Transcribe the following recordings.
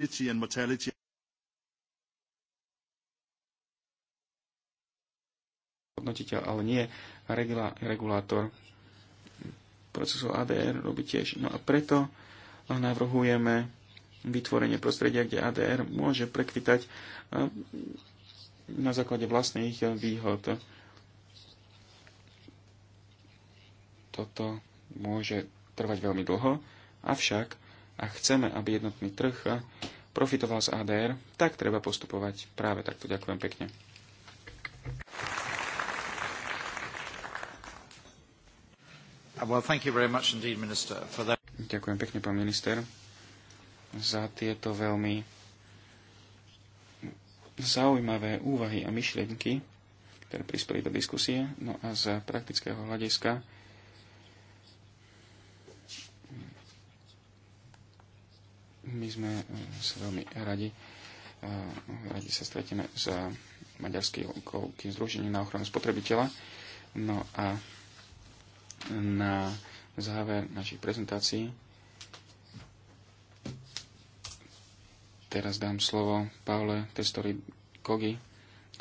and mortality hodnotiteľ, ale nie regula, regulátor procesov ADR robí tiež. No a preto navrhujeme vytvorenie prostredia, kde ADR môže prekvitať eh, na základe vlastných eh, výhod. Toto môže trvať veľmi dlho, avšak a chceme, aby jednotný trh profitoval z ADR, tak treba postupovať práve takto. Ďakujem pekne. Uh, well, indeed, minister, Ďakujem pekne, pán minister, za tieto veľmi zaujímavé úvahy a myšlienky, ktoré prispeli do diskusie. No a z praktického hľadiska My sme e, sa veľmi radi, e, radi sa stretíme s Maďarským združením na ochranu spotrebiteľa. No a na záver našich prezentácií teraz dám slovo Paule Testori Kogi,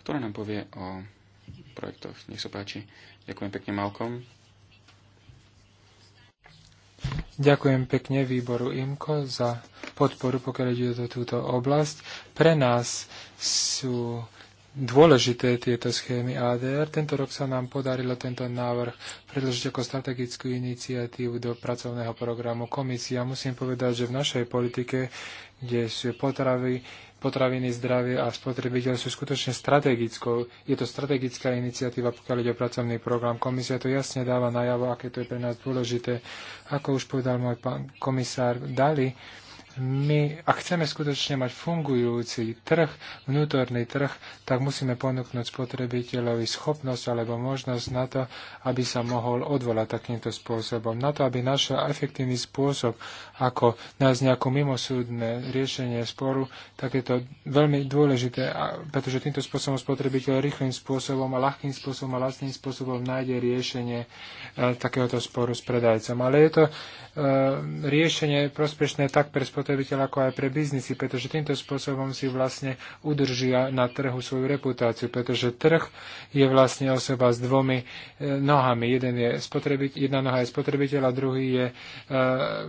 ktorá nám povie o projektoch. Nech sa páči. Ďakujem pekne Malkom. Ďakujem pekne výboru IMKO za podporu, pokiaľ ide o túto oblasť. Pre nás sú dôležité tieto schémy ADR. Tento rok sa nám podarilo tento návrh predložiť ako strategickú iniciatívu do pracovného programu komisia. Musím povedať, že v našej politike, kde sú potravy, potraviny, zdravie a spotrebiteľ sú skutočne strategickou. Je to strategická iniciatíva, pokiaľ ide o pracovný program. Komisia to jasne dáva najavo, aké to je pre nás dôležité. Ako už povedal môj pán komisár Dali, my, ak chceme skutočne mať fungujúci trh, vnútorný trh, tak musíme ponúknuť spotrebiteľovi schopnosť alebo možnosť na to, aby sa mohol odvolať takýmto spôsobom. Na to, aby našiel efektívny spôsob, ako nájsť nejakú mimosúdne riešenie sporu, tak je to veľmi dôležité, pretože týmto spôsobom spotrebiteľ rýchlým spôsobom a ľahkým spôsobom a vlastným spôsobom nájde riešenie e, takéhoto sporu s predajcom. Ale je to e, riešenie prospešné tak pre spotrebiteľov, spotrebiteľ, ako aj pre biznisy, pretože týmto spôsobom si vlastne udržia na trhu svoju reputáciu, pretože trh je vlastne osoba s dvomi e, nohami. Jeden je jedna noha je spotrebiteľ a druhý je e,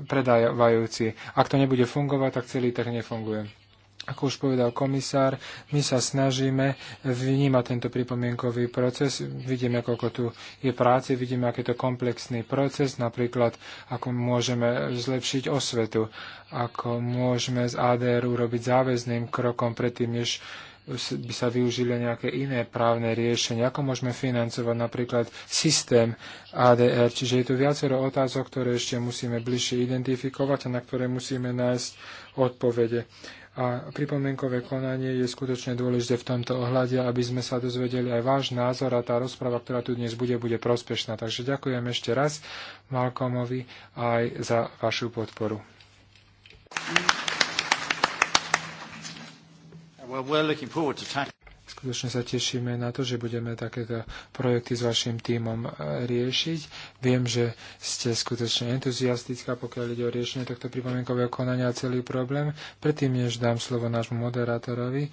predávajúci. Ak to nebude fungovať, tak celý trh nefunguje. Ako už povedal komisár, my sa snažíme vnímať tento pripomienkový proces. Vidíme, koľko tu je práce, vidíme, aký je to komplexný proces, napríklad, ako môžeme zlepšiť osvetu, ako môžeme z ADR urobiť záväzným krokom predtým, než by sa využili nejaké iné právne riešenia, ako môžeme financovať napríklad systém ADR. Čiže je tu viacero otázok, ktoré ešte musíme bližšie identifikovať a na ktoré musíme nájsť odpovede a pripomienkové konanie je skutočne dôležité v tomto ohľade, aby sme sa dozvedeli aj váš názor a tá rozprava, ktorá tu dnes bude, bude prospešná. Takže ďakujem ešte raz Malkomovi aj za vašu podporu. Well, Skutočne sa tešíme na to, že budeme takéto projekty s vašim tímom e, riešiť. Viem, že ste skutočne entuziastická, pokiaľ ide o riešenie tohto pripomienkového konania a celý problém. Predtým, než dám slovo nášmu moderátorovi, e,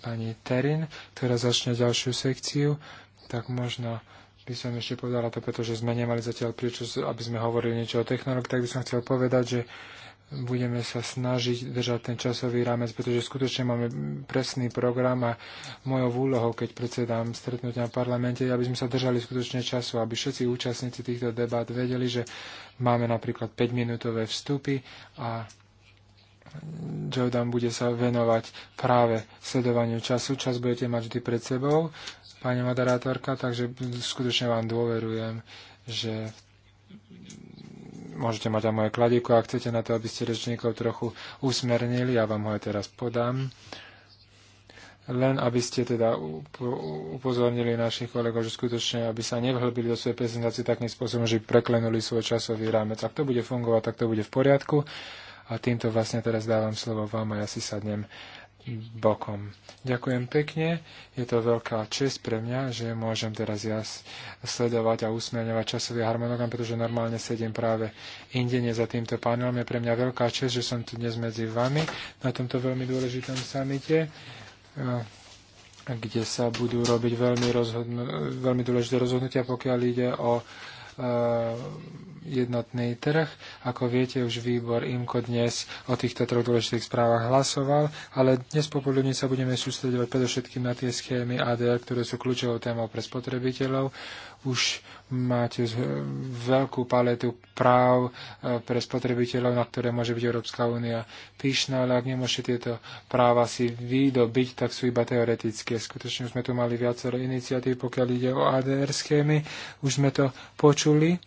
pani Terin, ktorá začne ďalšiu sekciu, tak možno by som ešte povedala to, pretože sme nemali zatiaľ príčas, aby sme hovorili niečo o technológii, tak by som chcel povedať, že budeme sa snažiť držať ten časový rámec, pretože skutočne máme presný program a mojou úlohou, keď predsedám stretnutia v parlamente, aby sme sa držali skutočne času, aby všetci účastníci týchto debát vedeli, že máme napríklad 5-minútové vstupy a Jordan bude sa venovať práve sledovaniu času. Čas budete mať vždy pred sebou, pani moderátorka, takže skutočne vám dôverujem, že v môžete mať aj moje kladivko, ak chcete na to, aby ste rečníkov trochu usmernili, ja vám ho aj teraz podám. Len aby ste teda upozornili našich kolegov, že skutočne, aby sa nevhlbili do svojej prezentácie takým spôsobom, že by preklenuli svoj časový rámec. Ak to bude fungovať, tak to bude v poriadku. A týmto vlastne teraz dávam slovo vám a ja si sadnem bokom. Ďakujem pekne. Je to veľká čest pre mňa, že môžem teraz ja sledovať a usmerňovať časový harmonogram, pretože normálne sedím práve inde, za týmto panelom. Je pre mňa veľká čest, že som tu dnes medzi vami na tomto veľmi dôležitom samite eh, kde sa budú robiť veľmi, rozhodnu- veľmi dôležité rozhodnutia, pokiaľ ide o eh, jednotný trh. Ako viete, už výbor IMKO dnes o týchto troch dôležitých správach hlasoval, ale dnes popoludne sa budeme sústredovať predovšetkým na tie schémy ADR, ktoré sú kľúčovou témou pre spotrebiteľov. Už máte veľkú paletu práv e, pre spotrebiteľov, na ktoré môže byť Európska únia píšna, ale ak nemôžete tieto práva si vydobiť, tak sú iba teoretické. Skutočne sme tu mali viacero iniciatív, pokiaľ ide o ADR schémy. Už sme to počuli.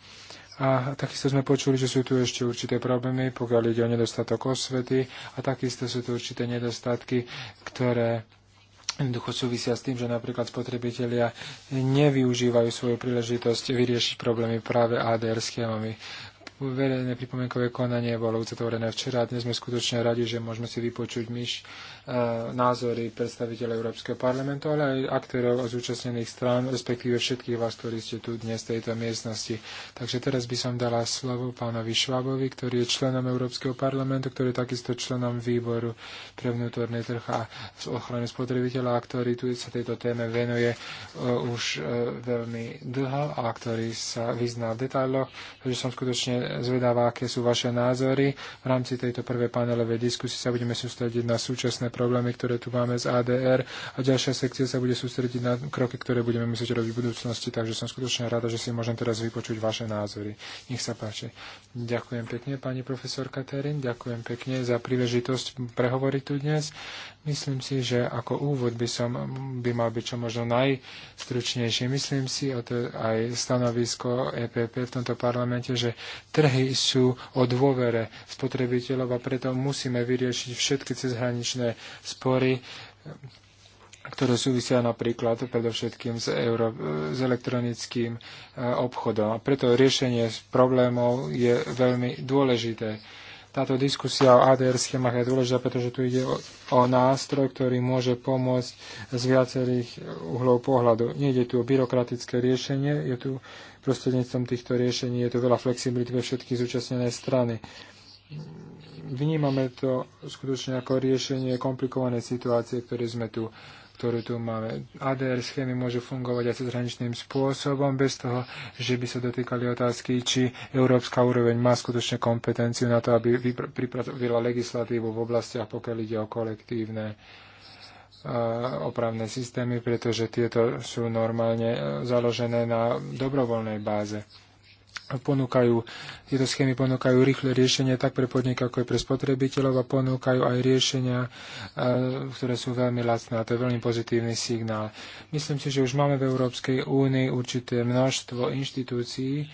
A takisto sme počuli, že sú tu ešte určité problémy, pokiaľ ide o nedostatok osvety a takisto sú tu určité nedostatky, ktoré jednoducho súvisia s tým, že napríklad spotrebitelia nevyužívajú svoju príležitosť vyriešiť problémy práve ADR schémami verejné pripomienkové konanie bolo uzatvorené včera. Dnes sme skutočne radi, že môžeme si vypočuť myš, e, názory predstaviteľov Európskeho parlamentu, ale aj aktérov a zúčastnených strán, respektíve všetkých vás, ktorí ste tu dnes v tejto miestnosti. Takže teraz by som dala slovo pánovi Švábovi, ktorý je členom Európskeho parlamentu, ktorý je takisto členom výboru pre vnútorný trh a ochranu spotrebiteľa, ktorý tu sa tejto téme venuje e, už e, veľmi dlho a ktorý sa vyzná v detailoch. Takže som skutočne zvedavá, aké sú vaše názory. V rámci tejto prvej panelovej diskusie sa budeme sústrediť na súčasné problémy, ktoré tu máme z ADR a ďalšia sekcia sa bude sústrediť na kroky, ktoré budeme musieť robiť v budúcnosti, takže som skutočne rada, že si môžem teraz vypočuť vaše názory. Nech sa páči. Ďakujem pekne, pani profesor Katerin, ďakujem pekne za príležitosť prehovoriť tu dnes. Myslím si, že ako úvod by som by mal byť čo možno najstručnejšie. Myslím si, a to aj stanovisko EPP v tomto parlamente, že trhy sú o dôvere spotrebiteľov a preto musíme vyriešiť všetky cezhraničné spory ktoré súvisia napríklad predovšetkým s, euro, s elektronickým e, obchodom. A preto riešenie problémov je veľmi dôležité táto diskusia o ADR schémach je dôležitá, pretože tu ide o, o nástroj, ktorý môže pomôcť z viacerých uhlov pohľadu. ide tu o byrokratické riešenie, je tu prostredníctvom týchto riešení, je tu veľa flexibility pre všetky zúčastnené strany. Vnímame to skutočne ako riešenie komplikovanej situácie, ktoré sme tu uh, ktorú tu máme. ADR schémy môžu fungovať aj cezhraničným spôsobom, bez toho, že by sa dotýkali otázky, či európska úroveň má skutočne kompetenciu na to, aby pripravila legislatívu v oblastiach, pokiaľ ide o kolektívne e, opravné systémy, pretože tieto sú normálne e, založené na dobrovoľnej báze ponúkajú, tieto schémy ponúkajú rýchle riešenie tak pre podniky, ako aj pre spotrebiteľov a ponúkajú aj riešenia, e, ktoré sú veľmi lacné a to je veľmi pozitívny signál. Myslím si, že už máme v Európskej únii určité množstvo inštitúcií,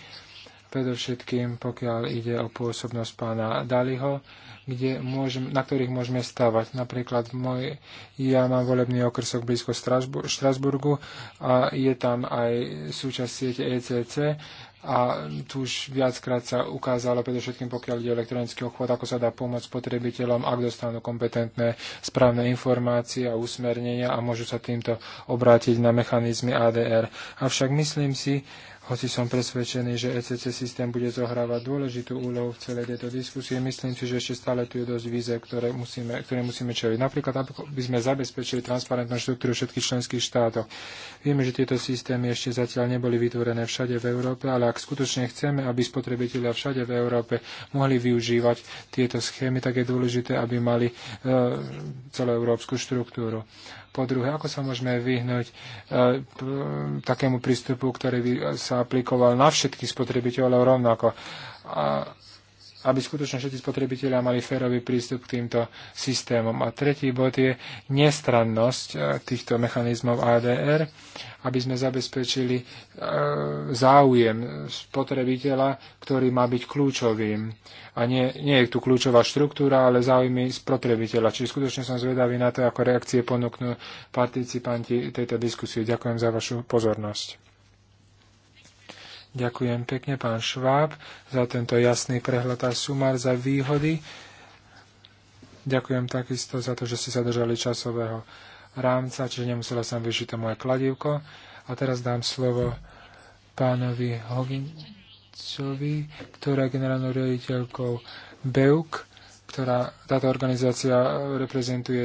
predovšetkým pokiaľ ide o pôsobnosť pána Daliho, kde môžem, na ktorých môžeme stavať. Napríklad môj, ja mám volebný okrsok blízko Štrasburgu a je tam aj súčasť siete ECC a tu už viackrát sa ukázalo, predovšetkým pokiaľ ide elektronický obchod, ako sa dá pomôcť spotrebiteľom, ak dostanú kompetentné správne informácie a usmernenia a môžu sa týmto obrátiť na mechanizmy ADR. Avšak myslím si, hoci som presvedčený, že ECC systém bude zohrávať dôležitú úlohu v celej tejto diskusie, myslím si, že ešte stále tu je dosť víze, ktoré musíme, ktoré musíme čeliť. Napríklad, ako by sme zabezpečili transparentnú štruktúru všetkých členských štátov. Vieme, že tieto systémy ešte zatiaľ neboli vytvorené všade v Európe, ale ak skutočne chceme, aby spotrebitelia všade v Európe mohli využívať tieto schémy, tak je dôležité, aby mali e, celoeurópsku štruktúru. Po druhé, ako sa môžeme vyhnúť e, takému prístupu, ktorý by sa aplikoval na všetkých spotrebiteľov rovnako. A aby skutočne všetci spotrebitelia mali férový prístup k týmto systémom. A tretí bod je nestrannosť e, týchto mechanizmov ADR, aby sme zabezpečili e, záujem spotrebiteľa, ktorý má byť kľúčovým. A nie, nie je tu kľúčová štruktúra, ale záujmy spotrebiteľa. Čiže skutočne som zvedavý na to, ako reakcie ponúknú participanti tejto diskusie. Ďakujem za vašu pozornosť. Ďakujem pekne, pán Šváb, za tento jasný prehľad a sumár za výhody. Ďakujem takisto za to, že ste sa držali časového rámca, čiže nemusela som vyšiť to moje kladivko. A teraz dám slovo pánovi Hogincovi, ktorá je generálnou riaditeľkou BEUK ktorá táto organizácia reprezentuje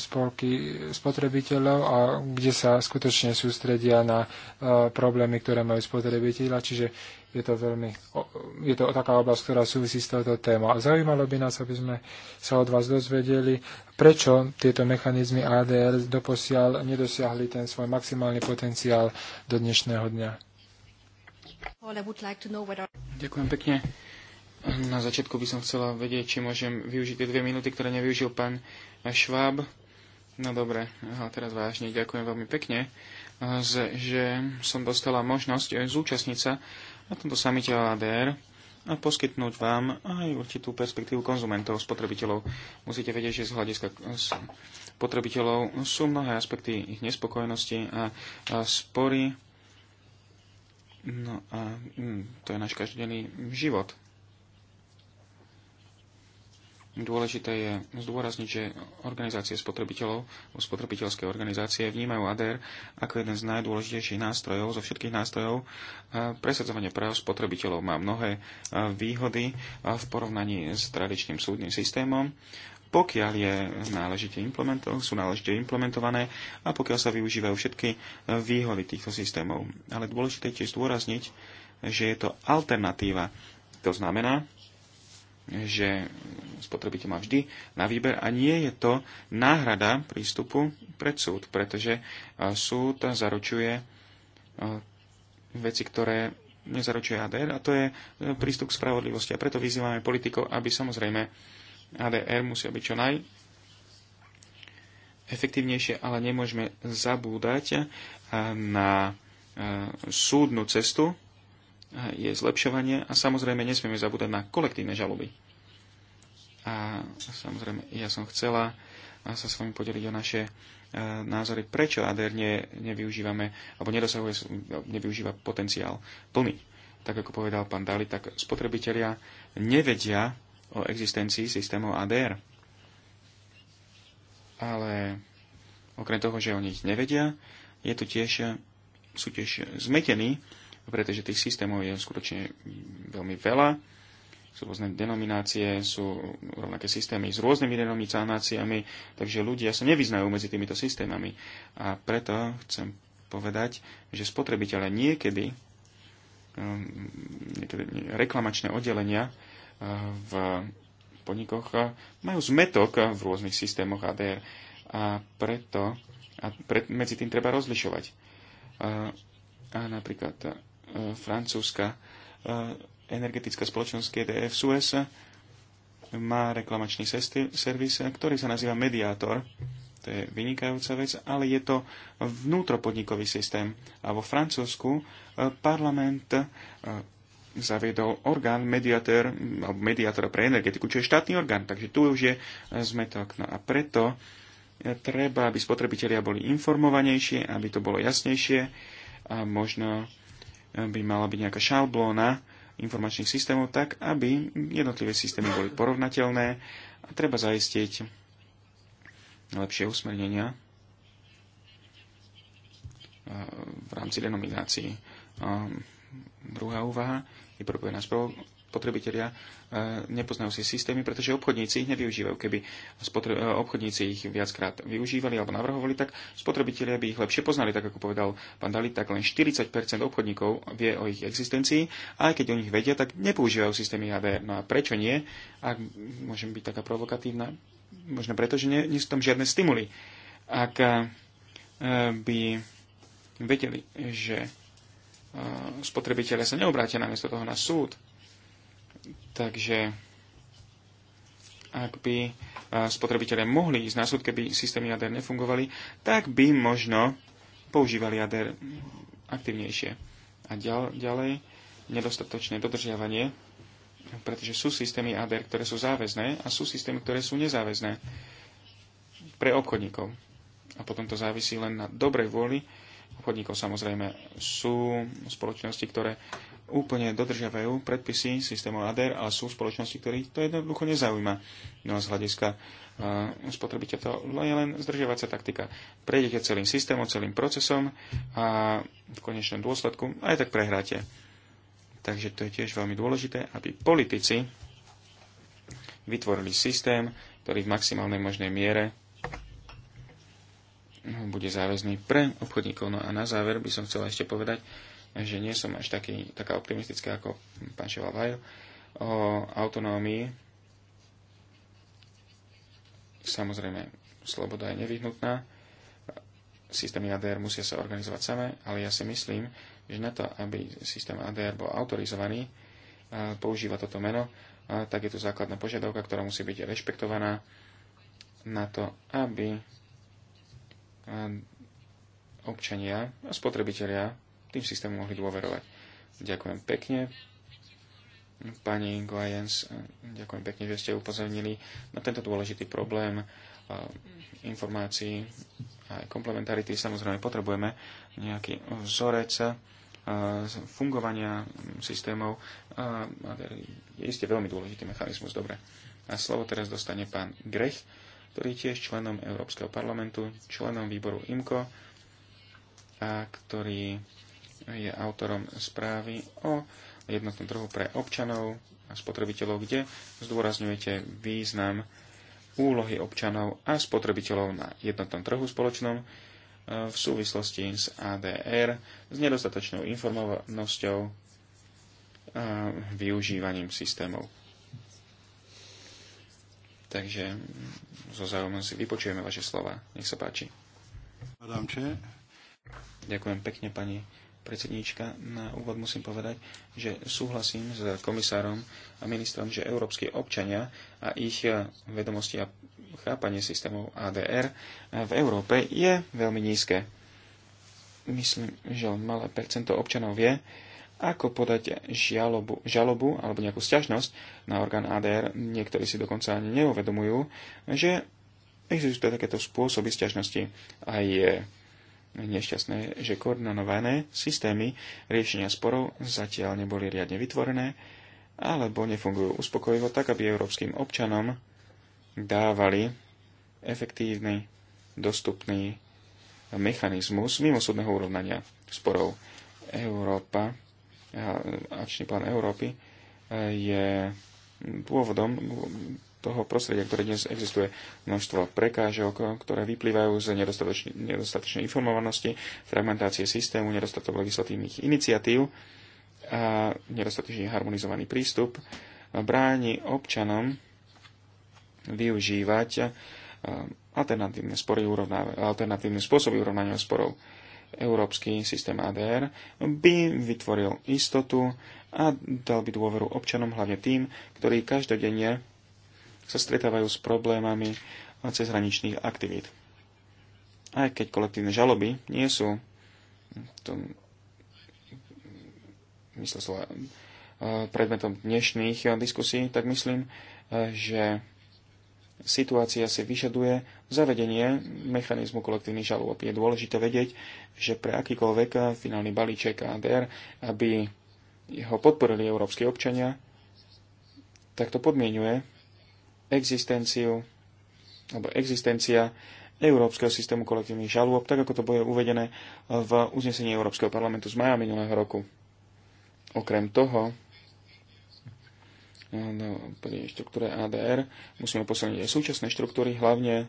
spolky spotrebiteľov a kde sa skutočne sústredia na e, problémy, ktoré majú spotrebiteľa, čiže je to veľmi, je to taká oblasť, ktorá súvisí s touto témou. A zaujímalo by nás, aby sme sa od vás dozvedeli, prečo tieto mechanizmy ADR doposiaľ nedosiahli ten svoj maximálny potenciál do dnešného dňa. Ďakujem pekne. Na začiatku by som chcela vedieť, či môžem využiť tie dve minúty, ktoré nevyužil pán Šváb. No dobre, aha, teraz vážne, ďakujem veľmi pekne, eh, že som dostala možnosť eh, zúčastniť sa na tomto samite ADR a poskytnúť vám aj určitú perspektívu konzumentov, spotrebiteľov. Musíte vedieť, že z hľadiska eh, spotrebiteľov sú mnohé aspekty ich nespokojnosti a, a spory. No a mm, to je náš každodenný život. Dôležité je zdôrazniť, že organizácie spotrebiteľov, spotrebiteľské organizácie vnímajú ADR ako jeden z najdôležitejších nástrojov, zo všetkých nástrojov Presadzovanie práv spotrebiteľov má mnohé výhody v porovnaní s tradičným súdnym systémom pokiaľ je náležite sú náležite implementované a pokiaľ sa využívajú všetky výhody týchto systémov. Ale dôležité je tiež zdôrazniť, že je to alternatíva. To znamená, že spotrebiteľ má vždy na výber a nie je to náhrada prístupu pred súd, pretože e, súd zaručuje e, veci, ktoré nezaručuje ADR a to je e, prístup k spravodlivosti. A preto vyzývame politikov, aby samozrejme ADR musia byť čo naj efektívnejšie, ale nemôžeme zabúdať na súdnu cestu, je zlepšovanie a samozrejme nesmieme zabúdať na kolektívne žaloby. A samozrejme, ja som chcela sa s vami podeliť o naše e, názory, prečo ADR ne, nevyužívame alebo nedosahuje, nevyužíva potenciál plný. Tak ako povedal pán Dali, tak spotrebitelia nevedia o existencii systémov ADR. Ale okrem toho, že o nich nevedia, je tu tiež, sú tiež zmetení pretože tých systémov je skutočne veľmi veľa. Sú rôzne denominácie, sú rovnaké systémy s rôznymi denomináciami, takže ľudia sa nevyznajú medzi týmito systémami. A preto chcem povedať, že spotrebitelia niekedy, um, niekedy reklamačné oddelenia uh, v podnikoch uh, majú zmetok uh, v rôznych systémoch ADR a preto a pre, medzi tým treba rozlišovať. A, a napríklad E, francúzska e, energetická spoločnosť GDF Suez má reklamačný servis, ktorý sa nazýva Mediátor. To je vynikajúca vec, ale je to vnútropodnikový systém. A vo Francúzsku e, parlament zaviedol orgán mediátor, alebo mediátora pre energetiku, čo je štátny orgán. Takže tu už je zmetok. No a preto treba, aby spotrebitelia boli informovanejšie, aby to bolo jasnejšie a možno by mala byť nejaká šablóna informačných systémov tak, aby jednotlivé systémy boli porovnateľné a treba zaistiť lepšie usmernenia e, v rámci denominácií. Druhá úvaha je propojená s spotrebitelia e, nepoznajú si systémy, pretože obchodníci ich nevyužívajú. Keby e, obchodníci ich viackrát využívali alebo navrhovali, tak spotrebitelia by ich lepšie poznali, tak ako povedal pán Dali, tak len 40 obchodníkov vie o ich existencii a aj keď o nich vedia, tak nepoužívajú systémy AD. No a prečo nie? Ak môžem byť taká provokatívna, možno preto, že nie, nie sú tam žiadne stimuly. Ak e, by vedeli, že spotrebitelia sa neobrátia namiesto toho na súd, Takže ak by e, spotrebitelia mohli ísť na súd, keby systémy ADR nefungovali, tak by možno používali ADR aktivnejšie. A ďal, ďalej nedostatočné dodržiavanie, pretože sú systémy ADR, ktoré sú záväzné a sú systémy, ktoré sú nezáväzné pre obchodníkov. A potom to závisí len na dobrej vôli obchodníkov. Samozrejme sú spoločnosti, ktoré úplne dodržiavajú predpisy systému ADER, ale sú spoločnosti, ktorých to jednoducho nezaujíma. No a z hľadiska eh, spotrebiteľa to je len zdržiavacia taktika. Prejdete celým systémom, celým procesom a v konečnom dôsledku aj tak prehráte. Takže to je tiež veľmi dôležité, aby politici vytvorili systém, ktorý v maximálnej možnej miere no, bude záväzný pre obchodníkov. No a na záver by som chcel ešte povedať, že nie som až taký, taká optimistická ako pán Šelavajo o autonómii. Samozrejme, sloboda je nevyhnutná. Systémy ADR musia sa organizovať samé, ale ja si myslím, že na to, aby systém ADR bol autorizovaný, používa toto meno, tak je tu základná požiadavka, ktorá musí byť rešpektovaná na to, aby občania a spotrebitelia tým systémom mohli dôverovať. Ďakujem pekne. Pani Guayens, ďakujem pekne, že ste upozornili na tento dôležitý problém eh, informácií a komplementarity. Samozrejme, potrebujeme nejaký vzorec eh, fungovania systémov. Eh, a je isté veľmi dôležitý mechanizmus, dobre. A slovo teraz dostane pán Grech, ktorý je tiež členom Európskeho parlamentu, členom výboru IMCO a ktorý je autorom správy o jednotnom trhu pre občanov a spotrebiteľov, kde zdôrazňujete význam úlohy občanov a spotrebiteľov na jednotnom trhu spoločnom eh, v súvislosti s ADR, s nedostatočnou informovanosťou a využívaním systémov. Takže so záujmom si vypočujeme vaše slova. Nech sa páči. Ďakujem pekne, pani predsedníčka, na úvod musím povedať, že súhlasím s komisárom a ministrom, že európsky občania a ich eh, vedomosti a chápanie systémov ADR v Európe je veľmi nízke. Myslím, že len malé percento občanov vie, ako podať žalobu, žalobu alebo nejakú sťažnosť na orgán ADR. Niektorí si dokonca ani neuvedomujú, že existujú takéto spôsoby sťažnosti aj. je eh, nešťastné, že koordinované systémy riešenia sporov zatiaľ neboli riadne vytvorené alebo nefungujú uspokojivo tak, aby európskym občanom dávali efektívny, dostupný mechanizmus mimosúdneho urovnania sporov. Európa, akčný plán Európy e, je dôvodom toho prostredia, ktoré dnes existuje množstvo prekážok, ktoré vyplývajú z nedostatočnej informovanosti, fragmentácie systému, nedostatok legislatívnych iniciatív a nedostatočne harmonizovaný prístup bráni občanom využívať eh, alternatívne, spory alternatívne spôsoby urovnania sporov. Európsky systém ADR by vytvoril istotu a dal by dôveru občanom, hlavne tým, ktorí každodenne sa stretávajú s problémami cezhraničných aktivít. Aj keď kolektívne žaloby nie sú to, myslím, slova, e, predmetom dnešných e, diskusí, tak myslím, e, že situácia si vyžaduje zavedenie mechanizmu kolektívnych žalob. Je dôležité vedieť, že pre akýkoľvek finálny balíček ADR, aby ho podporili európsky občania, tak to podmienuje existenciu alebo existencia Európskeho systému kolektívnych žalôb, tak ako to bude uvedené v uznesení Európskeho parlamentu z maja minulého roku. Okrem toho, no, no pri štruktúre ADR musíme posilniť aj súčasné štruktúry, hlavne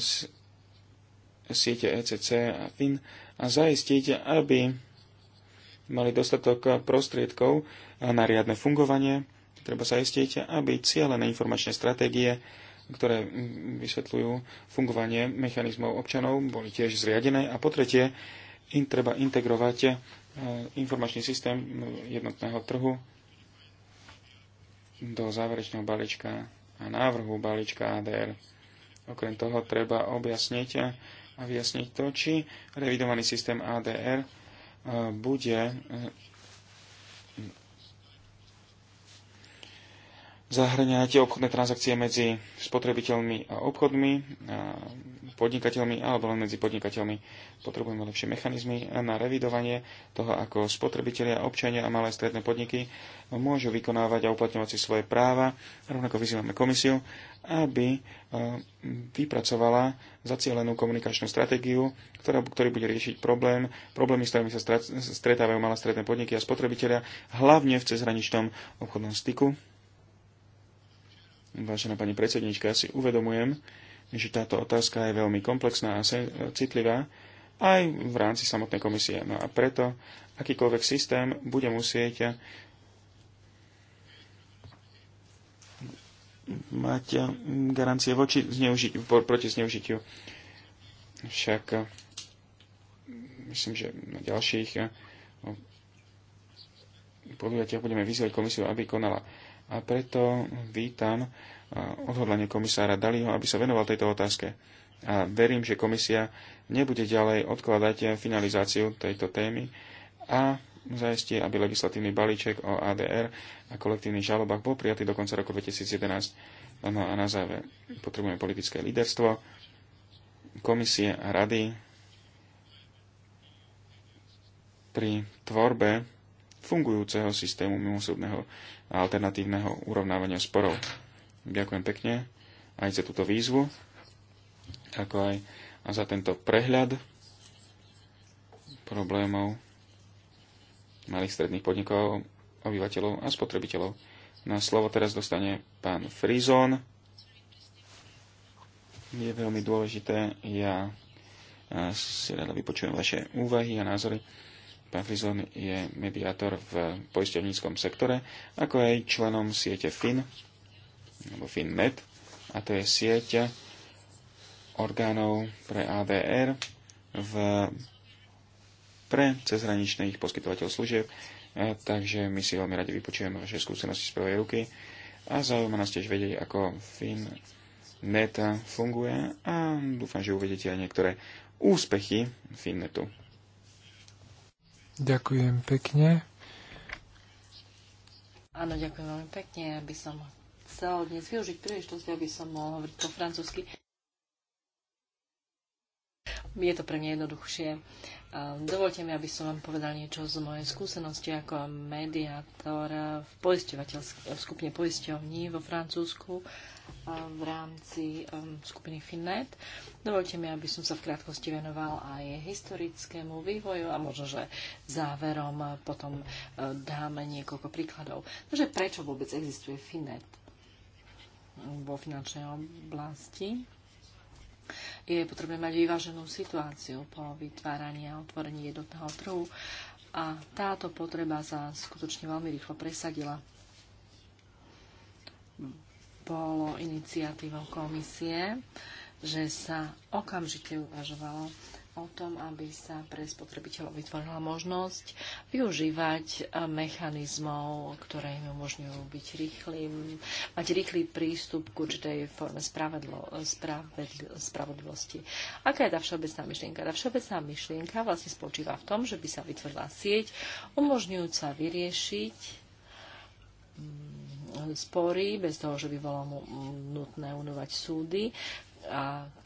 z e, siete ECC a FIN a zaistiť, aby mali dostatok prostriedkov na riadne fungovanie Treba sa istiť, aby cieľené informačné stratégie, ktoré vysvetľujú fungovanie mechanizmov občanov, boli tiež zriadené. A po tretie, in treba integrovať e, informačný systém jednotného trhu do záverečného balíčka a návrhu balíčka ADR. Okrem toho treba objasniť a vyjasniť to, či revidovaný systém ADR e, bude e, zahrňať obchodné transakcie medzi spotrebiteľmi a obchodmi, a podnikateľmi alebo len medzi podnikateľmi. Potrebujeme lepšie mechanizmy na revidovanie toho, ako spotrebitelia, občania a malé stredné podniky môžu vykonávať a uplatňovať si svoje práva. Rovnako vyzývame komisiu, aby e, vypracovala zacielenú komunikačnú stratégiu, ktorá, ktorý bude riešiť problém, problémy, s ktorými sa stretávajú malé stredné podniky a spotrebitelia, hlavne v cezhraničnom obchodnom styku Vážená pani predsednička, ja si uvedomujem, že táto otázka je veľmi komplexná a citlivá aj v rámci samotnej komisie. No a preto akýkoľvek systém bude musieť mať garancie voči zneuži- proti zneužitiu. Však eh, myslím, že na ďalších eh, podujatiach budeme vyzvať komisiu, aby konala a preto vítam e, odhodlanie komisára Dalího, aby sa venoval tejto otázke. A verím, že komisia nebude ďalej odkladať finalizáciu tejto témy a zajistie, aby legislatívny balíček o ADR a kolektívnych žalobách bol prijatý do konca roku 2011. No a na záver potrebujeme politické líderstvo, komisie a rady pri tvorbe fungujúceho systému mimosúdneho a alternatívneho urovnávania sporov. Ďakujem pekne aj za túto výzvu, ako aj za tento prehľad problémov malých stredných podnikov, obyvateľov a spotrebiteľov. Na slovo teraz dostane pán Frizon. Je veľmi dôležité, ja eh, si rada vypočujem vaše úvahy a názory. Pán Frizon je mediátor v poisťovníckom sektore, ako aj členom siete FIN, alebo FINNET, a to je sieť orgánov pre ADR v, pre cezhraničných poskytovateľ služieb. Takže my si veľmi radi vypočujeme vaše skúsenosti z prvej ruky a zaujíma nás tiež vedieť, ako FinNet funguje a dúfam, že uvedete aj niektoré úspechy FinNetu. Ďakujem pekne. Áno, ďakujem veľmi pekne. Ja by som chcel dnes využiť príležitosť, aby som mohol hovoriť po francúzsky je to pre mňa jednoduchšie. Ehm, dovolte mi, aby som vám povedal niečo z mojej skúsenosti ako mediátor v, v skupine poisťovní vo Francúzsku ehm, v rámci ehm, skupiny Finnet. Dovolte mi, aby som sa v krátkosti venoval aj historickému vývoju a možno, že záverom potom dáme niekoľko príkladov. Takže prečo vôbec existuje Finnet vo finančnej oblasti? je potrebné mať vyváženú situáciu po vytváraní a otvorení jednotného trhu a táto potreba sa skutočne veľmi rýchlo presadila. Bolo iniciatívou komisie, že sa okamžite uvažovalo o tom, aby sa pre spotrebiteľov vytvorila možnosť využívať e, mechanizmov, ktoré im umožňujú byť rýchlym, mať rýchly prístup k určitej forme spravedlo, spravedl, spravodlivosti. Aká je tá všeobecná myšlienka? Tá všeobecná myšlienka vlastne spočíva v tom, že by sa vytvorila sieť, umožňujúca vyriešiť mm, spory, bez toho, že by bolo mm, nutné unovať súdy,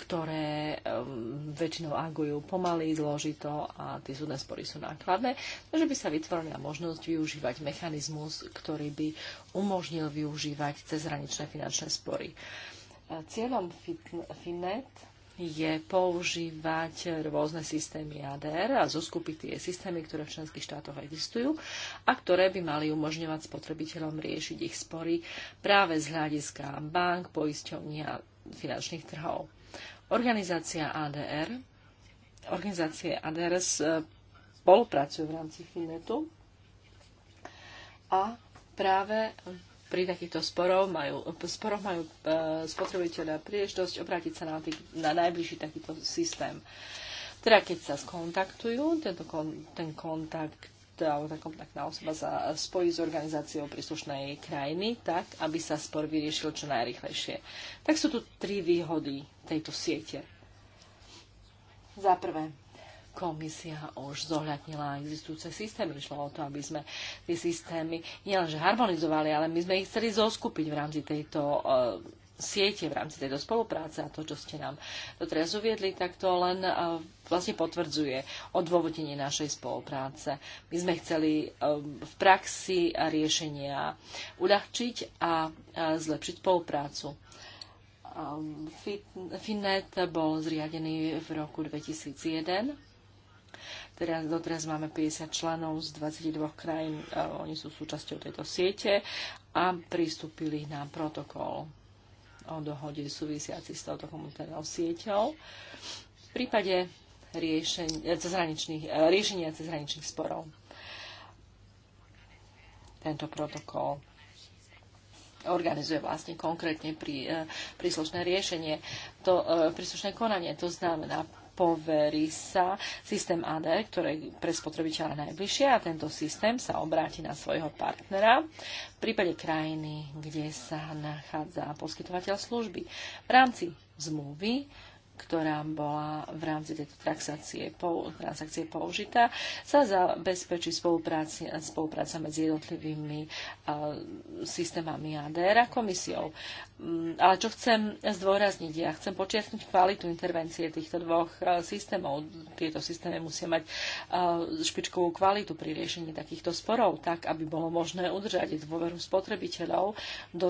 ktoré um, väčšinou agujú pomaly, zložito a tie súdne spory sú nákladné, takže by sa vytvorila možnosť využívať mechanizmus, ktorý by umožnil využívať cezhraničné finančné spory. Cieľom FINET je používať rôzne systémy ADR a zoskupiť tie systémy, ktoré v členských štátoch existujú a ktoré by mali umožňovať spotrebiteľom riešiť ich spory práve z hľadiska bank, poisťovní a finančných trhov. Organizácia ADR, organizácie ADR e, spolupracujú v rámci Finetu a práve pri takýchto sporoch majú, sporoch majú e, spotrebiteľa príležitosť obrátiť sa na, tý, na najbližší takýto systém. Teda keď sa skontaktujú, tento kon, ten kontakt alebo tá kontaktná osoba sa spojí s organizáciou príslušnej krajiny tak, aby sa spor vyriešil čo najrychlejšie. Tak sú tu tri výhody tejto siete. Za prvé, komisia už zohľadnila existujúce systémy. Išlo o to, aby sme tie systémy nielenže harmonizovali, ale my sme ich chceli zoskupiť v rámci tejto uh, siete v rámci tejto spolupráce a to, čo ste nám doteraz uviedli, tak to len vlastne potvrdzuje odôvodenie našej spolupráce. My sme chceli um, v praxi riešenia uľahčiť a zlepšiť spoluprácu. Um, Finet bol zriadený v roku 2001 Teraz, doteraz máme 50 členov z 22 krajín, e, oni sú súčasťou tejto siete a pristúpili na protokol o dohode súvisiaci s touto komunitárnou sieťou v prípade riešenia e, cez e, riešenia cezhraničných sporov. Tento protokol organizuje vlastne konkrétne e, príslušné riešenie, to príslušné konanie. To znamená, poverí sa systém AD, ktoré je pre spotrebiteľa najbližšie a tento systém sa obráti na svojho partnera v prípade krajiny, kde sa nachádza poskytovateľ služby. V rámci zmluvy ktorá bola v rámci tejto transakcie, použitá, sa zabezpečí spolupráca, spolupráca medzi jednotlivými systémami ADR a komisiou. Mm, ale čo chcem zdôrazniť, ja chcem počiatniť kvalitu intervencie týchto dvoch systémov. Tieto systémy musia mať špičkovú kvalitu pri riešení takýchto sporov, tak aby bolo možné udržať dôveru spotrebiteľov do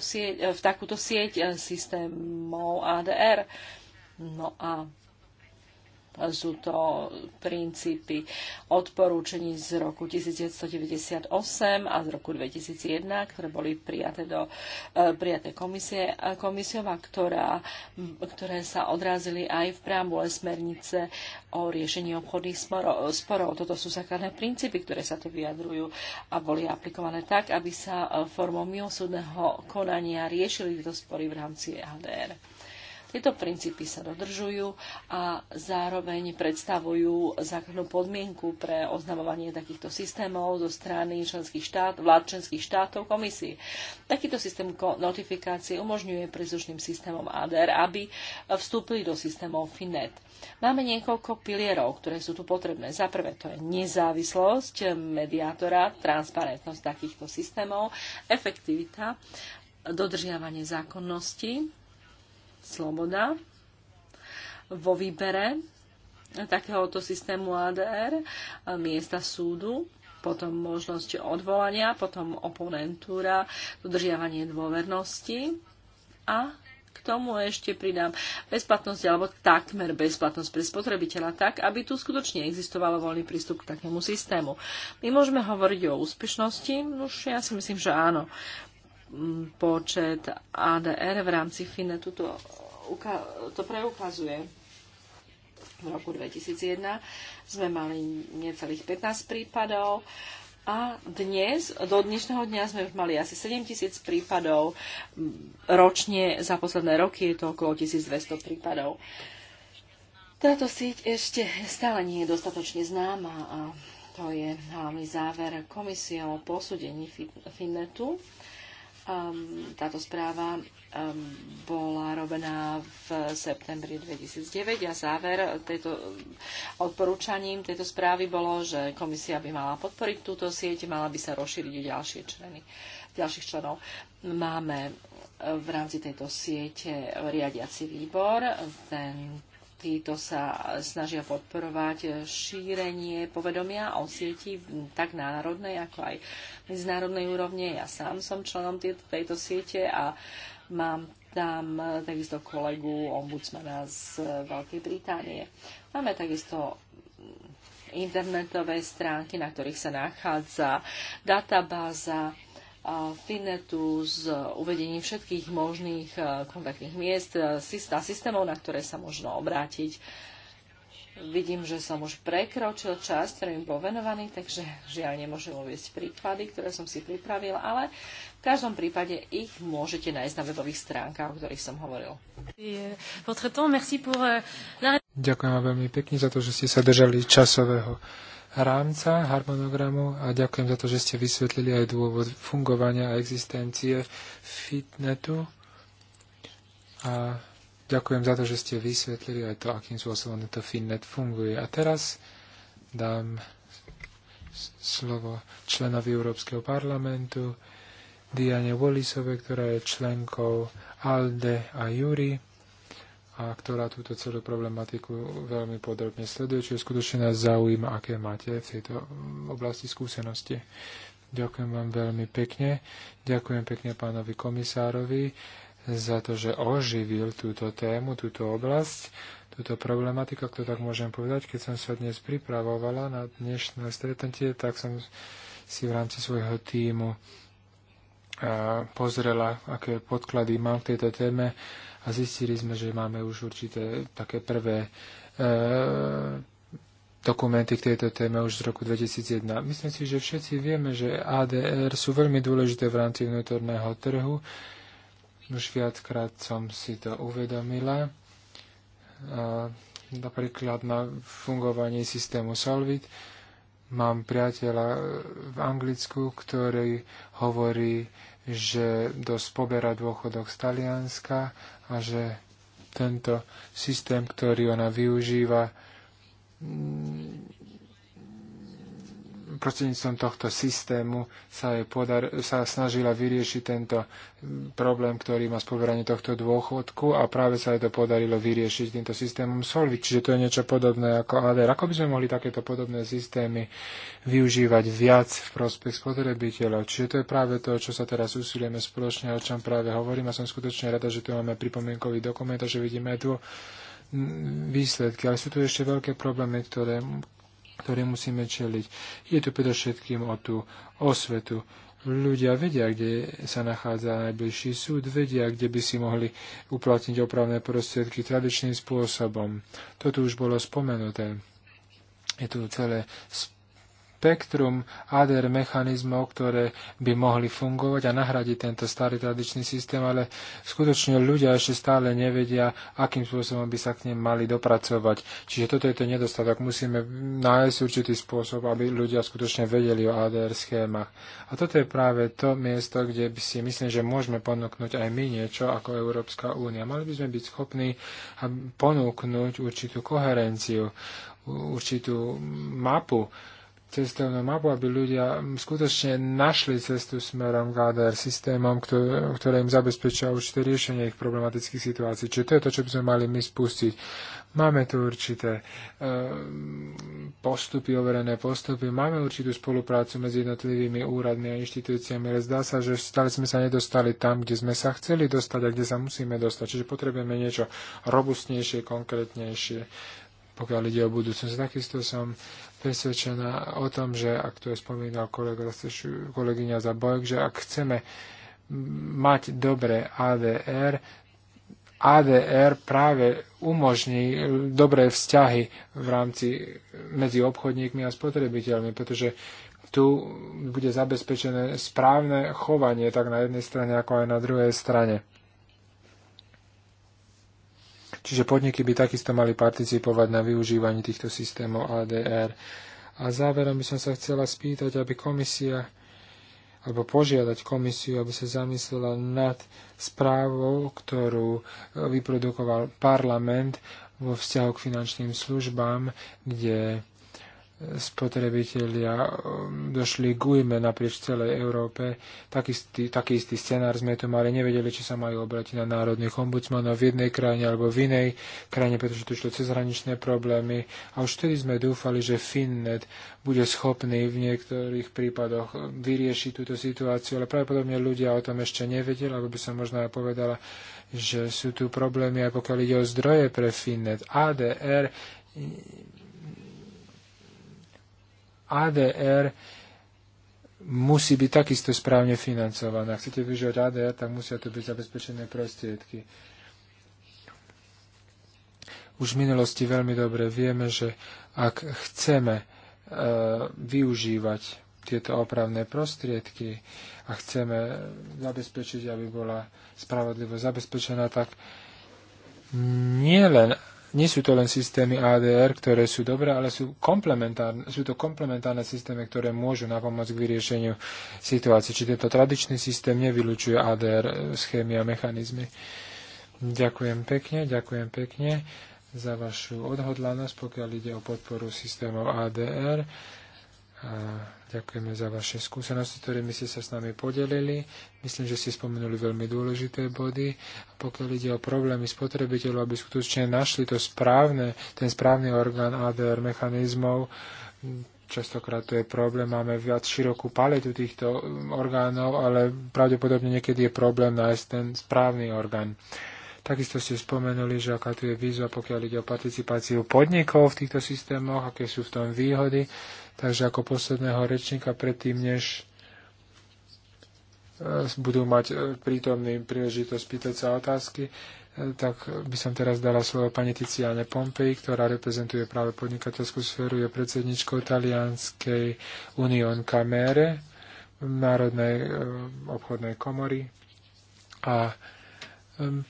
sieť, v takúto sieť e, systémov ADR. No a sú to princípy odporúčení z roku 1998 a z roku 2001, ktoré boli prijaté, do, e, prijaté komisie, e, komisiou ktorá, ktoré sa odrazili aj v preambule smernice o riešení obchodných sporov. Toto sú základné princípy, ktoré sa tu vyjadrujú a boli aplikované tak, aby sa e, formou milosúdneho konania riešili tieto spory v rámci ADR. Tieto princípy sa dodržujú a zároveň predstavujú základnú podmienku pre oznamovanie takýchto systémov zo strany členských štát, vlád členských štátov komisí. Takýto systém notifikácie umožňuje príslušným systémom ADR, aby vstúpili do systémov FINET. Máme niekoľko pilierov, ktoré sú tu potrebné. Za prvé to je nezávislosť mediátora, transparentnosť takýchto systémov, efektivita, dodržiavanie zákonnosti, sloboda vo výbere takéhoto systému ADR, miesta súdu, potom možnosť odvolania, potom oponentúra, dodržiavanie dôvernosti a k tomu ešte pridám bezplatnosť alebo takmer bezplatnosť pre spotrebiteľa tak, aby tu skutočne existoval voľný prístup k takému systému. My môžeme hovoriť o úspešnosti, už ja si myslím, že áno počet ADR v rámci Finetu to, to preukazuje. V roku 2001 sme mali necelých 15 prípadov a dnes, do dnešného dňa sme už mali asi 7000 prípadov ročne. Za posledné roky je to okolo 1200 prípadov. Táto sieť ešte stále nie je dostatočne známa a to je hlavný záver komisie o posúdení Finetu. Um, táto správa um, bola robená v septembri 2009 a záver tejto, ehm, odporúčaním tejto správy bolo, že komisia by mala podporiť túto sieť, mala by sa rozšíriť o ďalšie členy, ďalších členov. Máme v rámci tejto siete riadiaci výbor. Ten Títo sa snažia podporovať šírenie povedomia o sieti tak na národnej, ako aj medzinárodnej úrovne. Ja sám som členom tejto siete a mám tam takisto kolegu ombudsmana z Veľkej Británie. Máme takisto internetové stránky, na ktorých sa nachádza databáza Finetu s uvedením všetkých možných e, kontaktných miest e, a systémov, na ktoré sa možno obrátiť. Vidím, že som už prekročil čas, ktorý mi bol venovaný, takže žiaľ nemôžem uvieť príklady, ktoré som si pripravil, ale v každom prípade ich môžete nájsť na webových stránkach, o ktorých som hovoril. Euh, Ďakujem vám veľmi pekne za to, že ste sa držali časového rámca, harmonogramu a ďakujem za to, že ste vysvetlili aj dôvod fungovania a existencie fitnetu. A ďakujem za to, že ste vysvetlili aj to, akým spôsobom to fitnet funguje. A teraz dám slovo členovi Európskeho parlamentu, Diane Wallisove, ktorá je členkou ALDE a Júri a ktorá túto celú problematiku veľmi podrobne sleduje, čiže skutočne nás zaujíma, aké máte v tejto oblasti skúsenosti. Ďakujem vám veľmi pekne. Ďakujem pekne pánovi komisárovi za to, že oživil túto tému, túto oblasť, túto problematiku, ak to tak môžem povedať. Keď som sa dnes pripravovala na dnešné stretnutie, tak som si v rámci svojho týmu pozrela, aké podklady mám k tejto téme a zistili sme, že máme už určité také prvé e, dokumenty k tejto téme už z roku 2001. Myslím si, že všetci vieme, že ADR sú veľmi dôležité v rámci vnútorného trhu. Už viackrát som si to uvedomila. E, napríklad na fungovaní systému Solvit. Mám priateľa v Anglicku, ktorý hovorí že dosť poberá dôchodok z Talianska a že tento systém, ktorý ona využíva, mm, prostredníctvom tohto systému sa, je podar, sa snažila vyriešiť tento problém, ktorý má spoberanie tohto dôchodku a práve sa jej to podarilo vyriešiť týmto systémom Solvi. Čiže to je niečo podobné ako ADR. Ako by sme mohli takéto podobné systémy využívať viac v prospech spotrebiteľov? Čiže to je práve to, čo sa teraz usilujeme spoločne, o čom práve hovorím a som skutočne rada, že tu máme pripomienkový dokument a že vidíme tu výsledky, ale sú tu ešte veľké problémy, ktoré, ktoré musíme čeliť. Je tu predovšetkým o tú osvetu. Ľudia vedia, kde sa nachádza najbližší súd, vedia, kde by si mohli uplatniť opravné prostriedky tradičným spôsobom. Toto už bolo spomenuté. Je tu celé sp- spektrum ADR mechanizmov, ktoré by mohli fungovať a nahradiť tento starý tradičný systém, ale skutočne ľudia ešte stále nevedia, akým spôsobom by sa k nim mali dopracovať. Čiže toto je ten nedostatok. Musíme nájsť určitý spôsob, aby ľudia skutočne vedeli o ADR schémach. A toto je práve to miesto, kde by si myslím, že môžeme ponúknuť aj my niečo ako Európska únia. Mali by sme byť schopní ponúknuť určitú koherenciu, určitú mapu cestovnú mapu, aby ľudia skutočne našli cestu smerom k ADR systémom, ktoré im zabezpečia určité riešenie ich problematických situácií. Čiže to je to, čo by sme mali my spustiť. Máme tu určité e, postupy, overené postupy, máme určitú spoluprácu medzi jednotlivými úradmi a inštitúciami, ale zdá sa, že stále sme sa nedostali tam, kde sme sa chceli dostať a kde sa musíme dostať. Čiže potrebujeme niečo robustnejšie, konkrétnejšie pokiaľ ide o budúcnosť. Takisto som presvedčená o tom, že ak to je spomínal kolega, kolegyňa bojk, že ak chceme mať dobré ADR, ADR práve umožní dobré vzťahy v rámci medzi obchodníkmi a spotrebiteľmi, pretože tu bude zabezpečené správne chovanie tak na jednej strane, ako aj na druhej strane. Čiže podniky by takisto mali participovať na využívaní týchto systémov ADR. A záverom by som sa chcela spýtať, aby komisia alebo požiadať komisiu, aby sa zamyslela nad správou, ktorú e, vyprodukoval parlament vo vzťahu k finančným službám, kde spotrebitelia um, došli k újme naprieč celej Európe. Taký, istý, taký istý scenár sme tu mali, nevedeli, či sa majú obrátiť na národných ombudsmanov v jednej krajine alebo v inej krajine, pretože tu išlo cezhraničné problémy. A už vtedy sme dúfali, že Finnet bude schopný v niektorých prípadoch vyriešiť túto situáciu, ale pravdepodobne ľudia o tom ešte nevedeli, alebo by som možno aj povedala, že sú tu problémy aj pokiaľ ide o zdroje pre Finnet. ADR ADR musí byť takisto správne financovaná. Ak chcete vyžiť ADR, tak musia to byť zabezpečené prostriedky. Už v minulosti veľmi dobre vieme, že ak chceme e, využívať tieto opravné prostriedky a chceme zabezpečiť, aby bola spravodlivo zabezpečená, tak nielen nie sú to len systémy ADR, ktoré sú dobré, ale sú, komplementárne, sú to komplementárne systémy, ktoré môžu napomôcť k vyriešeniu situácie. Či tento tradičný systém nevylučuje ADR schémy a mechanizmy. Ďakujem pekne, ďakujem pekne za vašu odhodlanosť, pokiaľ ide o podporu systémov ADR. A ďakujeme za vaše skúsenosti, ktorými ste sa s nami podelili. Myslím, že ste spomenuli veľmi dôležité body. A pokiaľ ide o problémy spotrebiteľov, aby skutočne našli to správne, ten správny orgán ADR mechanizmov, častokrát to je problém, máme viac širokú paletu týchto um, orgánov, ale pravdepodobne niekedy je problém nájsť ten správny orgán. Takisto ste spomenuli, že aká tu je výzva, pokiaľ ide o participáciu podnikov v týchto systémoch, aké sú v tom výhody. Takže ako posledného rečníka predtým, než eh, budú mať eh, prítomný príležitosť pýtať sa otázky, eh, tak by som teraz dala slovo pani Tiziane Pompei, ktorá reprezentuje práve podnikateľskú sféru, je predsedničkou talianskej Union Camere, Národnej obchodnej komory. A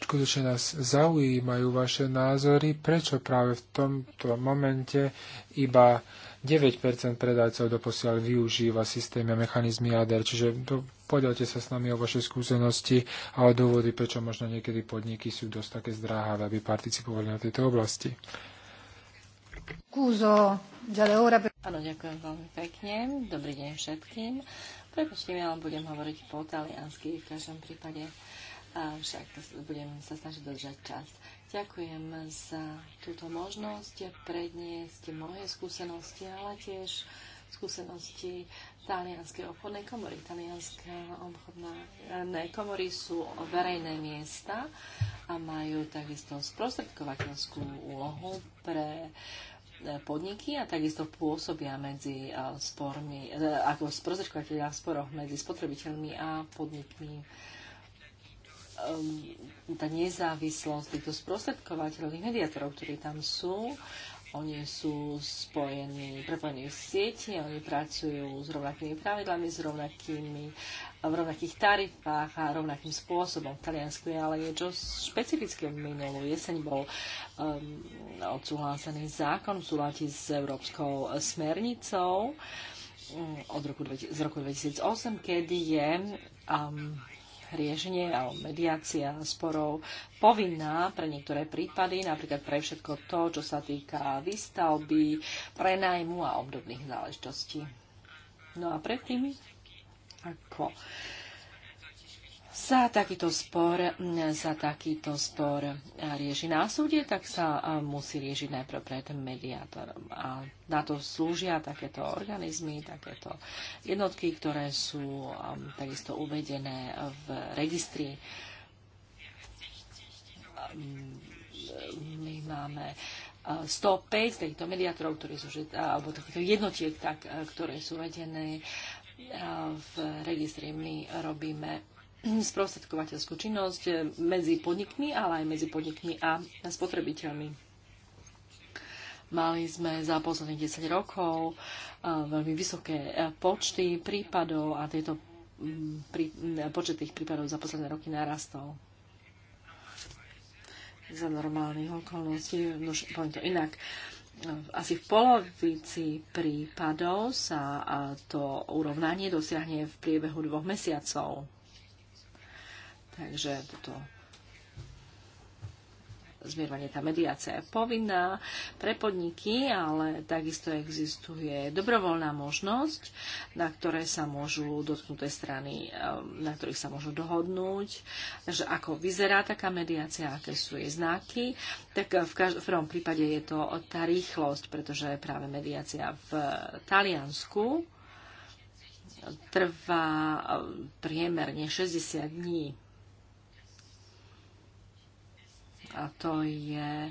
skutočne nás zaujímajú vaše názory, prečo práve v tomto momente iba 9% predajcov doposiaľ využíva systémy a mechanizmy ADR, čiže to, podelte sa s nami o vaše skúsenosti a o dôvody, prečo možno niekedy podniky sú dosť také zdráhavé, aby participovali na tejto oblasti. Kúzo, Áno, ďakujem veľmi pekne. Dobrý deň všetkým. Prepačte mi, ale budem hovoriť po taliansky v každom prípade. A však budem sa snažiť dodržať čas. Ďakujem za túto možnosť predniesť moje skúsenosti, ale tiež skúsenosti talianskej obchodnej komory. Talianské obchodná komory sú verejné miesta a majú takisto sprostredkovateľskú úlohu pre e, podniky a takisto pôsobia medzi e, spormi, e, ako sprostredkovateľia v sporoch medzi spotrebiteľmi a podnikmi Um, tá nezávislosť týchto sprostredkovateľov, tých mediátorov, ktorí tam sú, oni sú spojení, prepojení v sieti, oni pracujú s rovnakými pravidlami, s rovnakými, v rovnakých tarifách a rovnakým spôsobom. V Taliansku je ale niečo špecifické. Minulú jeseň bol um, odsúhlasený zákon v súlade s európskou smernicou um, od roku, z roku 2008, kedy je um, riešenie alebo mediácia sporov povinná pre niektoré prípady, napríklad pre všetko to, čo sa týka výstavby, prenajmu a obdobných záležitostí. No a predtým, ako sa takýto spor, sa takýto spor eh, rieši na súde, tak sa eh, musí riešiť najprv pred mediátorom. A na to slúžia takéto organizmy, takéto jednotky, ktoré sú eh, takisto uvedené v registri. My máme 105 takýchto mediátorov, ktorí sú, alebo takýchto jednotiek, tak, ktoré sú uvedené. v registri. My robíme sprostredkovateľskú činnosť eh, medzi podnikmi, ale aj medzi podnikmi a spotrebiteľmi. Mali sme za posledných 10 rokov eh, veľmi vysoké eh, počty prípadov a tieto mm, prí, počet tých prípadov za posledné roky narastol. Za normálnych okolností, no poviem to inak, asi v polovici prípadov sa to urovnanie dosiahne v priebehu dvoch mesiacov Takže toto zmierovanie, tá mediácia je povinná pre podniky, ale takisto existuje dobrovoľná možnosť, na ktoré sa môžu dotknuté strany, eh, na ktorých sa môžu dohodnúť, že ako vyzerá taká mediácia, aké sú jej znaky, tak v, každom, v prvom prípade je to tá rýchlosť, pretože práve mediácia v Taliansku trvá eh, priemerne 60 dní a to je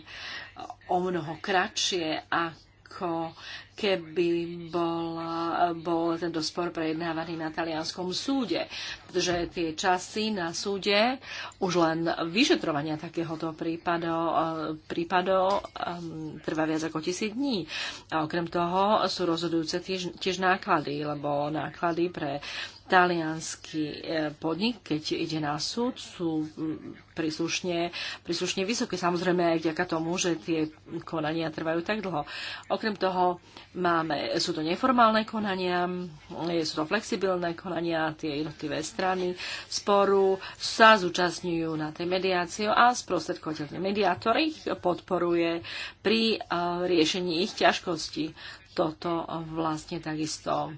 o mnoho kratšie ako keby bol, bol tento spor prejednávaný na talianskom súde, pretože tie časy na súde už len vyšetrovania takéhoto prípadov prípado, eh, trvá viac ako tisíc dní. A okrem toho sú rozhodujúce tiež, tiež náklady, lebo náklady pre talianský eh, podnik, keď ide na súd, sú mm, príslušne, príslušne vysoké. Samozrejme aj vďaka tomu, že tie konania trvajú tak dlho. Okrem toho, Máme, sú to neformálne konania, sú to flexibilné konania, tie jednotlivé strany sporu sa zúčastňujú na tej mediácii a sprostredkovateľ mediátor ich podporuje pri riešení ich ťažkostí. Toto vlastne takisto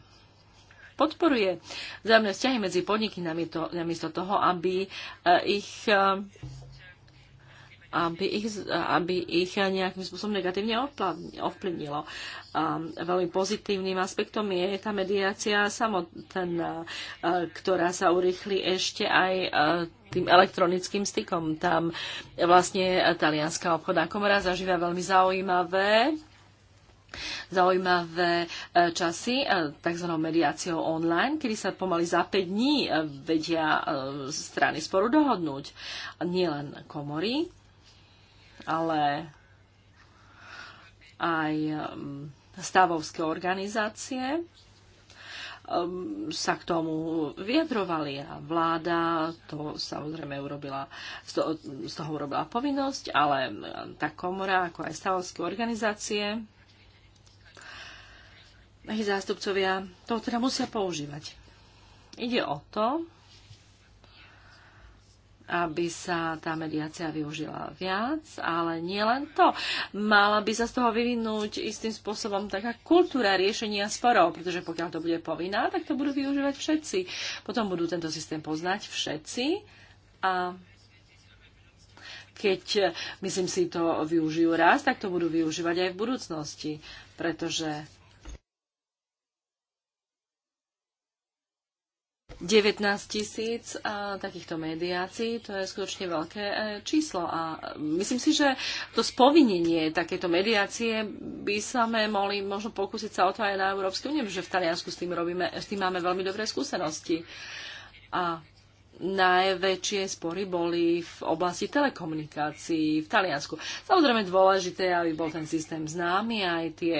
podporuje vzájomné vzťahy medzi podniky namiesto toho, aby e, ich e, aby ich, aby ich nejakým spôsobom negatívne ovplyvnilo. A veľmi pozitívnym aspektom je tá mediácia samotná, ktorá sa urýchli ešte aj tým elektronickým stykom. Tam vlastne talianská obchodná komora zažíva veľmi zaujímavé zaujímavé e, časy e, tzv. mediáciou online, kedy sa pomaly za 5 dní e, vedia strany sporu dohodnúť. Nielen komory, ale aj um, stavovské organizácie um, sa k tomu vyjadrovali a vláda to samozrejme urobila, z toho, urobila povinnosť, ale um, tá komora, ako aj stavovské organizácie, ich zástupcovia to teda musia používať. Ide o to, aby sa tá mediácia využila viac, ale nie len to. Mala by sa z toho vyvinúť istým spôsobom taká kultúra riešenia sporov, pretože pokiaľ to bude povinná, tak to budú využívať všetci. Potom budú tento systém poznať všetci a keď, myslím si, to využijú raz, tak to budú využívať aj v budúcnosti, pretože 19 tisíc takýchto mediácií, to je skutočne veľké e, číslo a e, myslím si, že to spovinenie takéto mediácie by sme mohli možno pokúsiť sa o to aj na Európskej únie, že v Taliansku s tým, robíme, s tým máme veľmi dobré skúsenosti. A najväčšie spory boli v oblasti telekomunikácií v Taliansku. Samozrejme dôležité, aby bol ten systém známy, aj tie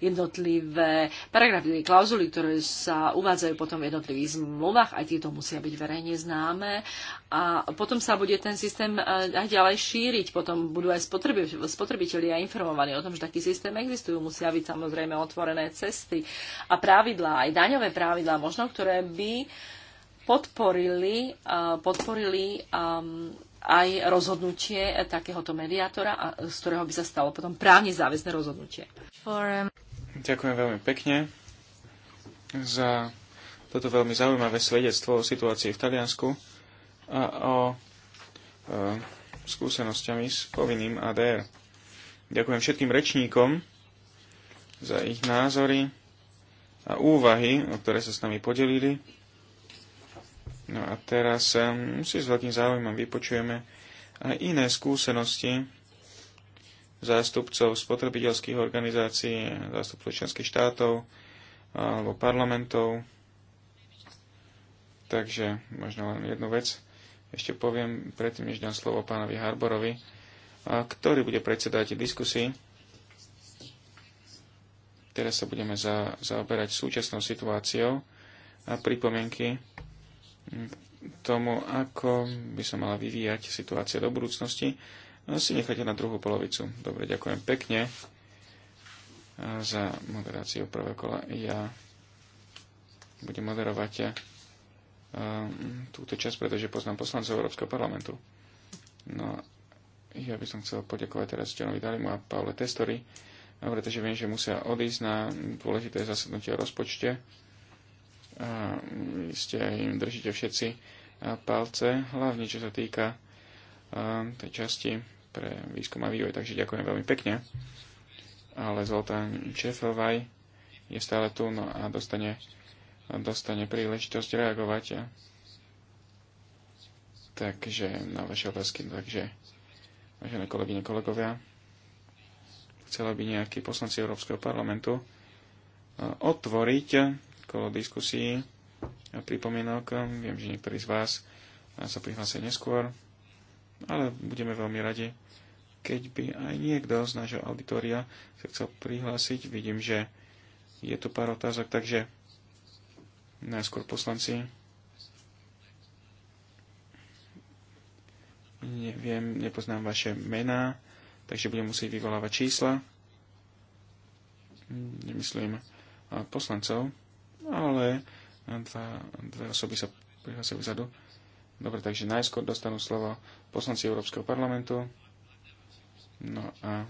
jednotlivé paragrafy, klauzuly, ktoré sa uvádzajú potom v jednotlivých zmluvách, aj tieto musia byť verejne známe. A potom sa bude ten systém e, aj ďalej šíriť, potom budú aj spotrebitelia informovaní o tom, že taký systém existujú, musia byť samozrejme otvorené cesty a pravidlá, aj daňové pravidlá možno, ktoré by podporili, podporili aj rozhodnutie takéhoto mediátora, z ktorého by sa stalo potom právne záväzné rozhodnutie. Um, Ďakujem veľmi pekne za toto veľmi zaujímavé svedectvo o situácii v Taliansku a o e, skúsenostiami s povinným ADR. Ďakujem všetkým rečníkom za ich názory a úvahy, o ktoré sa s nami podelili. No a teraz si s veľkým záujmom vypočujeme aj iné skúsenosti zástupcov spotrebiteľských organizácií, zástupcov členských štátov alebo parlamentov. Takže možno len jednu vec ešte poviem predtým, než dám slovo pánovi Harborovi, ktorý bude predsedať diskusii. Teraz sa budeme za, zaoberať súčasnou situáciou a pripomienky tomu, ako by sa mala vyvíjať situácia do budúcnosti, no, si nechajte na druhú polovicu. Dobre, ďakujem pekne e, za moderáciu prvého kola. Ja budem moderovať e, túto časť, pretože poznám poslancov Európskeho parlamentu. No, ja by som chcel poďakovať teraz Johnovi Dalimu a Paule Testori, pretože viem, že musia odísť na dôležité zasadnutie o rozpočte ste im držíte všetci palce, hlavne čo sa týka tej časti pre výskum a vývoj, takže ďakujem veľmi pekne. Ale Zoltán Čefrovaj je stále tu no a dostane, dostane príležitosť reagovať. A... Takže na vaše otázky, no takže vážené kolegyne, kolegovia, chcela by nejaký poslanci Európskeho parlamentu otvoriť kolo diskusí a pripomienok. Viem, že niektorí z vás sa prihlásia neskôr, ale budeme veľmi radi, keď by aj niekto z nášho auditoria sa chcel prihlásiť. Vidím, že je tu pár otázok, takže najskôr poslanci. Neviem, nepoznám vaše mená, takže budem musieť vyvolávať čísla. Nemyslím eh, poslancov. No, ale eh, dva, dve osoby sa prihlásili vzadu. Dobre, takže najskôr dostanú slovo poslanci Európskeho parlamentu. No a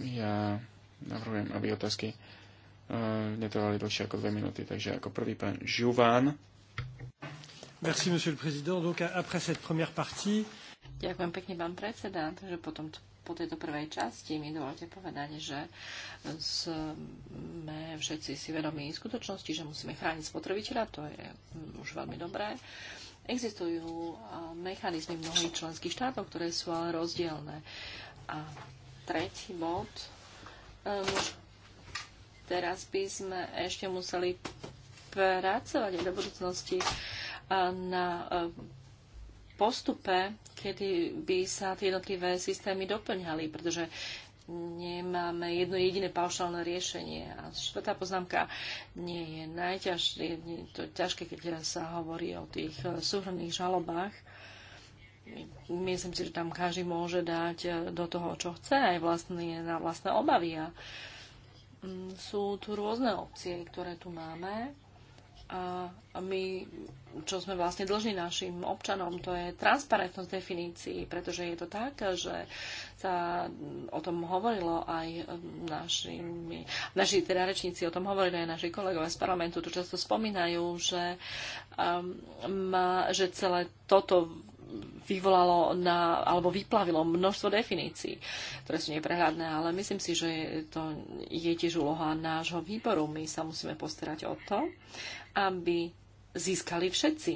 ja navrhujem, aby otázky uh, netrvali dlhšie ako dve minúty. Takže ako prvý pán Žuván. Merci, monsieur le président. Donc, après cette première partie... Ďakujem pekne, pán predseda. Takže po tomto po tejto prvej časti mi dovolte povedať, že sme všetci si vedomí skutočnosti, že musíme chrániť spotrebiteľa, to je mm, už veľmi dobré. Existujú mechanizmy mnohých členských štátov, ktoré sú ale rozdielne. A tretí bod. Ehm, teraz by sme ešte museli pracovať aj do budúcnosti na ehm, postupe, kedy by sa tie jednotlivé systémy doplňali, pretože nemáme jedno jediné paušálne riešenie. A štvrtá poznámka nie je najťažšie, je to ťažké, keď sa hovorí o tých eh, súhrných žalobách. Myslím si, že tam každý môže dať eh, do toho, čo chce, aj vlastne, na vlastné obavy. A mm, sú tu rôzne opcie, ktoré tu máme a my, čo sme vlastne dlžní našim občanom, to je transparentnosť definícií, pretože je to tak, že sa o tom hovorilo aj um, našimi, naši teda rečníci o tom hovorili aj naši kolegovia z parlamentu, tu často spomínajú, že, um, ma, že celé toto vyvolalo na, alebo vyplavilo množstvo definícií, ktoré sú neprehľadné, ale myslím si, že to je tiež úloha nášho výboru. My sa musíme postarať o to, aby získali všetci.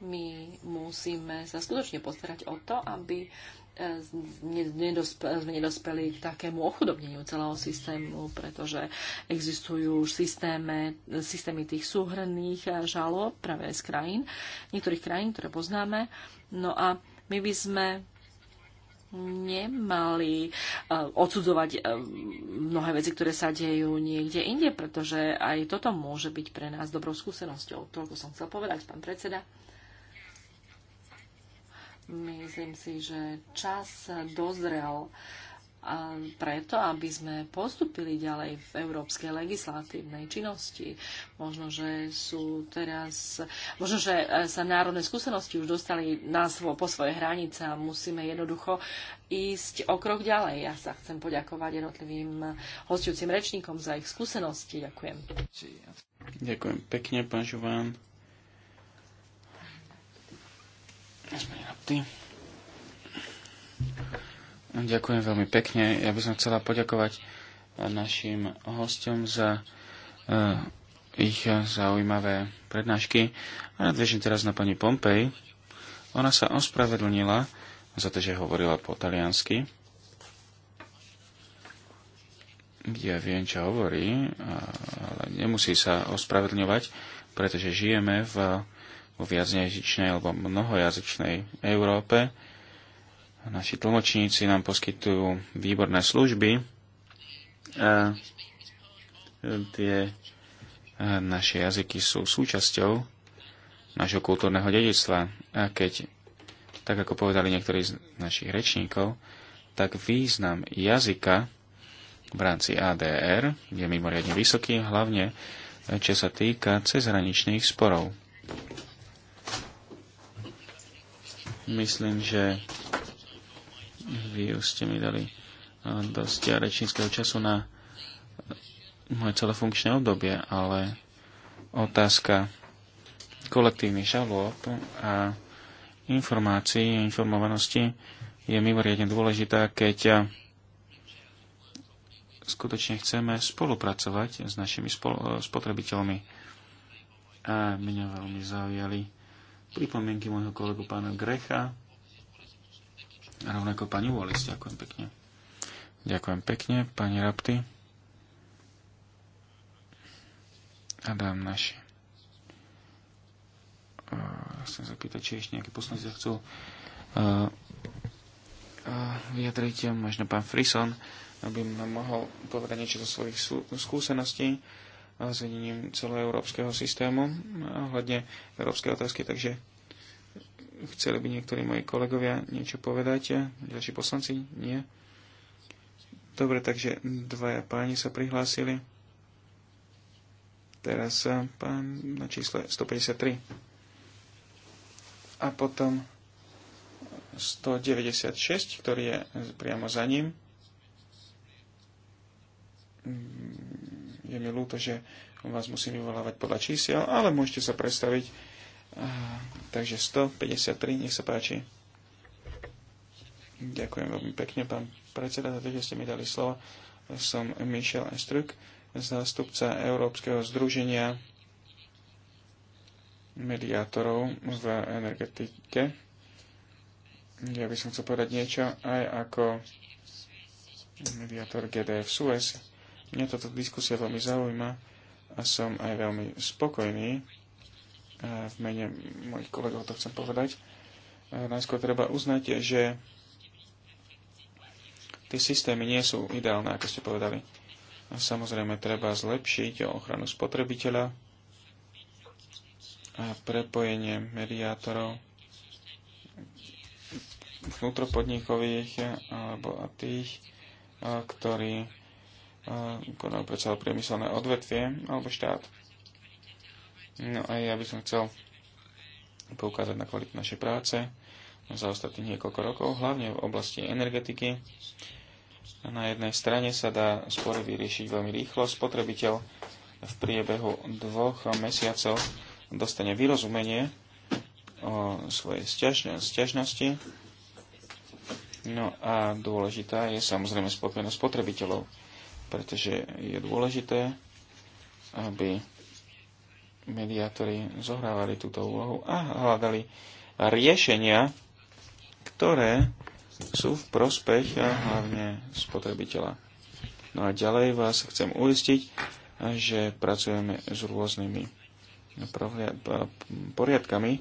My musíme sa skutočne postarať o to, aby sme nedospeli k takému ochudobneniu celého systému, pretože existujú už systéme, systémy tých súhrných eh, žalob práve z krajín, niektorých krajín, ktoré poznáme. No a my by sme nemali eh, odsudzovať eh, mnohé veci, ktoré sa dejú niekde inde, pretože aj toto môže byť pre nás dobrou skúsenosťou. Toľko som chcel povedať, pán predseda. Myslím si, že čas dozrel preto, aby sme postupili ďalej v európskej legislatívnej činnosti. Možno, že sú teraz, možno, že e, sa národné skúsenosti už dostali na svo, po svoje hranice a musíme jednoducho ísť o krok ďalej. Ja sa chcem poďakovať jednotlivým hostujúcim rečníkom za ich skúsenosti. Ďakujem. Ďakujem pekne, pán Žován. Ďakujem veľmi pekne. Ja by som chcela poďakovať eh, našim hostom za eh, ich eh, zaujímavé prednášky. A nadviežem teraz na pani Pompej. Ona sa ospravedlnila za to, že hovorila po taliansky. Ja viem, čo hovorí, ale nemusí sa ospravedlňovať, pretože žijeme v vo viacjazyčnej alebo mnohojazyčnej Európe. Naši tlmočníci nám poskytujú výborné služby. A tie naše jazyky sú súčasťou našho kultúrneho dedictva. A keď, tak ako povedali niektorí z našich rečníkov, tak význam jazyka v rámci ADR je mimoriadne vysoký, hlavne čo sa týka cezhraničných sporov. Myslím, že vy už ste mi dali eh, dosť rečníckého času na eh, moje celé funkčné obdobie, ale otázka kolektívnych žalob a informácií, a informovanosti je mimoriadne dôležitá, keď eh, skutočne chceme spolupracovať s našimi spotrebiteľmi. A mňa veľmi zaujali pripomienky môjho kolegu pána Grecha a rovnako pani Wallis. Ďakujem pekne. Ďakujem pekne, pani Rapty. A dám naši. Uh, chcem zapýtať, či ešte nejaké poslanci sa chcú uh, uh, vyjadriť. Možno pán Frison aby nám mohol povedať niečo zo svojich skúseností celého celoeurópskeho systému ohľadne európskej otázky, takže chceli by niektorí moji kolegovia niečo povedať, ďalší poslanci? Nie? Dobre, takže dvaja páni sa prihlásili. Teraz eh, pán na čísle 153. A potom 196, ktorý je priamo za ním je mi ľúto, že vás musím vyvolávať podľa čísiel, ale môžete sa predstaviť. Takže 153, nech sa páči. Ďakujem veľmi pekne, pán predseda, za to, že ste mi dali slovo. Som Michel Estruk, zástupca Európskeho združenia mediátorov v energetike. Ja by som chcel povedať niečo aj ako mediátor GDF Suez. Mňa táto diskusia veľmi zaujíma a som aj veľmi spokojný. v mene mojich kolegov to chcem povedať. najskôr treba uznať, že tie systémy nie sú ideálne, ako ste povedali. A samozrejme, treba zlepšiť ochranu spotrebiteľa a prepojenie mediátorov vnútropodnikových alebo tých, ktorí konajú pre celé priemyselné odvetvie alebo štát. No a ja by som chcel poukázať na kvalitu našej práce za ostatných niekoľko rokov, hlavne v oblasti energetiky. Na jednej strane sa dá spory vyriešiť veľmi rýchlo. Spotrebiteľ v priebehu dvoch mesiacov dostane vyrozumenie o svojej stiažnosti. No a dôležitá je samozrejme spokojnosť spotrebiteľov pretože je dôležité, aby mediátori zohrávali túto úlohu a hľadali riešenia, ktoré sú v prospech a hlavne spotrebiteľa. No a ďalej vás chcem uistiť, že pracujeme s rôznymi poriadkami.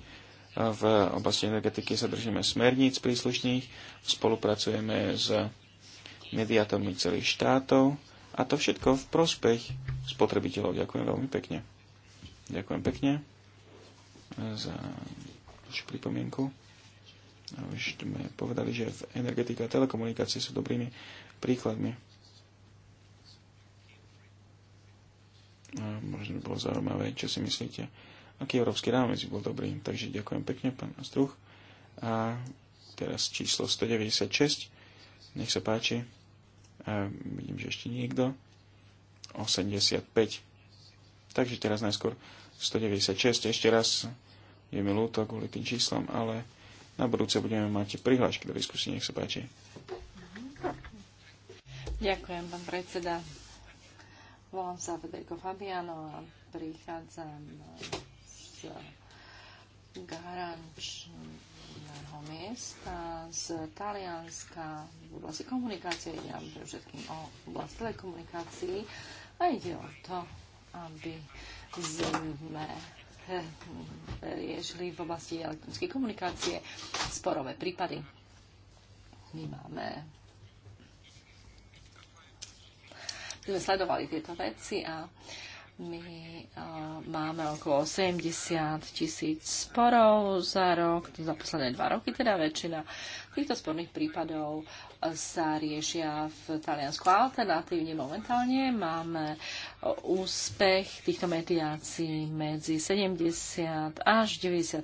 V oblasti energetiky sa držíme smerníc príslušných, spolupracujeme s mediátormi celých štátov a to všetko v prospech spotrebiteľov. Ďakujem veľmi pekne. Ďakujem pekne eh, za vašu pripomienku. A už sme povedali, že v energetika a telekomunikácie sú dobrými príkladmi. A možno by bolo zaujímavé, čo si myslíte. Aký európsky rámec bol dobrý. Takže ďakujem pekne, pán Struh. A teraz číslo 196. Nech sa páči vidím, že ešte niekto. 85. Takže teraz najskôr 196. Ešte raz je mi ľúto kvôli tým číslom, ale na budúce budeme mať prihlášky do diskusie. Nech sa páči. Ďakujem, pán predseda. Volám sa Federico Fabiano a prichádzam z garančných nášho z Talianska v oblasti komunikácie. Ide pre všetkým o oblasti telekomunikácií a ide o to, aby sme eh, riešili v oblasti elektronickej komunikácie sporové prípady. My máme my sme sledovali tieto veci a uh, my uh, máme okolo 80 tisíc sporov za rok, za posledné dva roky teda väčšina týchto sporných prípadov eh, sa riešia v Taliansku alternatívne momentálne. Máme eh, úspech týchto mediácií medzi 70 až 95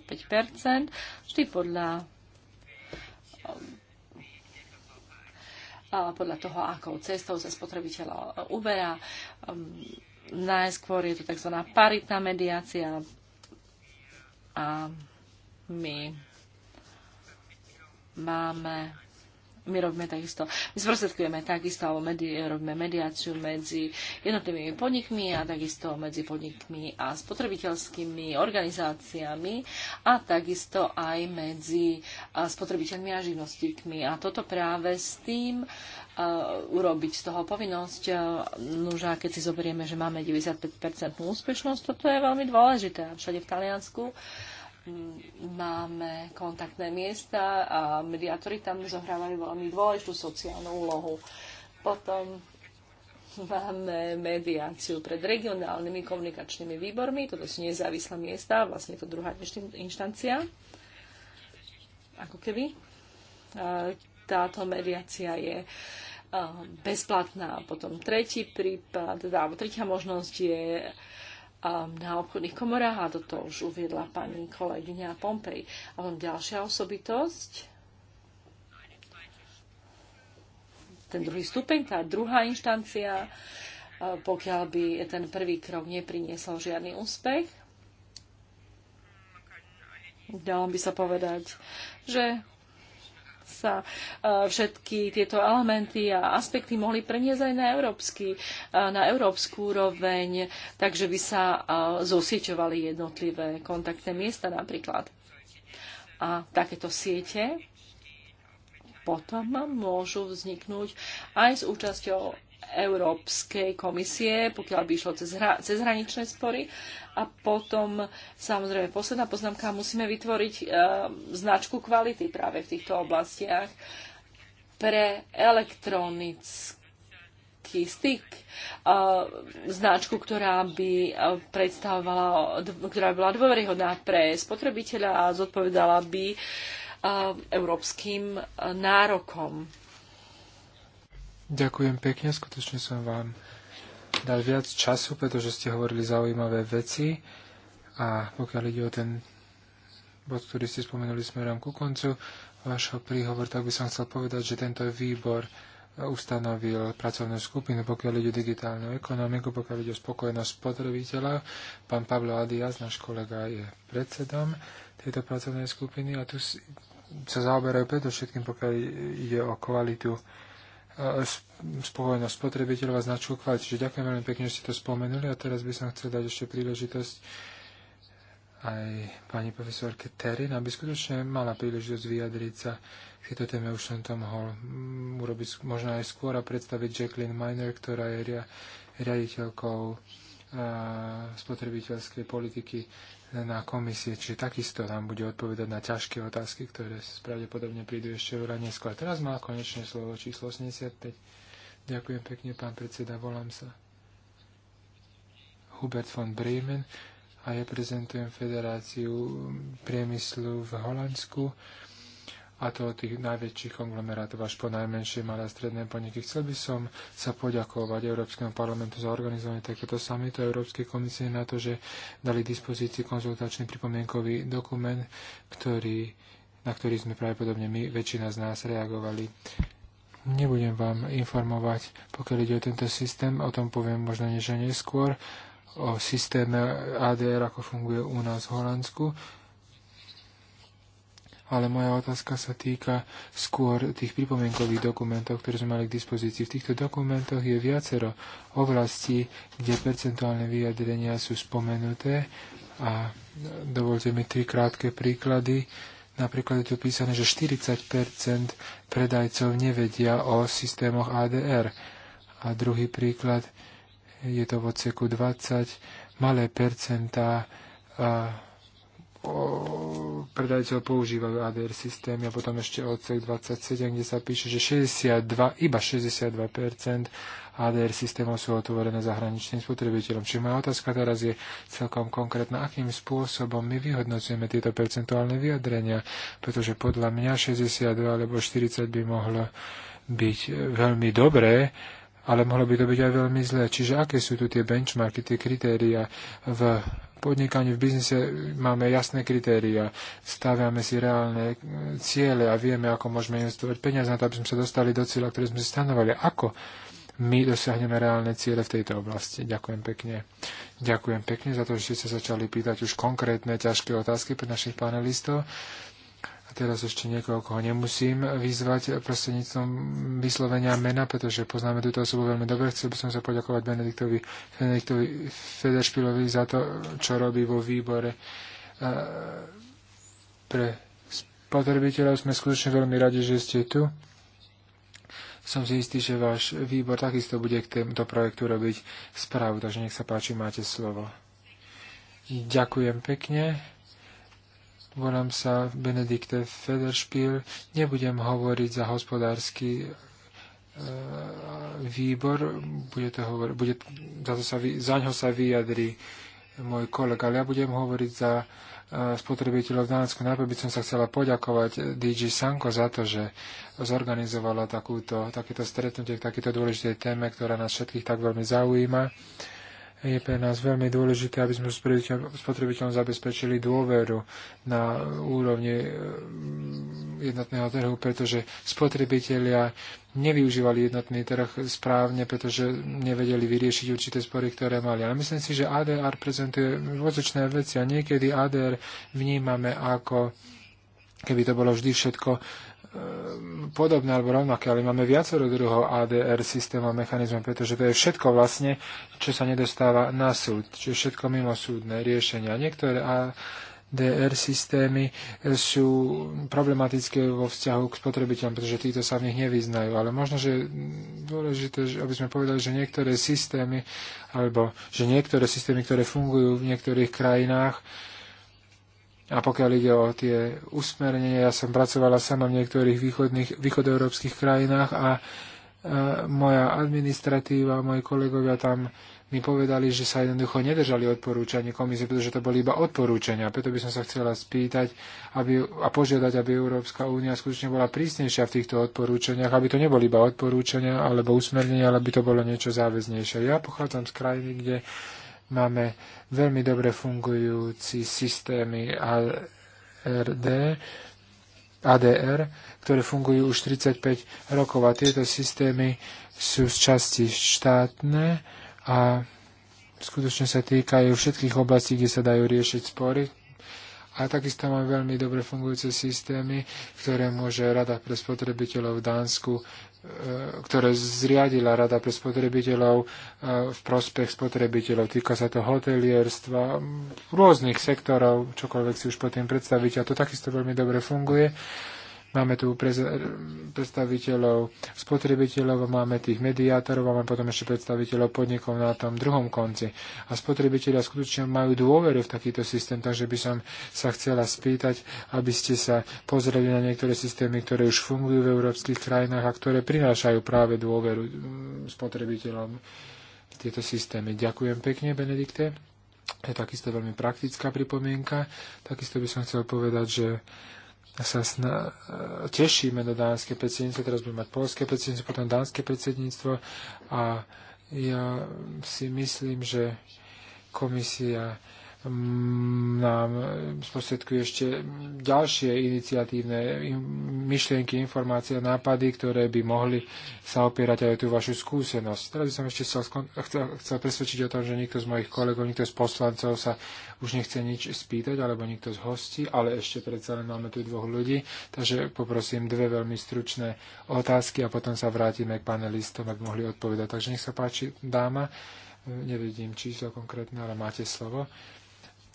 vždy podľa podľa toho, akou cestou sa spotrebiteľ uberá Najskôr je tu tzv. paritná mediácia a my máme my robíme takisto, my sprostredkujeme takisto, alebo medi, robíme mediáciu medzi jednotlivými podnikmi a takisto medzi podnikmi a spotrebiteľskými organizáciami a takisto aj medzi spotrebiteľmi a živnostníkmi. A toto práve s tým uh, urobiť z toho povinnosť. Nuž a keď si zoberieme, že máme 95% úspešnosť, toto je veľmi dôležité všade v Taliansku. Uh, máme kontaktné miesta a mediátori tam zohrávajú veľmi dôležitú sociálnu úlohu. Potom máme mediáciu pred regionálnymi komunikačnými výbormi, toto sú nezávislé miesta, vlastne je to druhá inštancia, ako keby. Táto mediácia je bezplatná. Potom tretí prípad, alebo tretia možnosť je Ehm, na obchodných komorách a toto už uviedla pani kolegyňa Pompej. A potom ďalšia osobitosť, ten druhý stupeň, tá druhá inštancia, ehm, pokiaľ by ten prvý krok nepriniesol žiadny úspech. Dalo by sa povedať, že sa e, všetky tieto elementy a aspekty mohli preniesť aj na, európsky, e, na európsku úroveň, takže by sa e, zosieťovali jednotlivé kontaktné miesta napríklad. A takéto siete potom môžu vzniknúť aj s účasťou Európskej komisie, pokiaľ by išlo cez, hra, cez hraničné spory. A potom, samozrejme, posledná poznámka, musíme vytvoriť e, značku kvality práve v týchto oblastiach pre elektronický styk. E, značku, ktorá by eh, predstavovala, ktorá by bola dôveryhodná pre spotrebiteľa a zodpovedala by e, európskym nárokom. Ďakujem pekne, skutočne som vám dal viac času, pretože ste hovorili zaujímavé veci a pokiaľ ide o ten bod, ktorý ste spomenuli smerom ku koncu vašho príhovor, tak by som chcel povedať, že tento výbor e, ustanovil pracovnú skupinu, pokiaľ ide o digitálnu ekonomiku, pokiaľ ide o spokojnosť spotrebiteľa. Pán Pablo Adias, náš kolega, je predsedom tejto pracovnej skupiny a tu sa zaoberajú predovšetkým, pokiaľ ide o kvalitu spokojnosť spotrebiteľov a značku kvality. Čiže ďakujem veľmi pekne, že ste to spomenuli a teraz by som chcel dať ešte príležitosť aj pani profesorke Terin, aby skutočne mala príležitosť vyjadriť sa k tejto téme. Už som to mohol mm, urobiť možno aj skôr a predstaviť Jacqueline Miner, ktorá je riaditeľkou spotrebiteľskej politiky na komisie, čiže takisto tam bude odpovedať na ťažké otázky, ktoré pravdepodobne prídu ešte oveľa neskôr. Teraz má konečne slovo číslo 85. Ďakujem pekne, pán predseda, volám sa Hubert von Bremen a reprezentujem Federáciu priemyslu v Holandsku a to od tých najväčších konglomerátov až po najmenšie malé a stredné podniky. Chcel by som sa poďakovať Európskemu parlamentu za organizovanie takéto samitu Európskej komisie na to, že dali dispozícii konzultačný pripomienkový dokument, ktorý, na ktorý sme pravdepodobne my, väčšina z nás, reagovali. Nebudem vám informovať, pokiaľ ide o tento systém, o tom poviem možno niečo neskôr, o systéme ADR, ako funguje u nás v Holandsku ale moja otázka sa týka skôr tých pripomienkových dokumentov, ktoré sme mali k dispozícii. V týchto dokumentoch je viacero oblastí, kde percentuálne vyjadrenia sú spomenuté a dovolte mi tri krátke príklady. Napríklad je tu písané, že 40 predajcov nevedia o systémoch ADR. A druhý príklad je to v odseku 20. Malé percentá predajcov používajú ADR systémy a potom ešte odsek 27, kde sa píše, že 62, iba 62% ADR systémov sú otvorené zahraničným spotrebiteľom. Čiže moja otázka teraz je celkom konkrétna, akým spôsobom my vyhodnocujeme tieto percentuálne vyjadrenia, pretože podľa mňa 62 alebo 40 by mohlo byť veľmi dobré, ale mohlo by to byť aj veľmi zlé. Čiže aké sú tu tie benchmarky, tie kritéria v podnikaniu v biznise máme jasné kritéria, stávame si reálne e, ciele a vieme, ako môžeme investovať peniaze na to, aby sme sa dostali do cieľa, ktoré sme si stanovali. Ako my dosiahneme reálne ciele v tejto oblasti. Ďakujem pekne. Ďakujem pekne za to, že ste sa začali pýtať už konkrétne ťažké otázky pre našich panelistov teraz ešte niekoho, koho nemusím vyzvať prostredníctvom vyslovenia mena, pretože poznáme túto osobu veľmi dobre. Chcel by som sa poďakovať Benediktovi, Benediktovi Federšpilovi za to, čo robí vo výbore e, pre spotrebiteľov. Sme skutočne veľmi radi, že ste tu som si istý, že váš výbor takisto bude k tomuto projektu robiť správu, takže nech sa páči, máte slovo. Ďakujem pekne. Volám sa Benedikte Federspiel. Nebudem hovoriť za hospodársky e, výbor, bude to hovor, bude, za, to sa, za ňo sa vyjadri môj kolega, ale ja budem hovoriť za e, spotrebiteľov v Dánsku. Najprv by som sa chcela poďakovať DG Sanko za to, že zorganizovala takúto, takéto stretnutie k takéto dôležitej téme, ktorá nás všetkých tak veľmi zaujíma. E, je pre nás veľmi dôležité, aby sme spotrebiteľom zabezpečili dôveru na úrovni e, jednotného trhu, pretože spotrebitelia nevyužívali jednotný trh správne, pretože nevedeli vyriešiť určité spory, ktoré mali. Ale myslím si, že ADR prezentuje rozličné veci a niekedy ADR vnímame ako keby to bolo vždy všetko e, podobné alebo rovnaké, ale máme viacero druhov ADR systémov a mechanizmov, pretože to je všetko vlastne, čo sa nedostáva na súd, čiže všetko mimo súdne riešenia. Niektoré ADR systémy sú problematické vo vzťahu k spotrebiteľom, pretože títo sa v nich nevyznajú, ale možno, že je dôležité, aby sme povedali, že niektoré systémy, alebo že niektoré systémy, ktoré fungujú v niektorých krajinách, a pokiaľ ide o tie usmernenia, ja som pracovala sama v niektorých východných, východoeurópskych krajinách a e, moja administratíva, moji kolegovia tam mi povedali, že sa jednoducho nedržali odporúčania komisie, pretože to boli iba odporúčania. Preto by som sa chcela spýtať aby, a požiadať, aby Európska únia skutočne bola prísnejšia v týchto odporúčaniach, aby to neboli iba odporúčania alebo usmernenia, ale aby to bolo niečo záväznejšie. Ja pochádzam z krajiny, kde Máme veľmi dobre fungujúci systémy ARD, ADR, ktoré fungujú už 35 rokov a tieto systémy sú z časti štátne a skutočne sa týkajú všetkých oblastí, kde sa dajú riešiť spory. A takisto máme veľmi dobre fungujúce systémy, ktoré môže Rada pre spotrebiteľov v Dánsku E, ktoré zriadila Rada pre spotrebiteľov e, v prospech spotrebiteľov. Týka sa to hotelierstva, rôznych sektorov, čokoľvek si už potom predstavíte. A to takisto veľmi dobre funguje. Máme tu predstaviteľov spotrebiteľov, máme tých mediátorov a máme potom ešte predstaviteľov podnikov na tom druhom konci. A spotrebiteľia skutočne majú dôveru v takýto systém, takže by som sa chcela spýtať, aby ste sa pozreli na niektoré systémy, ktoré už fungujú v európskych krajinách a ktoré prinášajú práve dôveru mm, spotrebiteľom tieto systémy. Ďakujem pekne, Benedikte. Je takisto veľmi praktická pripomienka. Takisto by som chcel povedať, že sa sna- e, tešíme na dánske predsedníctvo, teraz budeme mať polské predsedníctvo, potom dánske predsedníctvo a ja si myslím, že komisia nám hm, hm, sprostredkuje ešte ďalšie iniciatívne myšlienky, informácie, nápady, ktoré by mohli sa opierať aj o tú vašu skúsenosť. Teraz by som ešte chcel, chcel, chcel presvedčiť o tom, že nikto z mojich kolegov, nikto z poslancov sa už nechce nič spýtať, alebo nikto z hostí, ale ešte predsa len máme tu dvoch ľudí, takže poprosím dve veľmi stručné otázky a potom sa vrátime k panelistom, aby mohli odpovedať. Takže nech sa páči, dáma, nevidím číslo konkrétne, ale máte slovo.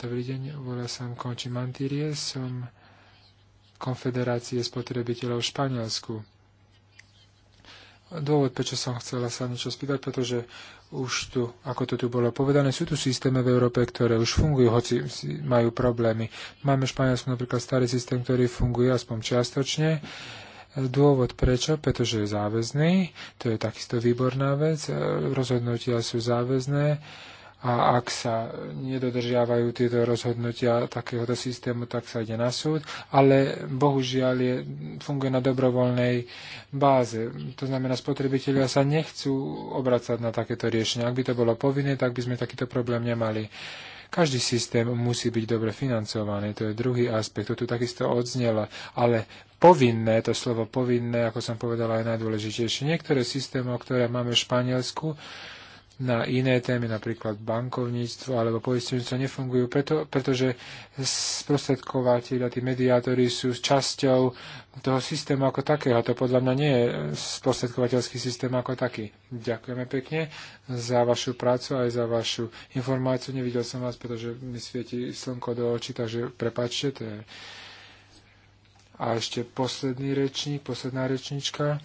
Dobrý deň, volá som Konči Mantírie, som Konfederácie spotrebiteľov v Španielsku. Dôvod, prečo som chcela sa niečo spýtať, pretože už tu, ako to tu bolo povedané, sú tu systémy v Európe, ktoré už fungujú, hoci majú problémy. Máme v Španielsku napríklad starý systém, ktorý funguje aspoň čiastočne. Dôvod prečo? Pretože je záväzný. To je takisto výborná vec. Rozhodnutia sú záväzné a ak sa nedodržiavajú tieto rozhodnutia takéhoto systému, tak sa ide na súd, ale bohužiaľ je, funguje na dobrovoľnej báze. To znamená, spotrebitelia sa nechcú obracať na takéto riešenie. Ak by to bolo povinné, tak by sme takýto problém nemali. Každý systém musí byť dobre financovaný, to je druhý aspekt, to tu takisto odznelo, ale povinné, to slovo povinné, ako som povedala, je najdôležitejšie. Niektoré systémy, ktoré máme v Španielsku, na iné témy, napríklad bankovníctvo alebo poistenstvo nefungujú, preto, pretože sprostredkovateľ a tí mediátori sú časťou toho systému ako takého. To podľa mňa nie je sprostredkovateľský systém ako taký. Ďakujeme pekne za vašu prácu aj za vašu informáciu. Nevidel som vás, pretože mi svieti slnko do očí, takže prepačte. To je... A ešte posledný rečník, posledná rečníčka.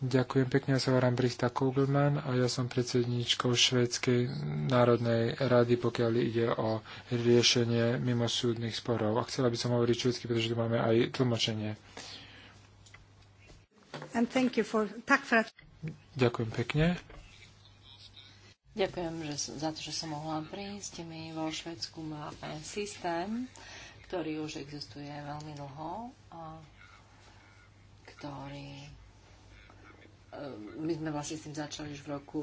Ďakujem pekne, ja sa volám Brista Kugelman a ja som predsedníčkou Švédskej národnej rady, pokiaľ ide o riešenie mimosúdnych sporov. A chcela by som hovoriť švédsky, pretože tu máme aj tlmočenie. For... For... Ďakujem pekne. Ďakujem že, za to, že som mohla prísť. My vo Švedsku máme systém, ktorý už existuje veľmi dlho a ktorý Ehm, my sme vlastne s tým začali už v roku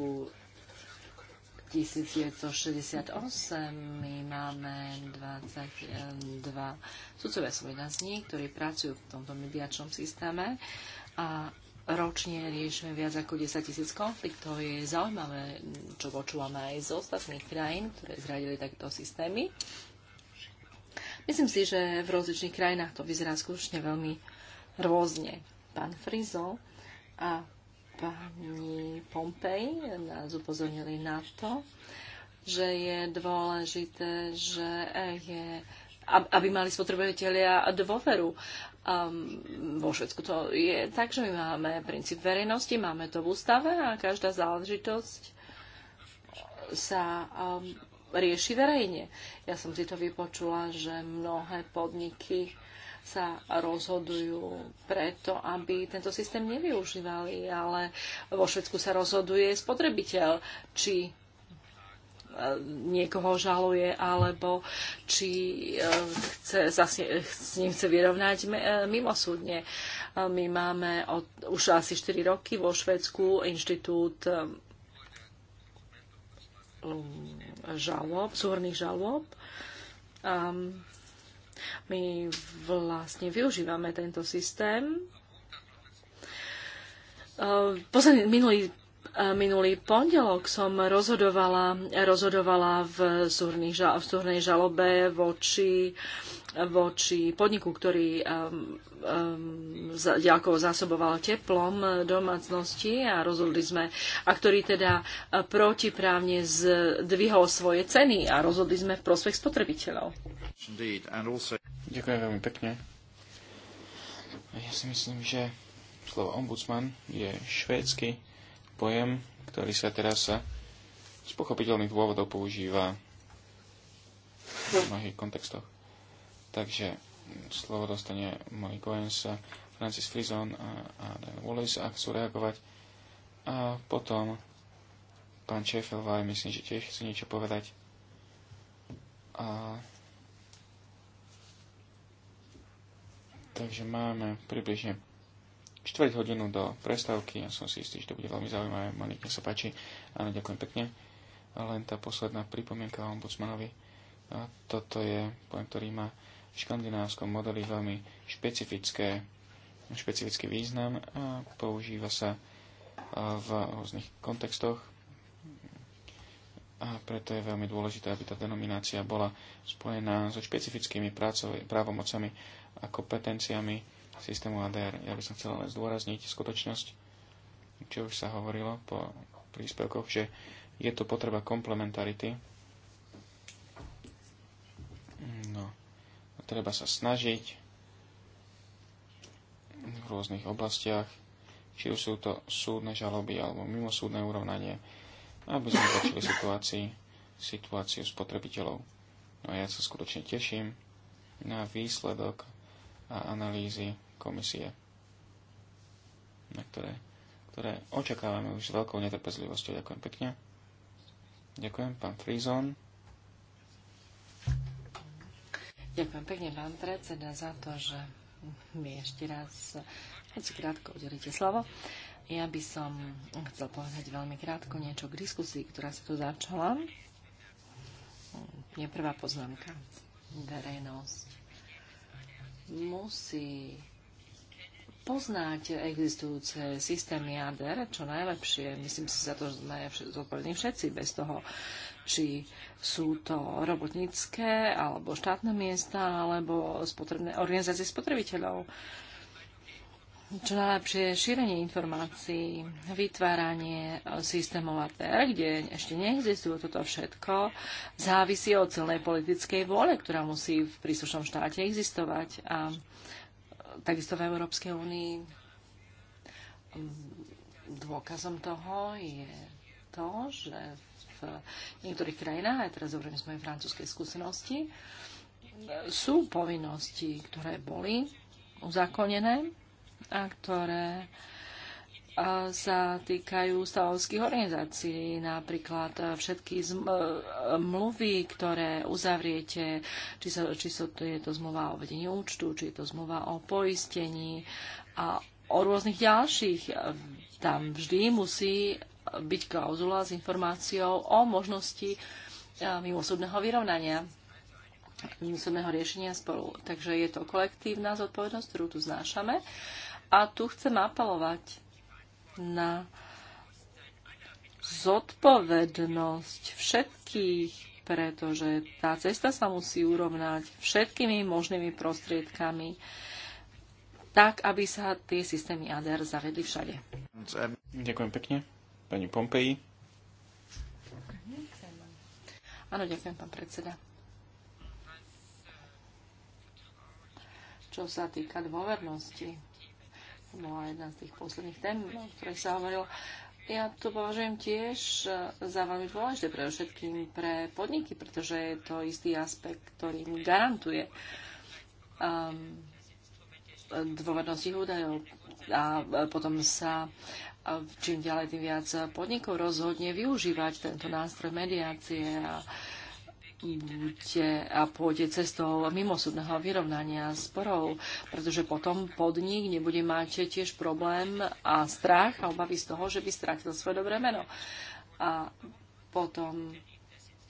1968. My máme 22 sudcovia, som ktorí pracujú v tomto mediačnom systéme a ročne riešime viac ako 10 tisíc konfliktov. Je zaujímavé, čo počúvame aj z ostatných krajín, ktoré zradili takéto systémy. Myslím si, že v rozličných krajinách to vyzerá skutočne veľmi rôzne. Pán Frizo a pani Pompej nás upozornili na to, že je dôležité, že eh, je, aby mali spotrebitelia dôveru. Um, vo Švedsku to je tak, že my máme princíp verejnosti, máme to v ústave a každá záležitosť sa um, rieši verejne. Ja som si to vypočula, že mnohé podniky sa rozhodujú preto, aby tento systém nevyužívali, ale vo Švedsku sa rozhoduje spotrebiteľ, či e, niekoho žaluje, alebo či e, chce, zase, s ním chce vyrovnať e, mimosúdne. My máme od, už asi 4 roky vo Švedsku inštitút žalob, súhrných žalob. Um, my vlastne využívame tento systém. Ehm, posledný minulý Minulý pondelok som rozhodovala, rozhodovala v súrnej, v súrnej žalobe voči, voči podniku, ktorý um, um, zásoboval teplom domácnosti a rozhodli sme, a ktorý teda uh, protiprávne zdvihol svoje ceny a rozhodli sme v prospech spotrebiteľov. Ďakujem veľmi pekne. Ja si myslím, že slovo ombudsman je švédsky pojem, ktorý sa teraz z pochopiteľných dôvodov používa v mnohých kontextoch. Takže slovo dostane Molly Goens, Francis Frison a, a Dan Wallace, ak chcú reagovať. A potom pán Čefelvaj, myslím, že tiež chce niečo povedať. A... Takže máme približne čtvrť hodinu do prestávky. Ja som si istý, že to bude veľmi zaujímavé. Monika sa páči. Áno, ďakujem pekne. Len tá posledná pripomienka o ombudsmanovi. A toto je pojem, ktorý má v škandinávskom modeli veľmi špecifické, špecifický význam a používa sa v rôznych kontextoch. A preto je veľmi dôležité, aby tá denominácia bola spojená so špecifickými právomocami a kompetenciami systému ADR. Ja by som chcel len zdôrazniť skutočnosť, čo už sa hovorilo po príspevkoch, že je to potreba komplementarity. No, treba sa snažiť v rôznych oblastiach, či už sú to súdne žaloby alebo mimosúdne urovnanie, aby sme zlepšili situácii, situáciu spotrebiteľov. No a ja sa skutočne teším na výsledok a analýzy komisie, na ktoré, ktoré očakávame už s veľkou netrpezlivosťou. Ďakujem pekne. Ďakujem, pán Frizon. Ďakujem pekne, pán predseda, za to, že mi ešte raz, hoci krátko udelíte slovo. Ja by som chcel povedať veľmi krátko niečo k diskusii, ktorá sa tu začala. Je prvá poznámka. Verejnosť musí poznať existujúce systémy jader, čo najlepšie. Myslím si, za to že sme zodpovední všetci bez toho, či sú to robotnícke alebo štátne miesta alebo spotrebné, organizácie spotrebiteľov. Čo najlepšie je šírenie informácií, vytváranie e, systémov ATR, kde ešte neexistuje toto všetko, závisí od celnej politickej vôle, ktorá musí v príslušnom štáte existovať. A takisto v Európskej únii. Dôkazom toho je to, že v niektorých krajinách, aj teraz hovorím z mojej francúzskej skúsenosti, sú povinnosti, ktoré boli uzakonené a ktoré sa týkajú stavovských organizácií, napríklad e, všetky e, mluvy, ktoré uzavriete, či, sa, či sa, to je to zmluva o vedení účtu, či je to zmluva o poistení a o rôznych ďalších. E, tam vždy musí byť klauzula s informáciou o možnosti mimosúdneho vyrovnania mimosúdneho riešenia spolu. Takže je to kolektívna zodpovednosť, ktorú tu znášame. A tu chcem apelovať na zodpovednosť všetkých, pretože tá cesta sa musí urovnať všetkými možnými prostriedkami, tak, aby sa tie systémy ADR zavedli všade. Ďakujem pekne. Pani Pompeji. Áno, ďakujem, pán predseda. Čo sa týka dôvernosti, bola jedna z tých posledných tém, o ktorých sa hovorilo. Ja to považujem tiež e, za veľmi dôležité pre všetkým pre podniky, pretože je to istý aspekt, ktorý im garantuje um, dôvernosť ich údajov. A e, potom sa e, čím ďalej, tým viac podnikov rozhodne využívať tento nástroj mediácie a bude a pôjde cestou mimosúdneho vyrovnania sporov, pretože potom podnik nebude mať tiež problém a strach a obavy z toho, že by strátil svoje dobré meno. A potom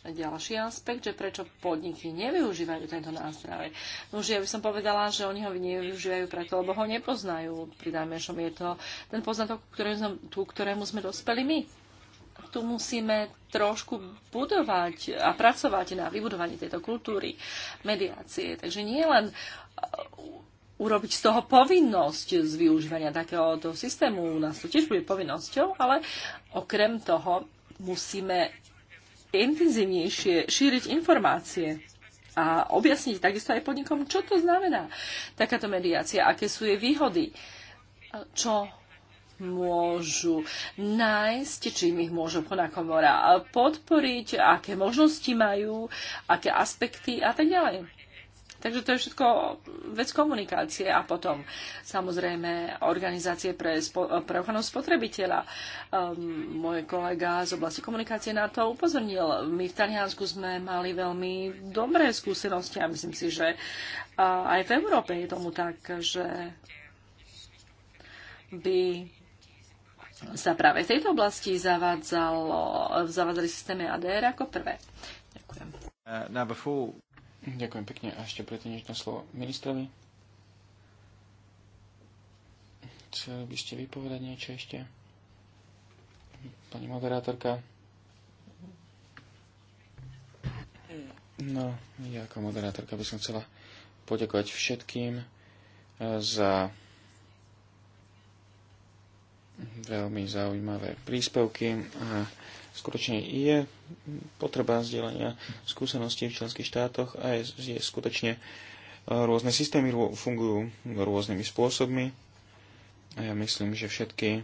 ďalší aspekt, že prečo podniky nevyužívajú tento nástroj. No už ja by som povedala, že oni ho nevyužívajú preto, lebo ho nepoznajú. Pri najmenšom je to ten poznatok, ktorému, ku ktorému sme dospeli my tu musíme trošku budovať a pracovať na vybudovaní tejto kultúry mediácie. Takže nie len e, urobiť z toho povinnosť z využívania takéhoto systému, u nás to tiež bude povinnosťou, ale okrem toho musíme intenzívnejšie šíriť informácie a objasniť takisto aj podnikom, čo to znamená takáto mediácia, aké sú jej výhody, čo môžu nájsť, či ich môže obchodná komora podporiť, aké možnosti majú, aké aspekty a tak ďalej. Takže to je všetko vec komunikácie a potom samozrejme organizácie pre, spo, pre ochranu spotrebiteľa. Um, môj kolega z oblasti komunikácie na to upozornil. My v Taliansku sme mali veľmi dobré skúsenosti a myslím si, že uh, aj v Európe je tomu tak, že by sa práve v tejto oblasti zavádzalo, zavádzali systémy ADR ako prvé. Ďakujem. Uh, before... Ďakujem pekne a ešte predtým, než slovo ministrovi. Chceli by ste vypovedať niečo ešte? Pani moderátorka. No, ja ako moderátorka by som chcela poďakovať všetkým eh, za veľmi zaujímavé príspevky a skutočne je potreba zdieľania skúseností v členských štátoch a je, je skutočne e, rôzne systémy fungujú rôznymi spôsobmi a ja myslím, že všetky e,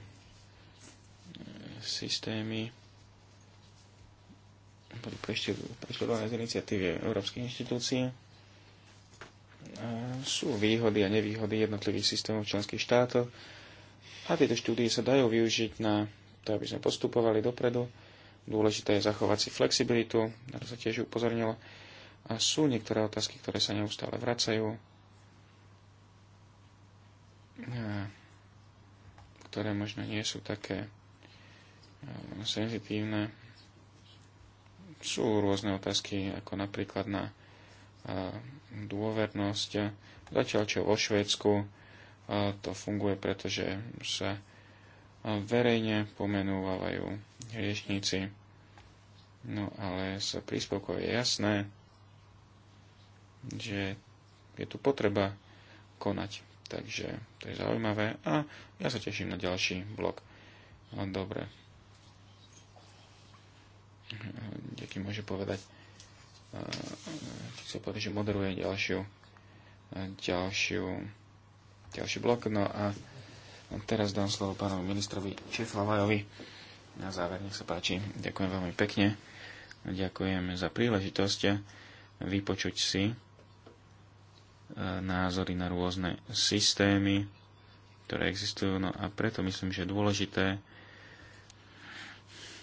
systémy boli prešľadované z iniciatívy európskych inštitúcií. Sú výhody a nevýhody jednotlivých systémov v členských štátoch a tieto štúdie sa dajú využiť na to, aby sme postupovali dopredu. Dôležité je zachovať si flexibilitu, na to sa tiež upozornilo. A sú niektoré otázky, ktoré sa neustále vracajú, ktoré možno nie sú také e, senzitívne. Sú rôzne otázky, ako napríklad na e, dôvernosť. Zatiaľ čo vo Švédsku to funguje, pretože sa verejne pomenúvajú hriešníci. No ale z príspevkov je jasné, že je tu potreba konať. Takže to je zaujímavé a ja sa teším na ďalší blok. No, dobre. Ďakujem, môže povedať, eh, eh, chcel povedať, že moderuje ďalšiu, eh, ďalšiu ďalší blok. No a teraz dám slovo pánovi ministrovi Čeflavajovi. Na záver, nech sa páči. Ďakujem veľmi pekne. Ďakujem za príležitosť vypočuť si e, názory na rôzne systémy, ktoré existujú. No a preto myslím, že je dôležité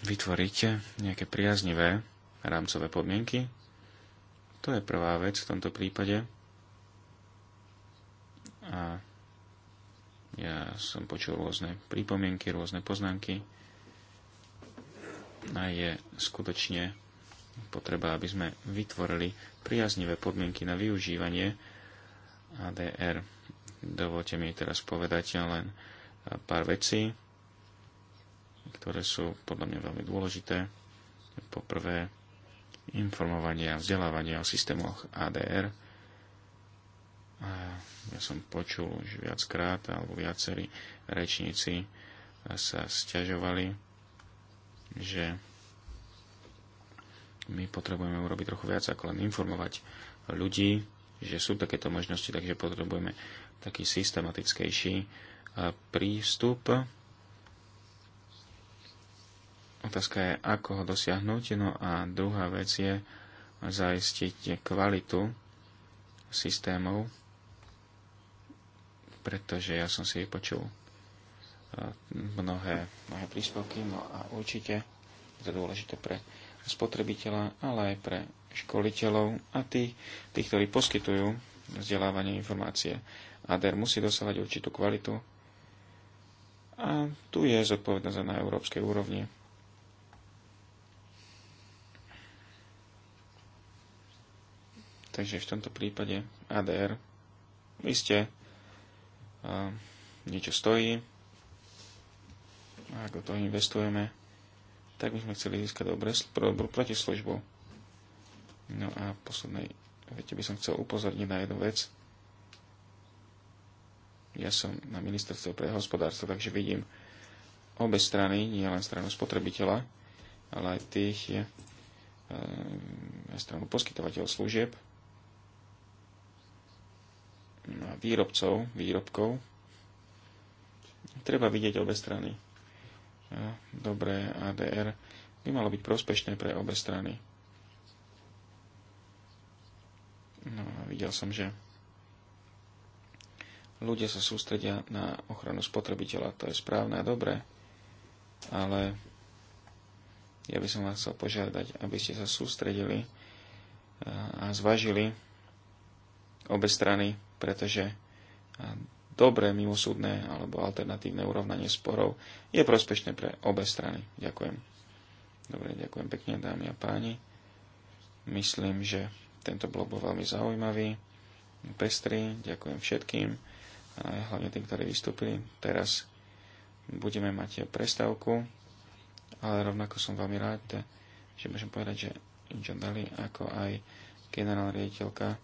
vytvoriť nejaké priaznivé rámcové podmienky. To je prvá vec v tomto prípade. A ja som počul rôzne prípomienky, rôzne poznámky a je skutočne potreba, aby sme vytvorili priaznivé podmienky na využívanie ADR. Dovolte mi teraz povedať len pár vecí, ktoré sú podľa mňa veľmi dôležité. Poprvé, informovanie a vzdelávanie o systémoch ADR ja som počul už viackrát, alebo viacerí rečníci sa stiažovali, že my potrebujeme urobiť trochu viac ako len informovať ľudí, že sú takéto možnosti, takže potrebujeme taký systematickejší prístup. Otázka je, ako ho dosiahnuť. No a druhá vec je zaistiť kvalitu systémov pretože ja som si vypočul eh, mnohé, mnohé príspevky, no a určite je to dôležité pre spotrebiteľa, ale aj pre školiteľov a tých, tých ktorí poskytujú vzdelávanie informácie. ADER musí dosávať určitú kvalitu a tu je zodpovednosť na európskej úrovni. Takže v tomto prípade ADR e iste niečo stojí, a ako to investujeme, tak by sme chceli získať dobré protislužbu. No a v poslednej vete by som chcel upozorniť na jednu vec. Ja som na ministerstve pre hospodárstvo, takže vidím obe strany, nie len stranu spotrebiteľa, ale aj tých, eh, aj stranu poskytovateľov služieb, výrobcov, výrobkov, treba vidieť obe strany. Dobré ADR by malo byť prospešné pre obe strany. No a videl som, že ľudia sa sústredia na ochranu spotrebiteľa. To je správne a dobré, ale ja by som vás chcel požiadať, aby ste sa sústredili a zvažili obe strany pretože dobré mimosúdne alebo alternatívne urovnanie sporov je prospešné pre obe strany. Ďakujem. Dobre, ďakujem pekne, dámy a páni. Myslím, že tento blog bol veľmi zaujímavý, pestrý. Ďakujem všetkým, a hlavne tým, ktorí vystúpili. Teraz budeme mať prestávku, ale rovnako som veľmi rád, že môžem povedať, že John Daly, ako aj generál riaditeľka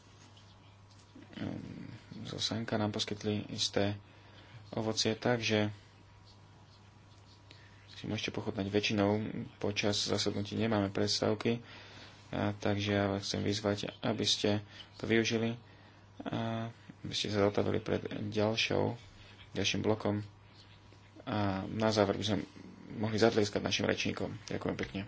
Ehm, zo senka nám poskytli isté ovocie, takže si môžete pochutnať väčšinou. Počas zasadnutí nemáme predstavky, a, takže ja vás chcem vyzvať, aby ste to využili a aby ste sa zotavili pred ďalšou, ďalším blokom. A na záver by sme mohli zatlieskať našim rečníkom. Ďakujem pekne.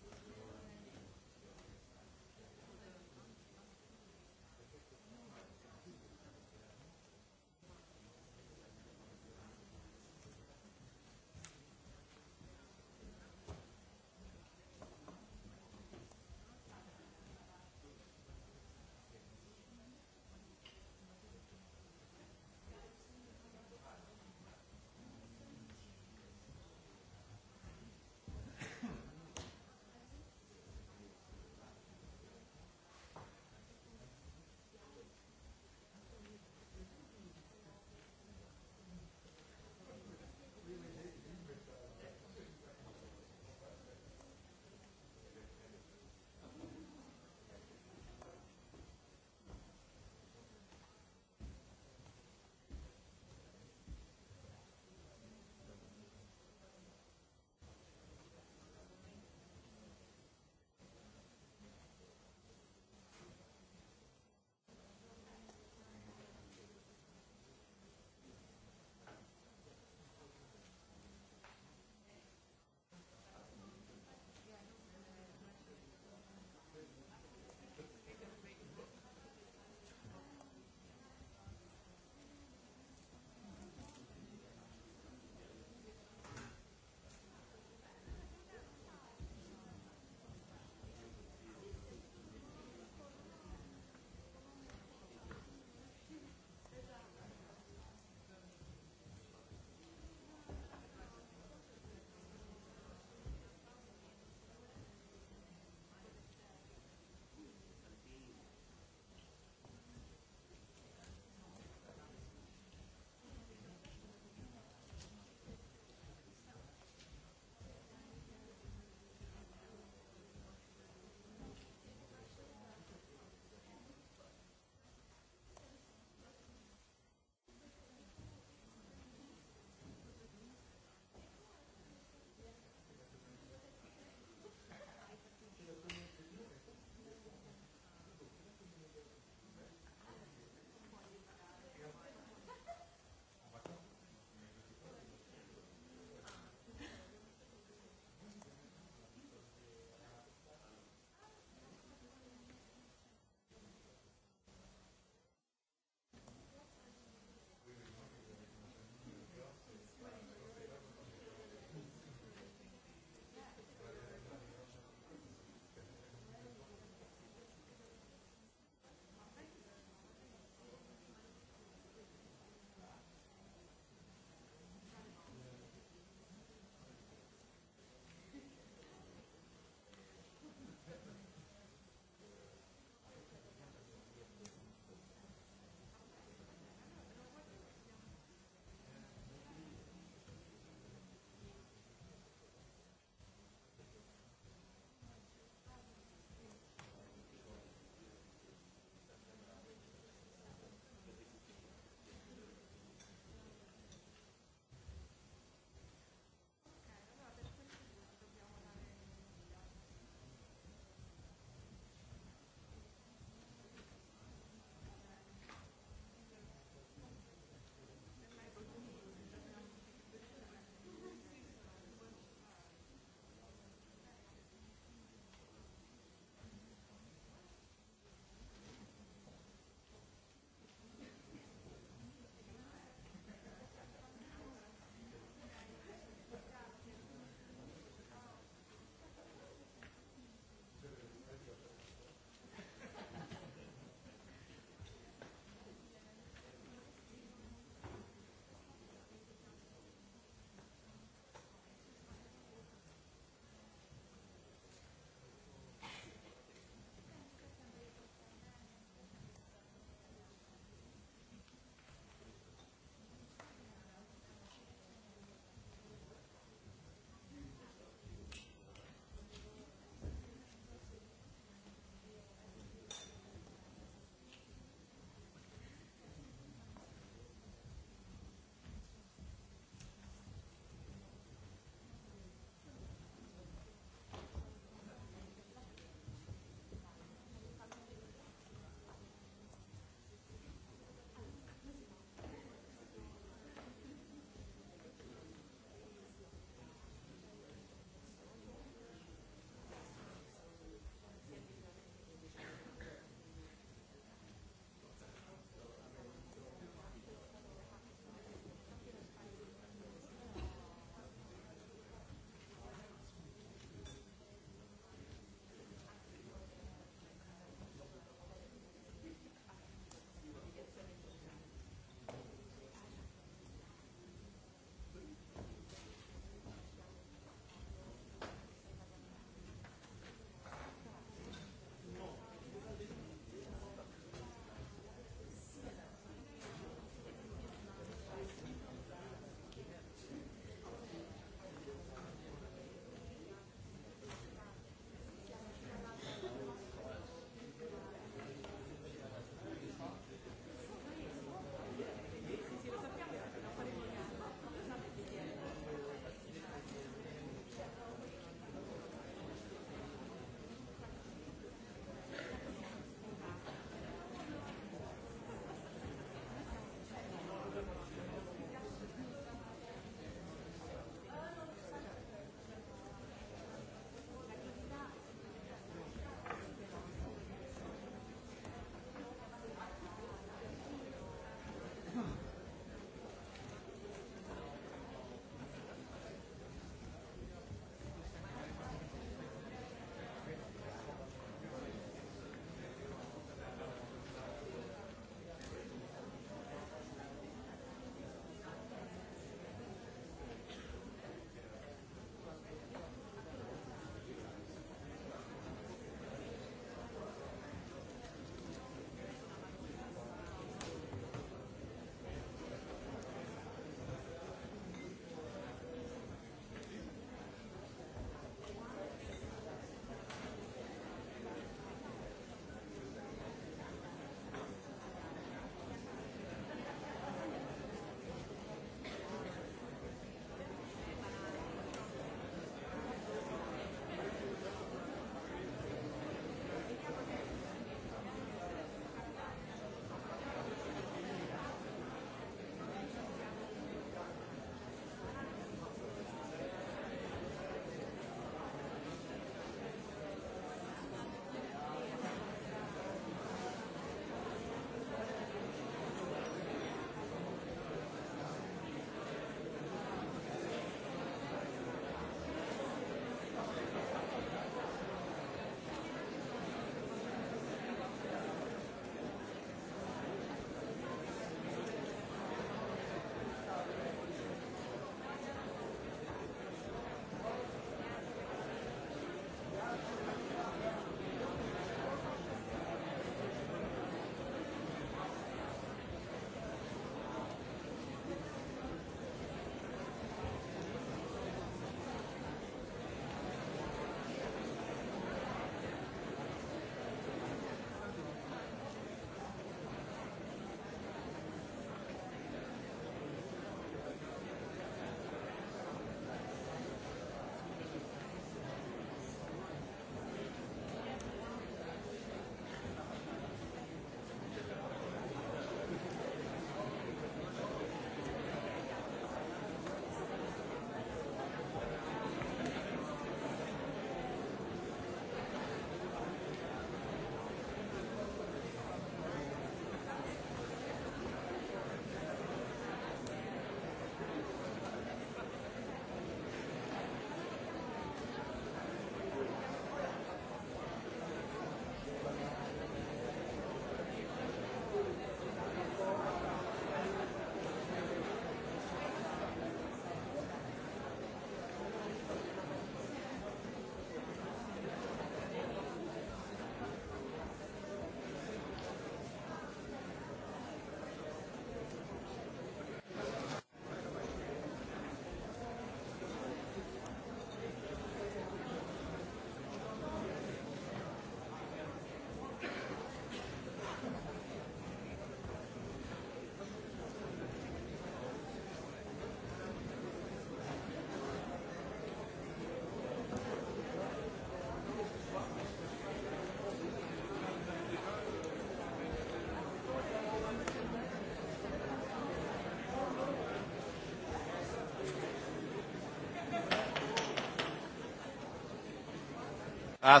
Uh,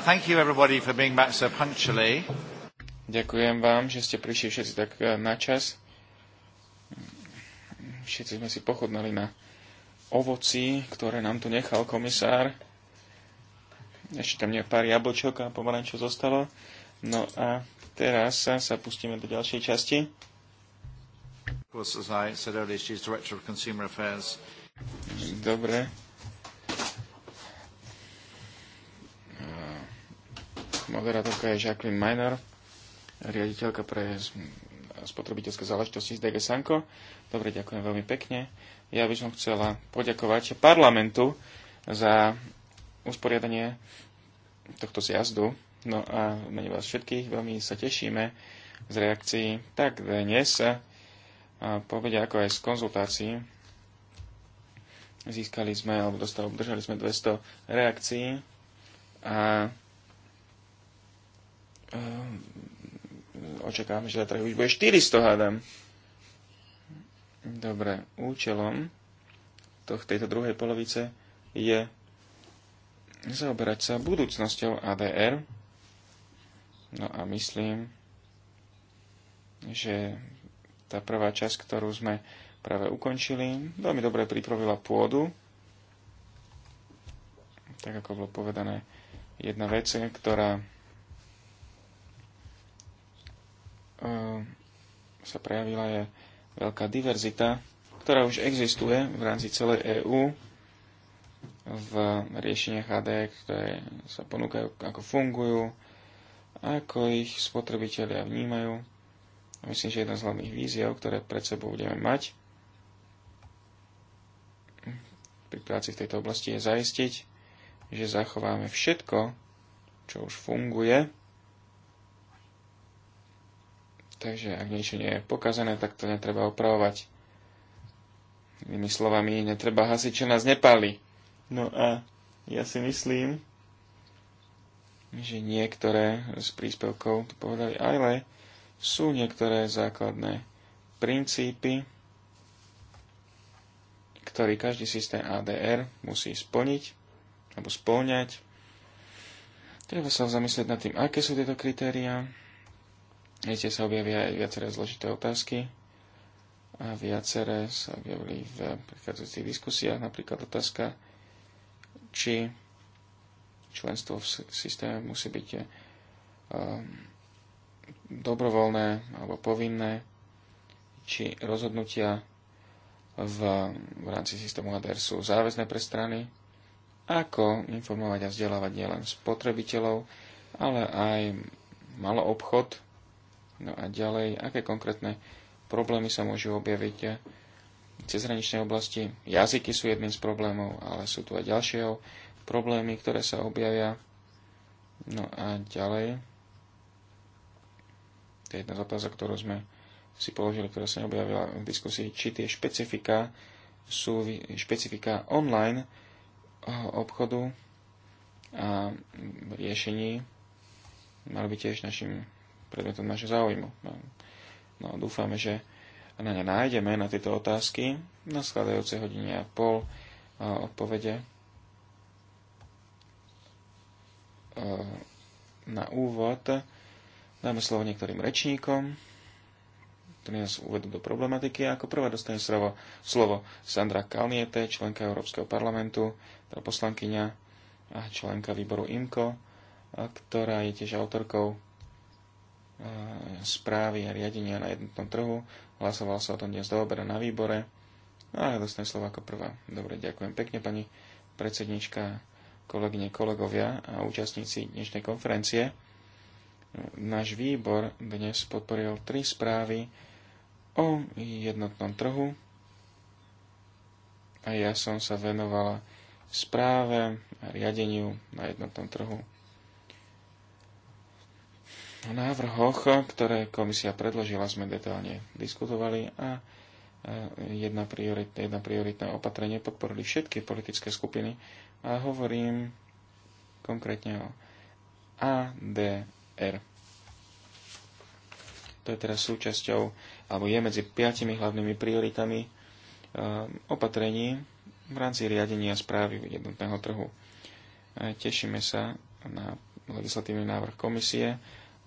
Ďakujem vám, že ste prišli všetci tak uh, na čas. Všetci sme si pochodnali na ovoci, ktoré nám tu nechal komisár. Ešte tam nie pár jablčok a pomarančov zostalo. No a teraz sa, sa pustíme do ďalšej časti. Dobre, Moderátorka je Jacqueline Minor, riaditeľka pre spotrebiteľské záležitosti z DG Sanko. Dobre, ďakujem veľmi pekne. Ja by som chcela poďakovať parlamentu za usporiadanie tohto zjazdu. No a mene vás všetkých veľmi sa tešíme z reakcií tak dnes, povedia ako aj z konzultácií. Získali sme, alebo dostali, obdržali sme 200 reakcií a Ehm, očakávam, že zajtra už bude 400, hádam. Dobre, účelom toh, tejto druhej polovice je zaoberať sa budúcnosťou ADR. No a myslím, že tá prvá časť, ktorú sme práve ukončili, veľmi dobre pripravila pôdu. Tak ako bolo povedané, jedna vec, ktorá sa prejavila, je veľká diverzita, ktorá už existuje v rámci celej EÚ v riešeniach AD, ktoré sa ponúkajú, ako fungujú, ako ich spotrebitelia vnímajú. Myslím, že jedna z hlavných víziev, ktoré pred sebou budeme mať pri práci v tejto oblasti, je zaistiť, že zachováme všetko, čo už funguje, Takže ak niečo nie je pokazené, tak to netreba opravovať. Inými slovami, netreba hasiť, čo nás nepali. No a ja si myslím, že niektoré z príspevkov to povedali, ale sú niektoré základné princípy, ktorý každý systém ADR musí splniť alebo spĺňať. Treba sa zamyslieť nad tým, aké sú tieto kritériá, Viete, sa objavia aj viaceré zložité otázky a viaceré sa objavili v prichádzajúcich diskusiách, napríklad otázka, či členstvo v systéme musí byť eh, dobrovoľné alebo povinné, či rozhodnutia v, v rámci systému ADR sú záväzné pre strany, ako informovať a vzdelávať nielen spotrebiteľov, ale aj malo obchod, No a ďalej, aké konkrétne problémy sa môžu objaviť v cezhraničnej oblasti. Jazyky sú jedným z problémov, ale sú tu aj ďalšie problémy, ktoré sa objavia. No a ďalej, to je jedna z otázok, ktorú sme si položili, ktorá sa neobjavila v diskusii, či tie špecifika sú špecifika online eh, obchodu a riešení mali by tiež našim predmetom našho záujmu. No, no dúfame, že na ne nájdeme na tieto otázky na skladajúcej hodine a pol a odpovede na úvod dáme slovo niektorým rečníkom, ktorí nás uvedú do problematiky. Ako prvá dostane slovo, slovo Sandra Kalniete, členka Európskeho parlamentu, teda poslankyňa a členka výboru IMCO, ktorá je tiež autorkou E, správy a riadenia na jednotnom trhu. Hlasoval sa o tom dnes do obeda na výbore. No a ja dostanem slovo ako prvá. Dobre, ďakujem pekne pani predsednička, kolegyne, kolegovia a účastníci dnešnej konferencie. Náš výbor dnes podporil tri správy o jednotnom trhu a ja som sa venovala správe a riadeniu na jednotnom trhu O návrhoch, ktoré komisia predložila, sme detailne diskutovali a e, jedna, priorit, jedna prioritné opatrenie podporili všetky politické skupiny a hovorím konkrétne o ADR. To je teraz súčasťou, alebo je medzi piatimi hlavnými prioritami e, opatrení v rámci riadenia správy jednotného trhu. E, tešíme sa na legislatívny návrh komisie,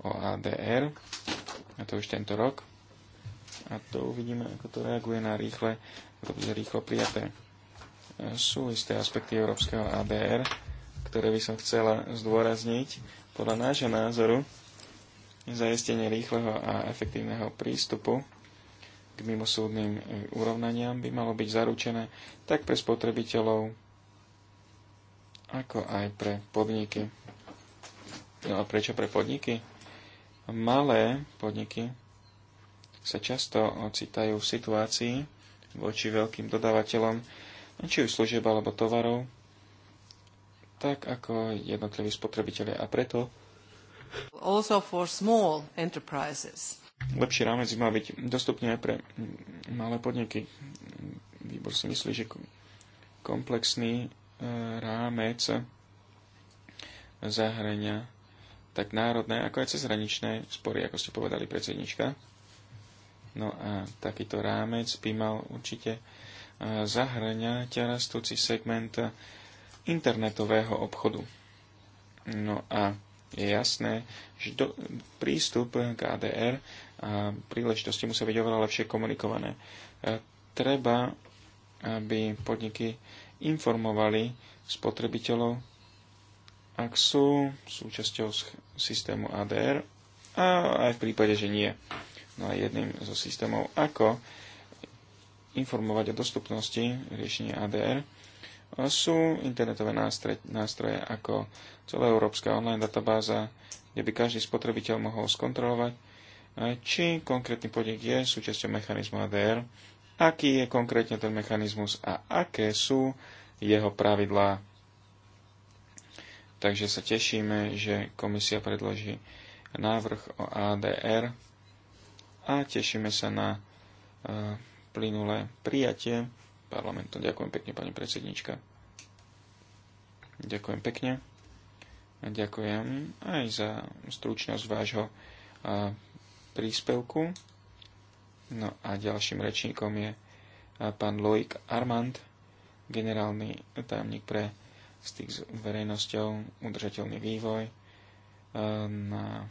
o ADR, a to už tento rok. A to uvidíme, ako to reaguje na rýchle, to bude rýchlo prijaté. Sú isté aspekty európskeho ADR, ktoré by som chcela zdôrazniť. Podľa nášho názoru, zaistenie rýchleho a efektívneho prístupu k mimosúdnym urovnaniam by malo byť zaručené tak pre spotrebiteľov, ako aj pre podniky. No a prečo pre podniky? malé podniky sa často ocitajú v situácii voči veľkým dodávateľom, či už služieb alebo tovarov, tak ako jednotliví spotrebitelia. A preto also for small enterprises. Lepší rámec má byť dostupný aj pre malé podniky. Výbor si myslí, že komplexný e, rámec zahrania tak národné, ako aj cezhraničné spory, ako ste povedali predsednička. No a takýto rámec by mal určite e, zahrňať rastúci segment internetového obchodu. No a je jasné, že do, prístup k ADR a príležitosti musia byť oveľa lepšie komunikované. E, treba, aby podniky informovali spotrebiteľov ak sú súčasťou systému ADR a aj v prípade, že nie. No a jedným zo systémov, ako informovať o dostupnosti riešenia ADR, sú internetové nástroje, nástroje ako európska online databáza, kde by každý spotrebiteľ mohol skontrolovať, eh, či konkrétny podnik je súčasťou mechanizmu ADR, aký je konkrétne ten mechanizmus a aké sú jeho pravidlá. Takže sa tešíme, že komisia predloží návrh o ADR a tešíme sa na e, plynulé prijatie Parlamentu Ďakujem pekne, pani predsednička. Ďakujem pekne. ďakujem aj za stručnosť vášho e, príspevku. No a ďalším rečníkom je e, pán Loik Armand, generálny tajomník pre styk s verejnosťou, udržateľný vývoj eh, na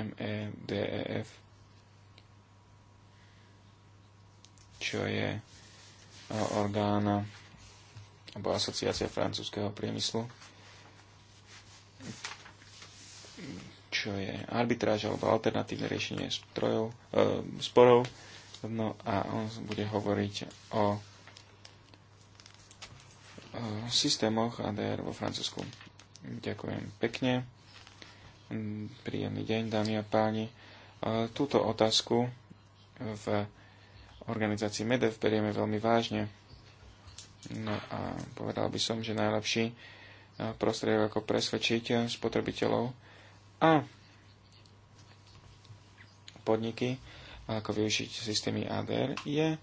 MEDEF, čo je eh, orgán alebo asociácia francúzského priemyslu, čo je arbitráž alebo alternatívne riešenie strojov, e, sporov. No a on bude hovoriť o, o systémoch ADR vo Francúzsku. Ďakujem pekne. Príjemný deň, dámy a páni. E, túto otázku v organizácii MEDEV berieme veľmi vážne. No a povedal by som, že najlepší e, prostriedok ako presvedčiť spotrebiteľov a podniky, ako využiť systémy ADR, je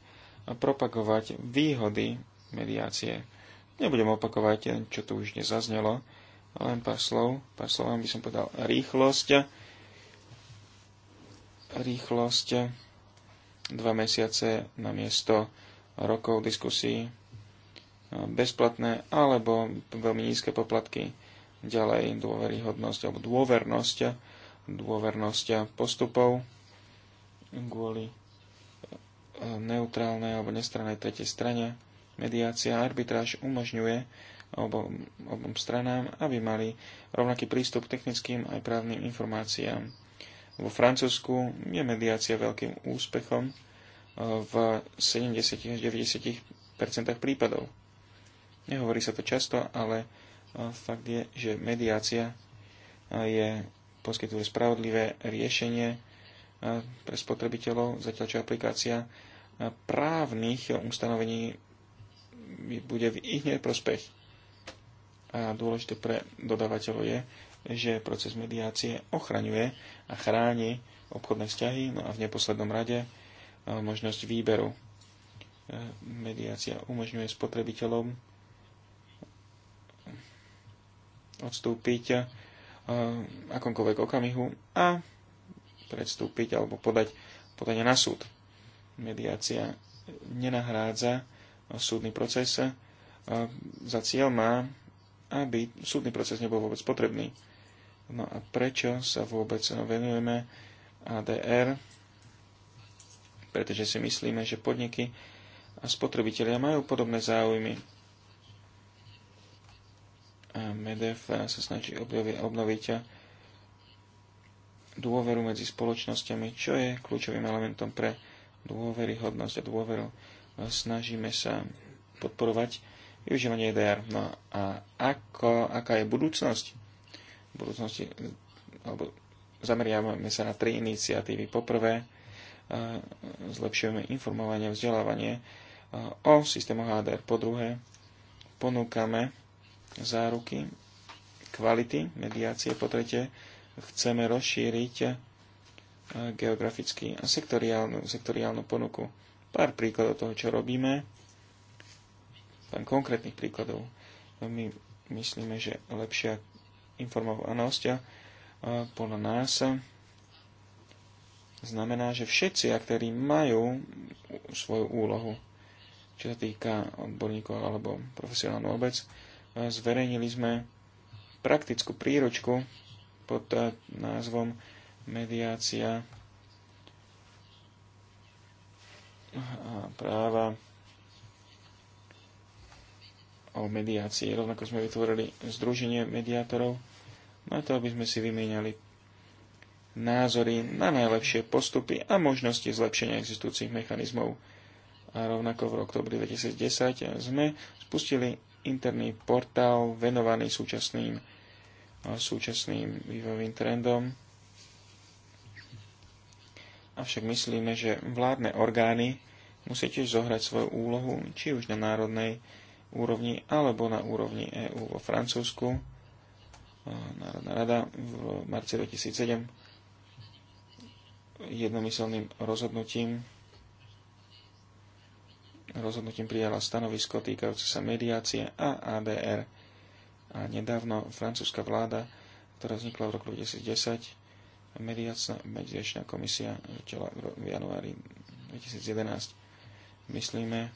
propagovať výhody mediácie. Nebudem opakovať, čo tu už nezaznelo, len pár slov. Pár slov by som povedal rýchlosť. Rýchlosť dva mesiace na miesto rokov diskusí bezplatné alebo veľmi nízke poplatky. Ďalej dôveryhodnosť alebo dôvernosť, dôvernosť postupov kvôli e, e, neutrálnej alebo nestranej tretej strane. Mediácia a arbitráž umožňuje obom, obom stranám, aby mali rovnaký prístup k technickým aj právnym informáciám. Vo Francúzsku je mediácia veľkým úspechom e, v 70 až 90 prípadov. Nehovorí sa to často, ale fakt je, že mediácia je, poskytuje spravodlivé riešenie pre spotrebiteľov, zatiaľ čo aplikácia právnych ustanovení bude v ich neprospech. A dôležité pre dodávateľov je, že proces mediácie ochraňuje a chráni obchodné vzťahy no a v neposlednom rade možnosť výberu. Mediácia umožňuje spotrebiteľom odstúpiť akomkoľvek okamihu a predstúpiť alebo podať podanie na súd. Mediácia nenahrádza súdny proces. Za cieľ má, aby súdny proces nebol vôbec potrebný. No a prečo sa vôbec venujeme ADR? Pretože si myslíme, že podniky a spotrebitelia majú podobné záujmy. A MEDEF sa snaží obnoviť dôveru medzi spoločnosťami, čo je kľúčovým elementom pre dôveryhodnosť a dôveru. Snažíme sa podporovať využívanie EDR. No a ako, aká je budúcnosť? V budúcnosti alebo zameriavame sa na tri iniciatívy. Poprvé, e, zlepšujeme informovanie e, a vzdelávanie o systému HDR. Po druhé, ponúkame záruky kvality mediácie. Po tretie, chceme rozšíriť eh, geografický a sektoriálnu, sektoriálnu ponuku. Pár príkladov toho, čo robíme, pár konkrétnych príkladov. My myslíme, že lepšia informovanosť eh, podľa nás eh, znamená, že všetci aktéri majú svoju úlohu. Čo sa týka odborníkov alebo profesionálnu obec, zverejnili sme praktickú príručku pod názvom mediácia a práva o mediácii. Rovnako sme vytvorili Združenie mediátorov na to, aby sme si vymieniali názory na najlepšie postupy a možnosti zlepšenia existujúcich mechanizmov. A rovnako v oktobri 2010 sme spustili interný portál venovaný súčasným súčasným vývojovým trendom. Avšak myslíme, že vládne orgány musí tiež zohrať svoju úlohu, či už na národnej úrovni, alebo na úrovni EÚ vo Francúzsku. Národná rada v marci 2007 jednomyselným rozhodnutím rozhodnutím prijala stanovisko týkajúce sa mediácie a ADR. A nedávno francúzska vláda, ktorá vznikla v roku 2010, mediačná, mediačná komisia začala v januári 2011. Myslíme,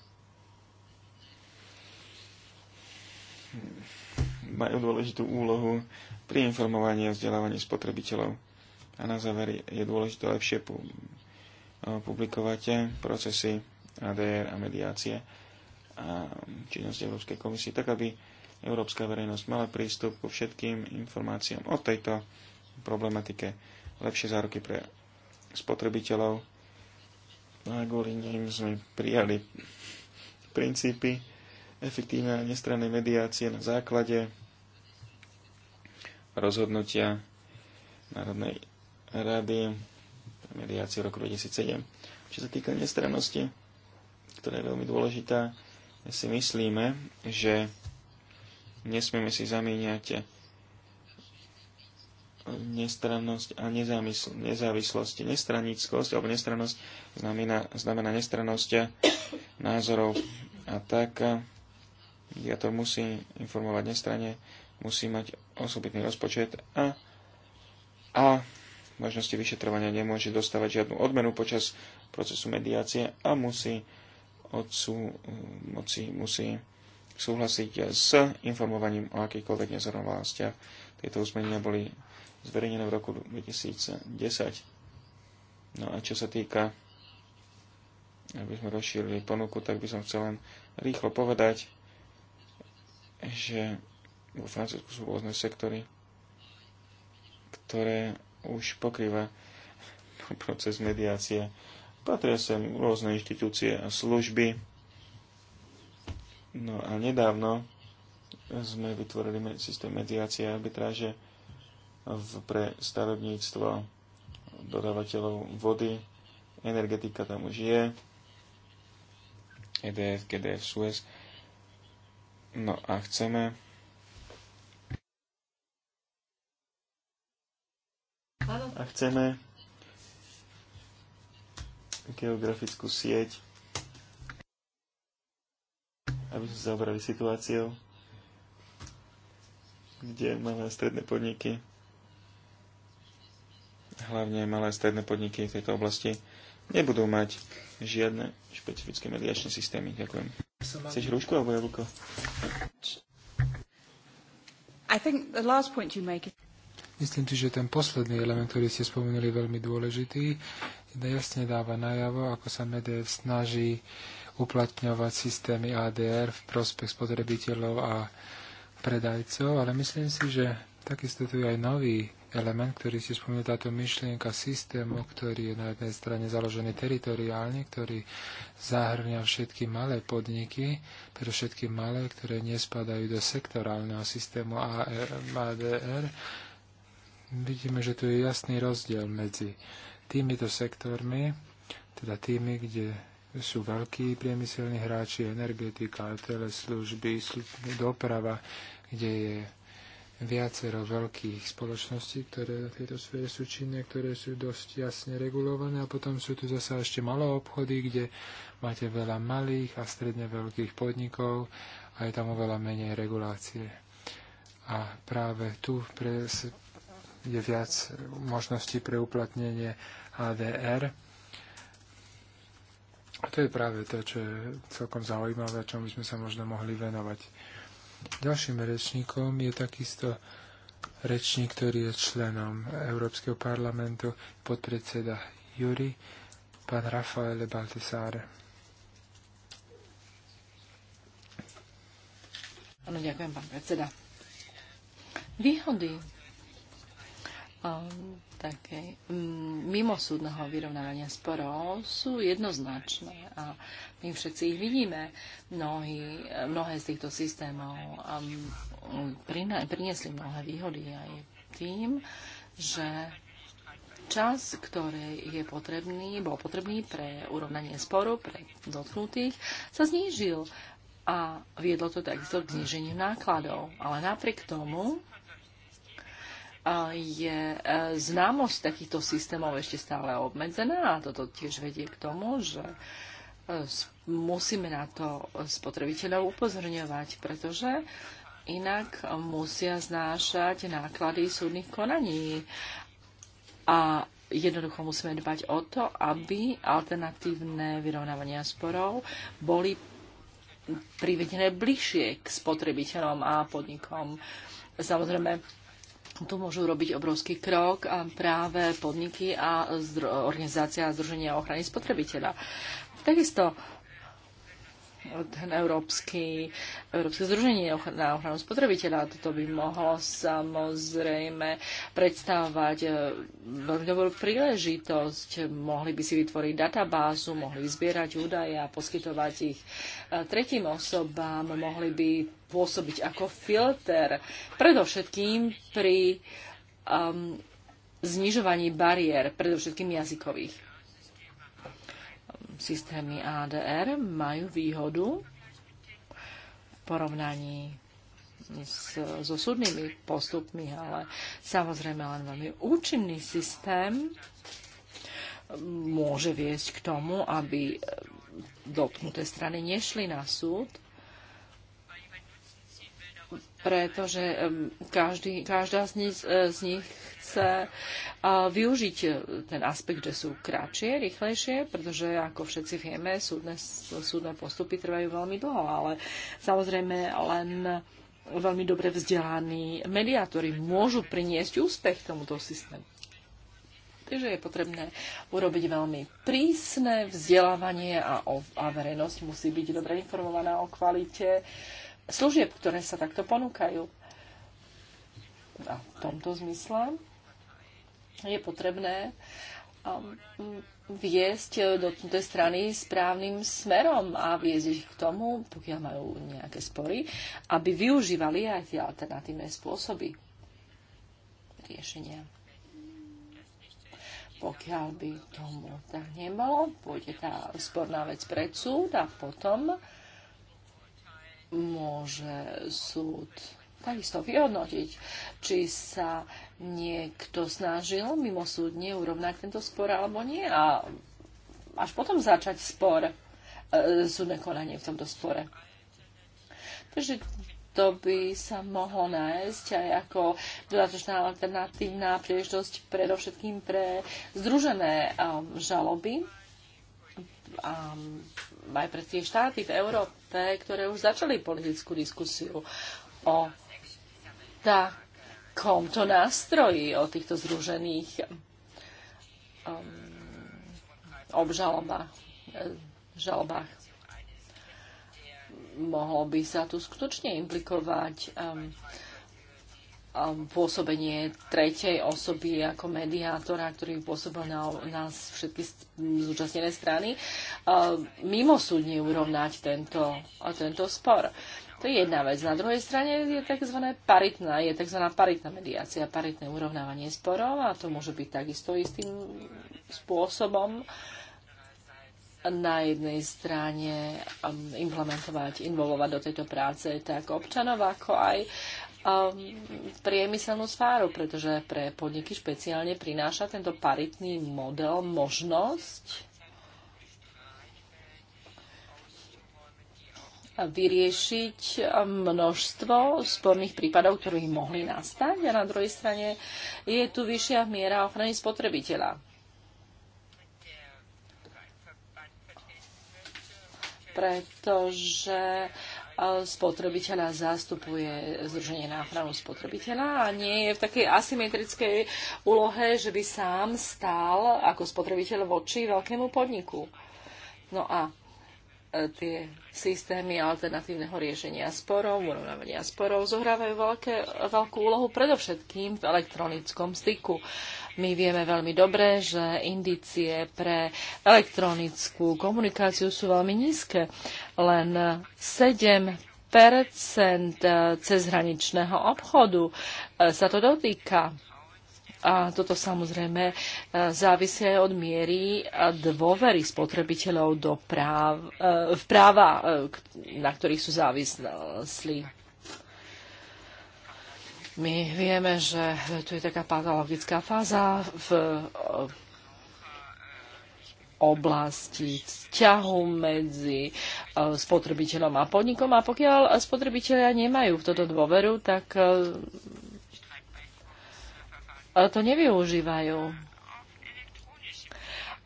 majú dôležitú úlohu pri informovaní a vzdelávaní spotrebiteľov. A na záver je dôležité lepšie publikovať procesy ADR a mediácie a činnosti Európskej komisie, tak aby európska verejnosť mala prístup ku všetkým informáciám o tejto problematike, lepšie záruky pre spotrebiteľov. No a kvôli nim sme prijali princípy efektívnej a nestranné mediácie na základe rozhodnutia Národnej rady mediácie roku 2007. Čo sa týka nestrannosti, ktorá je veľmi dôležitá, si myslíme, že Nesmieme si zamieňať nestrannosť a nezávisl- nezávislosť. Nestranickosť alebo nestrannosť znamená, znamená nestrannosť názorov. A tak eh, ja to musí informovať nestrane, musí mať osobitný rozpočet a, a možnosti vyšetrovania nemôže dostávať žiadnu odmenu počas procesu mediácie a musí odsú, eh, moci, musí súhlasiť s informovaním o akýchkoľvek nezrovnalostiach. Tieto uzmenenia boli zverejnené v roku 2010. No a čo sa týka, aby sme rozšírili ponuku, tak by som chcel len rýchlo povedať, že vo Francúzsku sú rôzne sektory, ktoré už pokrýva proces mediácie. Patria sem rôzne inštitúcie a služby, No a nedávno sme vytvorili systém mediácie a arbitráže pre stavebníctvo, dodávateľov vody, energetika tam už je, EDF, GDF, Suez. No a chceme a chceme geografickú sieť aby sme sa zaoberali situáciou, kde malé a stredné podniky, hlavne malé a stredné podniky v tejto oblasti, nebudú mať žiadne špecifické mediačné systémy. Ďakujem. Chceš rúšku alebo jablko? I think the last point you make is... Myslím si, že ten posledný element, ktorý ste spomenuli, je veľmi dôležitý. Jasne dáva najavo, ako sa MEDEV snaží uh, uplatňovať systémy ADR v prospech spotrebiteľov a predajcov, ale myslím si, že takisto tu je aj nový element, ktorý si spomínal táto myšlienka systému, ktorý je na jednej strane založený teritoriálne, ktorý zahrňa všetky malé podniky, pre všetky malé, ktoré nespadajú do sektorálneho systému ADR. Vidíme, že tu je jasný rozdiel medzi týmito sektormi, teda tými, kde sú veľkí priemyselní hráči, energetika, teleslužby, doprava, kde je viacero veľkých spoločností, ktoré na tejto sfére sú činné, ktoré sú dosť jasne regulované a potom sú tu zase ešte malé obchody, kde máte veľa malých a stredne veľkých podnikov a je tam oveľa menej regulácie. A práve tu pre, je viac možností pre uplatnenie ADR a to je práve to, čo je celkom zaujímavé, čom by sme sa možno mohli venovať. Ďalším rečníkom je takisto rečník, ktorý je členom Európskeho parlamentu, podpredseda Juri, pán Rafaele Baltesare. Áno, ďakujem, pán predseda. Výhody ehm, také mm, mimosúdneho vyrovnávania sporov sú jednoznačné a my všetci ich vidíme. Mnohí, mnohé z týchto systémov mm, priniesli mnohé výhody aj tým, že čas, ktorý je potrebný, bol potrebný pre urovnanie sporu pre dotknutých, sa znížil a viedlo to takisto k zníženiu nákladov. Ale napriek tomu je e, známosť takýchto systémov ešte stále obmedzená a toto tiež vedie k tomu, že e, musíme na to spotrebiteľov upozorňovať, pretože inak musia znášať náklady súdnych konaní. A jednoducho musíme dbať o to, aby alternatívne vyrovnávania sporov boli privedené bližšie k spotrebiteľom a podnikom. Samozrejme, tu môžu robiť obrovský krok práve podniky a organizácia a Združenia ochrany spotrebiteľa. Takisto ten Európsky, Európske združenie na ochranu spotrebiteľa. Toto by mohlo samozrejme predstavovať e, veľmi dobrú príležitosť. Mohli by si vytvoriť databázu, mohli by zbierať údaje a poskytovať ich e, tretím osobám, mohli by pôsobiť ako filter, predovšetkým pri um, znižovaní bariér, predovšetkým jazykových systémy ADR majú výhodu v porovnaní s, so súdnymi postupmi, ale samozrejme len veľmi účinný systém môže viesť k tomu, aby dotknuté strany nešli na súd, pretože um, každý, každá z nich, z nich chce využiť ten aspekt, že sú kratšie, rýchlejšie, pretože ako všetci vieme, súdne, súdne postupy trvajú veľmi dlho, ale samozrejme len veľmi dobre vzdelaní mediátori môžu priniesť úspech tomuto systému. Takže je potrebné urobiť veľmi prísne vzdelávanie a, o, a verejnosť musí byť dobre informovaná o kvalite služieb, ktoré sa takto ponúkajú. A v tomto zmysle je potrebné um, viesť eh, do tej strany správnym smerom a viesť ich k tomu, pokiaľ majú nejaké spory, aby využívali aj tie alternatívne spôsoby riešenia. Pokiaľ by tomu tak nebolo, pôjde tá sporná vec pred súd a potom môže súd takisto vyhodnotiť, či sa niekto snažil mimosúdne urovnať tento spor alebo nie a až potom začať spor, e, súdne konanie v tomto spore. Takže to by sa mohlo nájsť aj ako dodatočná alternatívna príležitosť predovšetkým pre združené e, žaloby a um, aj pre tie štáty v Európe, ktoré už začali politickú diskusiu o takomto nástroji, o týchto združených um, obžalobách, eh, žalobách. Mohlo by sa tu skutočne implikovať um, um pôsobenie tretej osoby ako mediátora, ktorý pôsobil na nás všetky zúčastnené strany, eh, mimo súdne urovnať tento, tento spor. To je jedna vec. Na druhej strane je tzv. paritná, je tzv. paritná mediácia, paritné urovnávanie sporov a to môže byť takisto istým spôsobom na jednej strane um, implementovať, involovať do tejto práce tak občanov, ako aj um, priemyselnú sféru, pretože pre podniky špeciálne prináša tento paritný model možnosť vyriešiť množstvo sporných prípadov, ktoré mohli nastať a na druhej strane je tu vyššia miera ochrany spotrebiteľa. Pretože e, spotrebiteľa zastupuje Združenie na ochranu spotrebiteľa a nie je v takej asymetrickej úlohe, že by sám stál ako spotrebiteľ voči veľkému podniku. No a E, tie systémy alternatívneho riešenia sporov, urovnávania sporov zohrávajú veľké, veľkú úlohu predovšetkým v elektronickom styku. My vieme veľmi dobre, že indície pre elektronickú komunikáciu sú veľmi nízke. Len 7 percent cezhraničného obchodu e, sa to dotýka. A toto samozrejme e, závisí aj od miery dôvery spotrebiteľov do práv, e, v práva, e, na ktorých sú závislí. My vieme, že tu je taká patologická fáza v oblasti vzťahu medzi spotrebiteľom a podnikom a pokiaľ spotrebiteľia nemajú v toto dôveru, tak to nevyužívajú.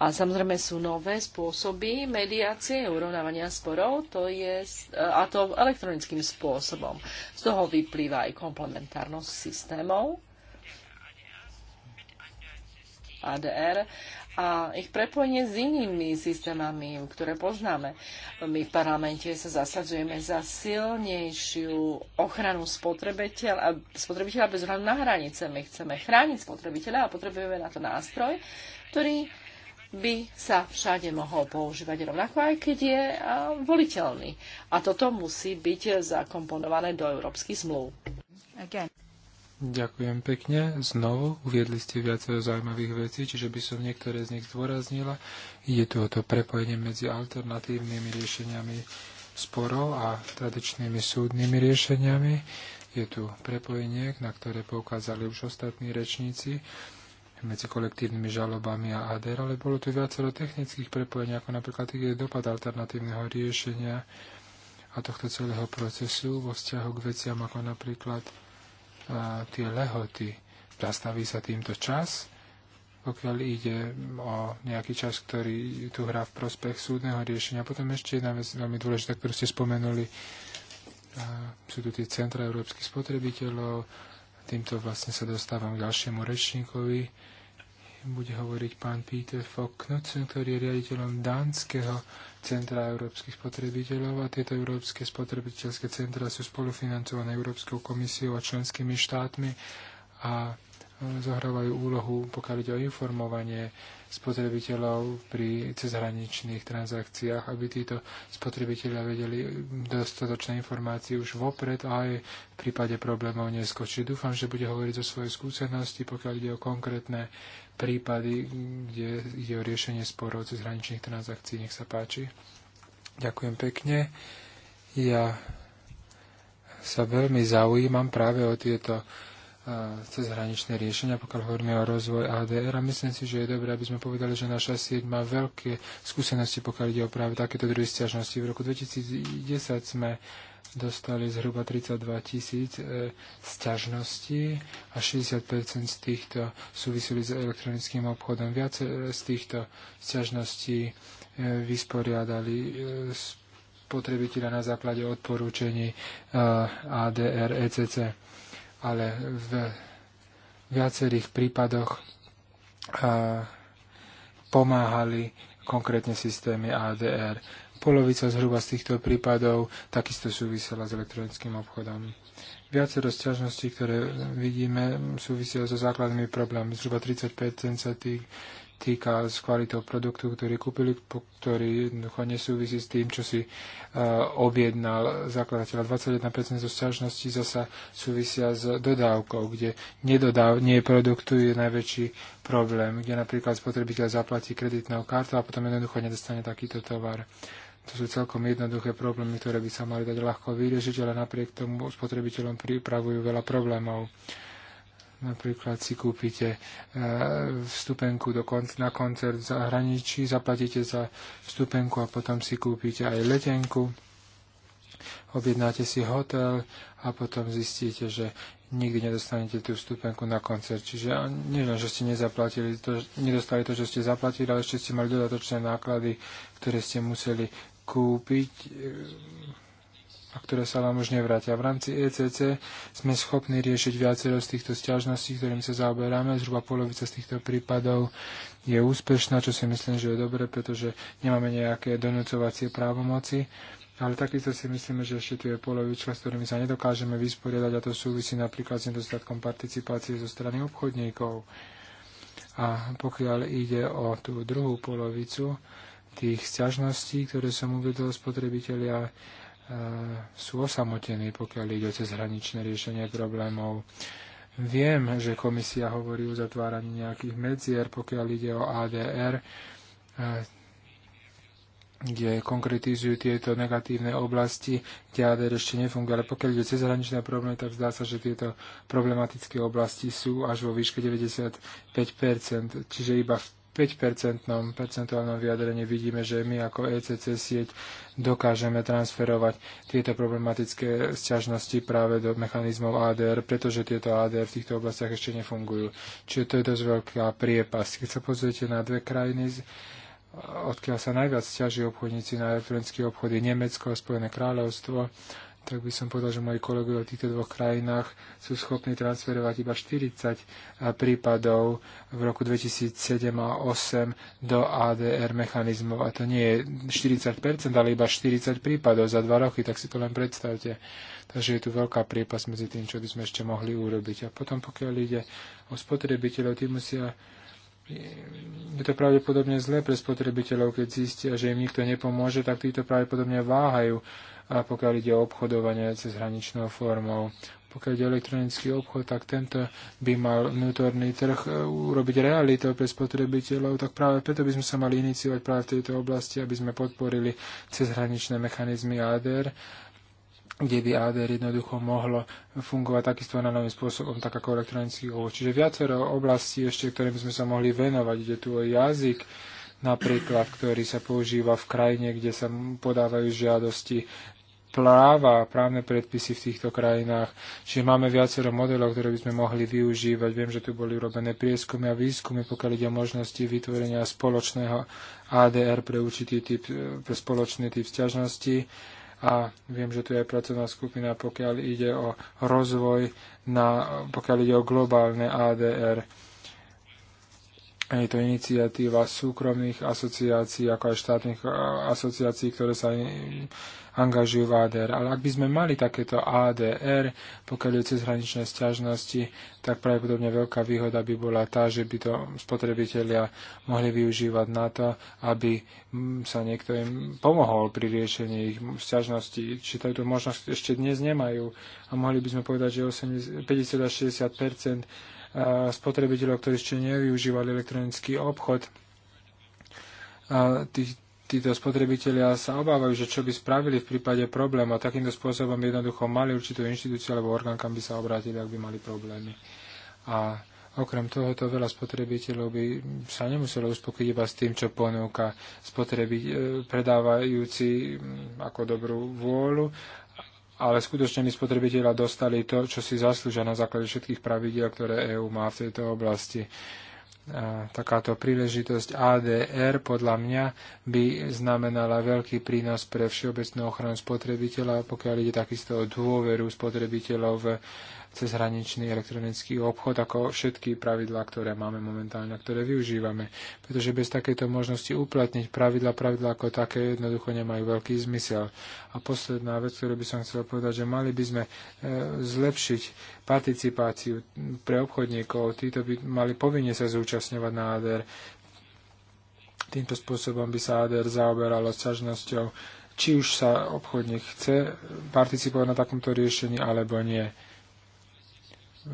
A samozrejme sú nové spôsoby mediácie, urovnávania sporov, to je, a to elektronickým spôsobom. Z toho vyplýva aj komplementárnosť systémov ADR a ich prepojenie s inými systémami, ktoré poznáme. My v parlamente sa zasadzujeme za silnejšiu ochranu spotrebiteľa, spotrebiteľa bez ohľadu na hranice. My chceme chrániť spotrebiteľa a potrebujeme na to nástroj, ktorý by sa všade mohol používať rovnako, aj keď je voliteľný. A toto musí byť zakomponované do európskych zmluv. Again. Ďakujem pekne. Znovu uviedli ste viacero zaujímavých vecí, čiže by som niektoré z nich zdôraznila. Ide tu o to prepojenie medzi alternatívnymi riešeniami sporov a tradičnými súdnymi riešeniami. Je tu prepojenie, na ktoré poukázali už ostatní rečníci medzi kolektívnymi žalobami a ADR, ale bolo tu viacero technických prepojení, ako napríklad je dopad alternatívneho riešenia a tohto celého procesu vo vzťahu k veciam ako napríklad tie lehoty. Zastaví sa týmto čas, pokiaľ ide o nejaký čas, ktorý tu hrá v prospech súdneho riešenia. Potom ešte jedna vec veľmi dôležitá, ktorú ste spomenuli. Sú tu tie centra európskych spotrebiteľov. Týmto vlastne sa dostávam k ďalšiemu rečníkovi bude hovoriť pán Peter Foknutsen, ktorý je riaditeľom Dánskeho centra európskych spotrebiteľov a tieto európske spotrebiteľské centra sú spolufinancované Európskou komisiou a členskými štátmi a zohrávajú úlohu, pokiaľ ide o informovanie spotrebiteľov pri cezhraničných transakciách, aby títo spotrebiteľia vedeli dostatočné informácie už vopred a aj v prípade problémov neskočiť. dúfam, že bude hovoriť o svojej skúsenosti, pokiaľ ide o konkrétne prípady, kde ide o riešenie sporov cezhraničných transakcií. Nech sa páči. Ďakujem pekne. Ja sa veľmi zaujímam práve o tieto cezhraničné riešenia, pokiaľ hovoríme o rozvoj ADR. A myslím si, že je dobré, aby sme povedali, že naša sieť má veľké skúsenosti, pokiaľ ide o práve takéto druhy stiažnosti. V roku 2010 sme dostali zhruba 32 tisíc e, stiažností a 60% z týchto súviseli s elektronickým obchodom. Viac e, z týchto stiažností e, vysporiadali e, spotrebiteľa na základe odporúčení e, ADR ECC ale v viacerých prípadoch pomáhali konkrétne systémy ADR. Polovica zhruba z týchto prípadov takisto súvisela s elektronickým obchodom. Viacero sťažností, ktoré vidíme, súvisia so základnými problémami. Zhruba 35 tých, týka s kvalitou produktu, ktorý kúpili, ktorý jednoducho nesúvisí s tým, čo si uh, objednal zakladateľ. 21% zo sťažností zasa súvisia s dodávkou, kde nedodávanie produktu je najväčší problém, kde napríklad spotrebiteľ zaplatí kreditnou kartou a potom jednoducho nedostane takýto tovar. To sú celkom jednoduché problémy, ktoré by sa mali dať ľahko vyriešiť, ale napriek tomu spotrebiteľom pripravujú veľa problémov. Uh, Napríklad si kúpite e, vstupenku do kon- na koncert v zahraničí, zaplatíte za vstupenku a potom si kúpite aj letenku, objednáte si hotel a potom zistíte, že nikdy nedostanete tú vstupenku na koncert. Čiže nie že ste nezaplatili to, nedostali to, že ste zaplatili, ale ešte ste mali dodatočné náklady, ktoré ste museli kúpiť e, a ktoré sa vám už nevrátia. V rámci ECC sme schopní riešiť viacero z týchto stiažností, ktorým sa zaoberáme. Zhruba polovica z týchto prípadov je úspešná, čo si myslím, že je dobre, pretože nemáme nejaké donúcovacie právomoci. Ale takisto si myslíme, že ešte tu je polovička, s ktorými sa nedokážeme vysporiadať a to súvisí napríklad s nedostatkom participácie zo strany obchodníkov. A pokiaľ ide o tú druhú polovicu tých sťažností, ktoré som uvedol spotrebitelia, E, sú osamotení, pokiaľ ide o cezhraničné riešenie problémov. Viem, že komisia hovorí o zatváraní nejakých medzier, pokiaľ ide o ADR, e, kde konkretizujú tieto negatívne oblasti, kde ADR ešte nefunguje. Ale pokiaľ ide o cezhraničné problémy, tak zdá sa, že tieto problematické oblasti sú až vo výške 95%, čiže iba v 5-percentnom percentuálnom vyjadrení vidíme, že my ako ECC sieť dokážeme transferovať tieto problematické sťažnosti práve do mechanizmov ADR, pretože tieto ADR v týchto oblastiach ešte nefungujú. Čiže to je dosť veľká priepasť. Keď sa pozriete na dve krajiny, odkiaľ sa najviac ťaží obchodníci na elektronické obchody Nemecko a Spojené kráľovstvo, tak by som povedal, že moji kolegovia v týchto dvoch krajinách sú schopní transferovať iba 40 eh, prípadov v roku 2007 a 2008 do ADR mechanizmov. A to nie je 40%, ale iba 40 prípadov za dva roky, tak si to len predstavte. Takže je tu veľká priepas medzi tým, čo by sme ešte mohli urobiť. A potom, pokiaľ ide o spotrebiteľov, tí musia je to pravdepodobne zlé pre spotrebiteľov, keď zistia, že im nikto nepomôže, tak títo pravdepodobne váhajú a pokiaľ ide o obchodovanie cez hraničnou formou. Pokiaľ ide o elektronický obchod, tak tento by mal vnútorný trh e, urobiť realitou pre spotrebiteľov, tak práve preto by sme sa mali iniciovať práve v tejto oblasti, aby sme podporili cezhraničné mechanizmy ADR, kde by ADR jednoducho mohlo fungovať takisto na novým spôsobom, tak ako elektronický obchod. Čiže viacero oblastí ešte, ktorým sme sa mohli venovať. Ide tu o jazyk, napríklad, ktorý sa používa v krajine, kde sa podávajú žiadosti práva, právne predpisy v týchto krajinách. Čiže máme viacero modelov, ktoré by sme mohli využívať. Viem, že tu boli urobené prieskumy a výskumy, pokiaľ ide o možnosti vytvorenia spoločného ADR pre určitý typ, pre spoločný typ vzťažnosti. A viem, že tu je aj pracovná skupina, pokiaľ ide o rozvoj, na, pokiaľ ide o globálne ADR je to iniciatíva súkromných asociácií, ako aj štátnych asociácií, ktoré sa angažujú v ADR. Ale ak by sme mali takéto ADR, pokiaľ je cezhraničné stiažnosti, tak pravdepodobne veľká výhoda by bola tá, že by to spotrebitelia mohli využívať na to, aby mm, sa niekto im pomohol pri riešení ich stiažnosti. Či túto možnosť ešte dnes nemajú. A mohli by sme povedať, že 80, 50 až 60 spotrebiteľov, ktorí ešte nevyužívali elektronický obchod. A tí, títo spotrebitelia sa obávajú, že čo by spravili v prípade problému. A takýmto spôsobom jednoducho mali určitú inštitúciu alebo orgán, kam by sa obrátili, ak by mali problémy. A Okrem to veľa spotrebiteľov by sa nemuselo uspokojiť iba s tým, čo ponúka spotrebi- e, predávajúci mm, ako dobrú vôľu, ale skutočne my spotrebiteľa dostali to, čo si zaslúžia na základe všetkých pravidiel, ktoré EÚ má v tejto oblasti. A takáto príležitosť ADR podľa mňa by znamenala veľký prínos pre všeobecnú ochranu spotrebiteľa, pokiaľ ide takisto o dôveru spotrebiteľov v cezhraničný elektronický obchod, ako všetky pravidlá, ktoré máme momentálne, ktoré využívame. Pretože bez takéto možnosti uplatniť pravidla, pravidla ako také jednoducho nemajú veľký zmysel. A posledná vec, ktorú by som chcel povedať, že mali by sme e, zlepšiť participáciu pre obchodníkov. Títo by mali povinne sa zúčastňovať na ADR. Týmto spôsobom by sa ADR zaoberalo sťažnosťou či už sa obchodník chce participovať na takomto riešení alebo nie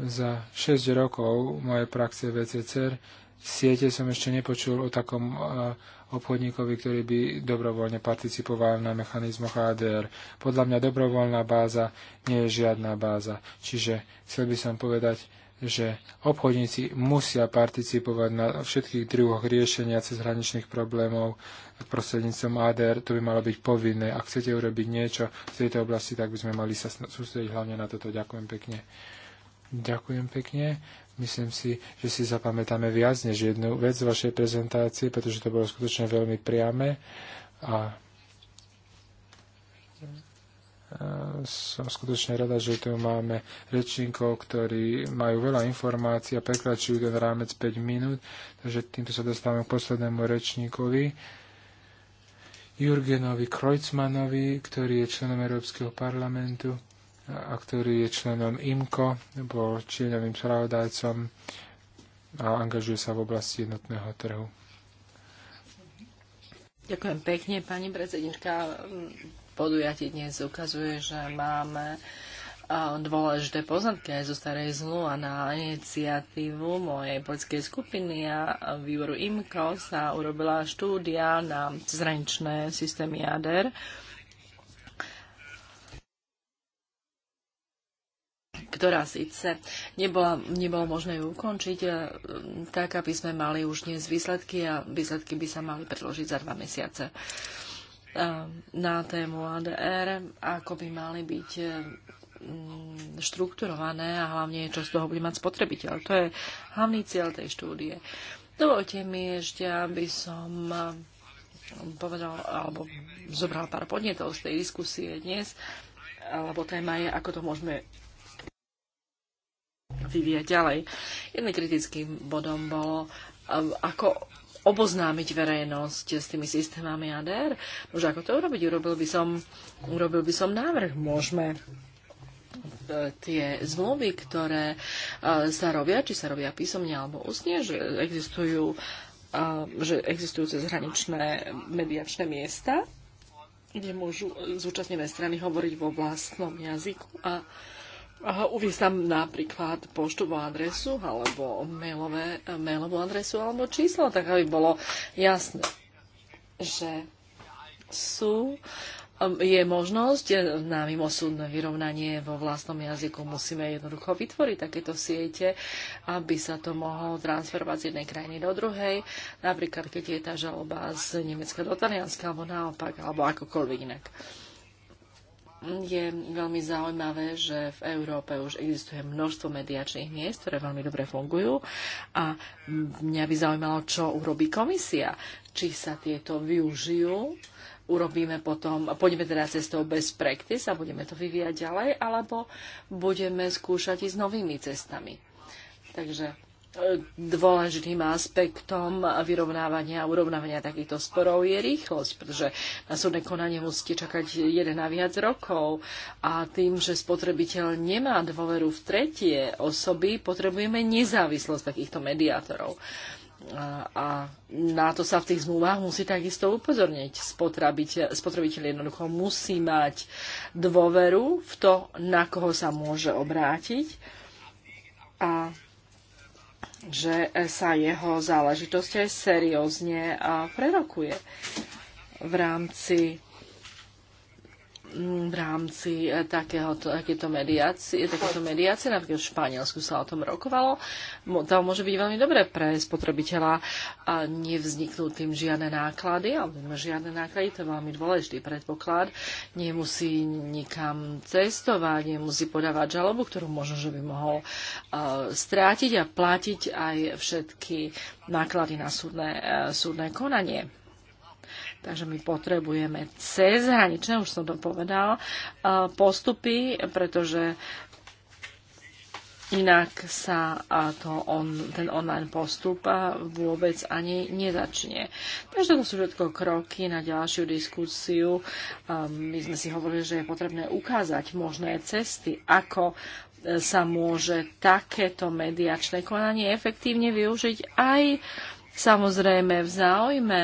za 6 rokov mojej praxe VCCR e siete som ešte nepočul o takom e, obchodníkovi, ktorý by dobrovoľne participoval na mechanizmoch ADR. Podľa mňa dobrovoľná báza nie je žiadna báza. Čiže chcel by som povedať, že obchodníci musia participovať na všetkých druhoch riešenia cezhraničných problémov prostredníctvom ADR. To by malo byť povinné. Ak chcete urobiť niečo v tejto oblasti, tak by sme mali sa sústrediť hlavne na toto. Ďakujem pekne. Ďakujem pekne. Myslím si, že si zapamätáme viac než jednu vec z vašej prezentácie, pretože to bolo skutočne veľmi priame a e, som skutočne rada, že tu máme rečníkov, ktorí majú veľa informácií a prekračujú ten rámec 5 minút, takže týmto sa dostávame k poslednému rečníkovi. Jurgenovi Kreutzmanovi, ktorý je členom Európskeho parlamentu a ktorý je členom IMCO, bol čieňovým spravodajcom a angažuje sa v oblasti jednotného trhu. Ďakujem pekne, pani prezidentka. Podujatie dnes ukazuje, že máme dôležité poznatky aj zo starej zlu a na iniciatívu mojej poľskej skupiny a výboru IMCO sa urobila štúdia na zraničné systémy ADER. ktorá síce nebola, nebolo možné ju ukončiť, e, tak aby sme mali už dnes výsledky a výsledky by sa mali predložiť za dva mesiace e, na tému ADR, ako by mali byť e, štrukturované a hlavne, čo z toho bude mať spotrebiteľ. To je hlavný cieľ tej štúdie. Dovolte mi ešte, aby som povedal, alebo zobral pár podnetov z tej diskusie dnes, lebo téma je, ako to môžeme vyvíjať ďalej. Jedným kritickým bodom bolo, um, ako oboznámiť verejnosť s tými systémami ADR. Už ako to urobiť? Urobil by som, urobil by som návrh. Môžeme e, tie zmluvy, ktoré e, sa robia, či sa robia písomne alebo ústne, že existujú, e, že existujú cezhraničné mediačné miesta, kde môžu zúčastnené strany hovoriť vo vlastnom jazyku a uviezť tam napríklad poštovú adresu alebo mailové, mailovú adresu alebo číslo, tak aby bolo jasné, že sú um, je možnosť e, na mimosúdne vyrovnanie vo vlastnom jazyku. Musíme jednoducho vytvoriť takéto siete, aby sa to mohlo transferovať z jednej krajiny do druhej. Napríklad, keď je tá žaloba z Nemecka do Talianska, alebo naopak, alebo akokoľvek inak je veľmi zaujímavé, že v Európe už existuje množstvo mediačných miest, ktoré veľmi dobre fungujú a mňa by zaujímalo, čo urobí komisia. Či sa tieto využijú, urobíme potom, poďme teda cestou bez practice a budeme to vyvíjať ďalej, alebo budeme skúšať ísť novými cestami. Takže dôležitým aspektom vyrovnávania a urovnávania takýchto sporov je rýchlosť, pretože na súdne konanie musíte čakať jeden a viac rokov a tým, že spotrebiteľ nemá dôveru v tretie osoby, potrebujeme nezávislosť takýchto mediátorov. A, a na to sa v tých zmluvách musí takisto upozorniť. Spotrebiteľ, spotrebiteľ jednoducho musí mať dôveru v to, na koho sa môže obrátiť. A že sa jeho záležitosť aj seriózne prerokuje v rámci v rámci e, takéhoto, takéto mediácie, takéto mediácie, napríklad v Španielsku sa o tom rokovalo, to môže byť veľmi dobré pre spotrebiteľa a nevzniknú tým žiadne náklady, alebo žiadne náklady, to je veľmi dôležitý predpoklad, nemusí nikam cestovať, nemusí podávať žalobu, ktorú možno, že by mohol uh, strátiť a platiť aj všetky náklady na súdne, uh, súdne konanie. Takže my potrebujeme hraničné, už som to povedala, e, postupy, pretože Inak sa to on, ten online postup vôbec ani nezačne. Takže to sú všetko kroky na ďalšiu diskusiu. E, my sme si hovorili, že je potrebné ukázať možné cesty, ako e, sa môže takéto mediačné konanie efektívne využiť aj samozrejme v záujme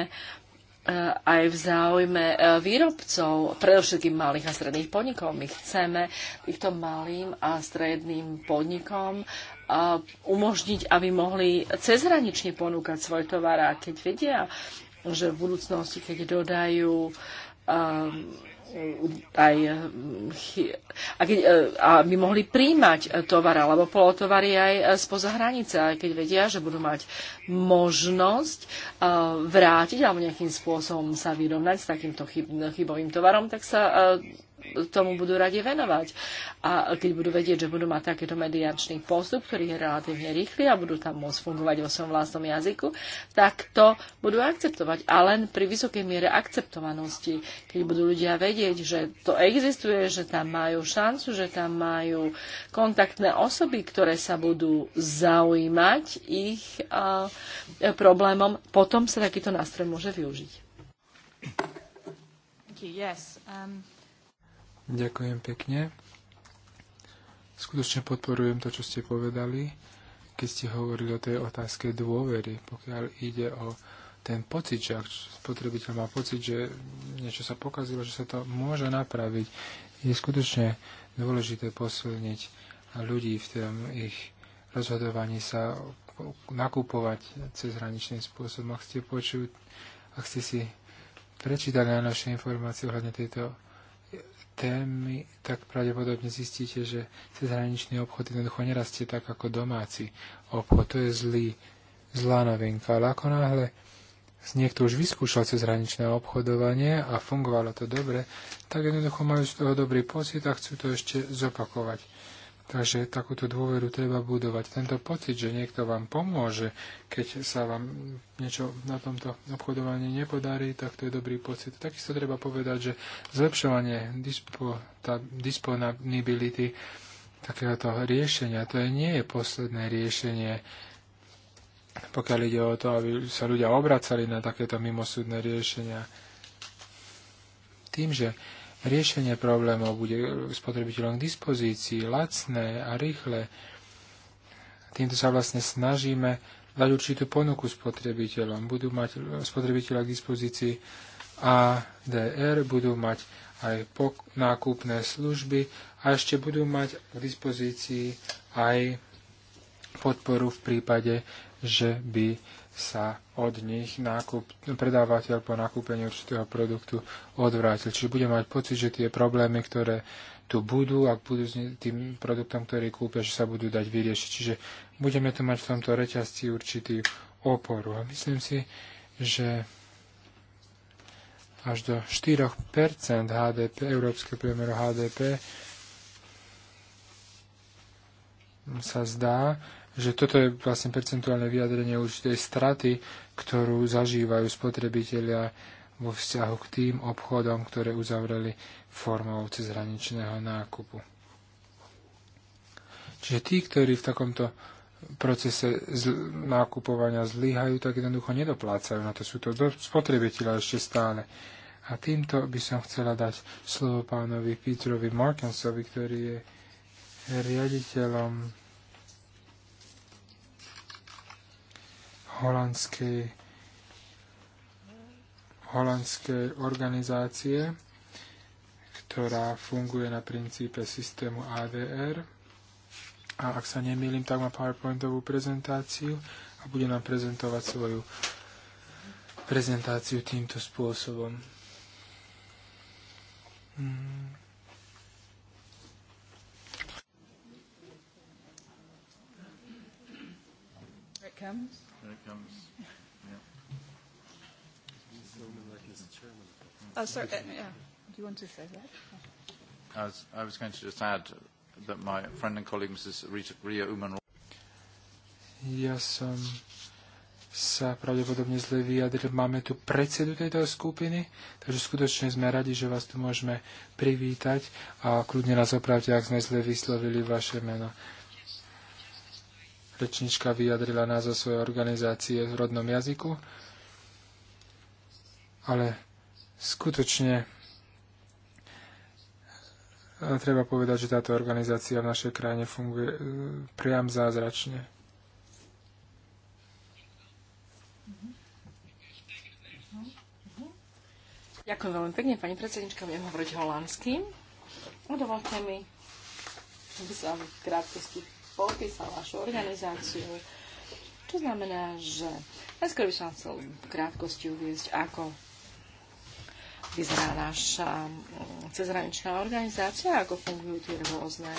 Eh, aj v záujme eh, výrobcov, predovšetkým malých a stredných podnikov. My chceme týchto malým a stredným podnikom eh, umožniť, aby mohli cezhranične ponúkať svoj tovar. A keď vedia, že v budúcnosti, keď dodajú uh, aj, a by mohli príjmať tovar alebo polotovary aj spoza hranice, aj keď vedia, že budú mať možnosť vrátiť alebo nejakým spôsobom sa vyrovnať s takýmto chybovým tovarom, tak sa tomu budú radi venovať. A keď budú vedieť, že budú mať takýto mediačný postup, ktorý je relatívne rýchly a budú tam môcť fungovať vo svojom vlastnom jazyku, tak to budú akceptovať. A len pri vysokej miere akceptovanosti, keď budú ľudia vedieť, že to existuje, že tam majú šancu, že tam majú kontaktné osoby, ktoré sa budú zaujímať ich a, e, problémom, potom sa takýto nástroj môže využiť. Yes. Um... Ďakujem pekne. Skutočne podporujem to, čo ste povedali, keď ste hovorili o tej otázke dôvery, pokiaľ ide o ten pocit, že ak spotrebiteľ má pocit, že niečo sa pokazilo, že sa to môže napraviť, je skutočne dôležité posilniť ľudí v tom ich rozhodovaní sa nakupovať cez hraničný spôsobom. Ak ste počuť, ak ste si prečítali na naše informácie ohľadne tejto témy, tak pravdepodobne zistíte, že cezhraničný obchod jednoducho nerastie tak ako domáci obchod. To je zlý, zlá novinka. Ale ako náhle niekto už vyskúšal cezhraničné obchodovanie a fungovalo to dobre, tak jednoducho majú z toho dobrý pocit a chcú to ešte zopakovať. Takže takúto dôveru treba budovať. Tento pocit, že niekto vám pomôže, keď sa vám niečo na tomto obchodovaní nepodarí, tak to je dobrý pocit. Takisto treba povedať, že zlepšovanie dispo, tá disponibility takéhoto riešenia, to je, nie je posledné riešenie pokiaľ ide o to, aby sa ľudia obracali na takéto mimosúdne riešenia. Tým, že riešenie problémov bude spotrebiteľom k dispozícii, lacné a rýchle. Týmto sa vlastne snažíme dať určitú ponuku spotrebiteľom. Budú mať spotrebiteľa k dispozícii ADR, budú mať aj nákupné služby a ešte budú mať k dispozícii aj podporu v prípade, že by sa od nich nákup, predávateľ po nakúpení určitého produktu odvrátil. Čiže bude mať pocit, že tie problémy, ktoré tu budú, ak budú s tým produktom, ktorý kúpia, že sa budú dať vyriešiť. Čiže budeme tu mať v tomto reťazci určitý oporu. A myslím si, že až do 4% HDP, európskeho priemeru HDP, sa zdá, že toto je vlastne percentuálne vyjadrenie určitej straty, ktorú zažívajú spotrebitelia vo vzťahu k tým obchodom, ktoré uzavreli formou cezhraničného nákupu. Čiže tí, ktorí v takomto procese zl- nákupovania zlyhajú, tak jednoducho nedoplácajú na to. Sú to spotrebitelia ešte stále. A týmto by som chcela dať slovo pánovi Petrovi Markensovi, ktorý je riaditeľom holandskej, holandskej organizácie, ktorá funguje na princípe systému ADR. A ak sa nemýlim, tak má PowerPointovú prezentáciu a bude nám prezentovať svoju prezentáciu týmto spôsobom. Mm. comes becomes. Yeah. Oh, sorry. Uh, yeah. Do you want to say that? I I was going to just add that my friend and colleague, Mrs. Rita, Ria Uman. Ja som sa pravdepodobne zle vyjadril. Máme tu predsedu tejto skupiny, takže skutočne sme radi, že vás tu môžeme privítať a kľudne nás opravte, ak sme zle vyslovili vaše meno. Rečnička vyjadrila názor svojej organizácie v rodnom jazyku, ale skutočne e, treba povedať, že táto organizácia v našej krajine funguje e, priam zázračne. Ďakujem veľmi pekne, pani predsednička, budem hovoriť holandským. Dovolte mi, aby som v krátkosti popísal vašu organizáciu, to znamená, že najskôr by som chcel v krátkosti uviezť, ako vyzerá naša mm, cezhraničná organizácia, ako fungujú tie rôzne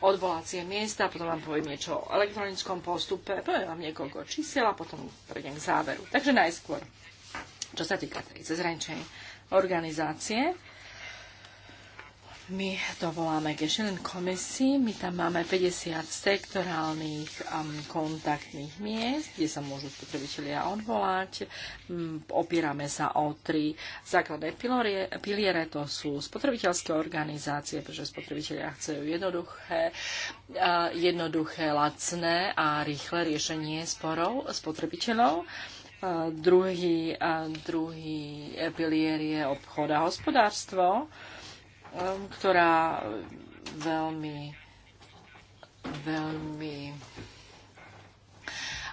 odvolacie miesta, potom vám poviem niečo o elektronickom postupe, poviem vám niekoľko čísiel a potom prejdem k záveru. Takže najskôr, čo sa týka tej cezhraničnej organizácie, my to voláme Gešenen komisí, My tam máme 50 sektorálnych um, kontaktných miest, kde sa môžu spotrebitelia odvolať. Um, opierame sa o tri základné pilorie, piliere. To sú spotrebiteľské organizácie, pretože spotrebitelia chcú jednoduché, uh, jednoduché, lacné a rýchle riešenie sporov spotrebiteľov. Uh, druhý, uh, druhý pilier je obchod a hospodárstvo. Uh, Ehm, ktorá veľmi, veľmi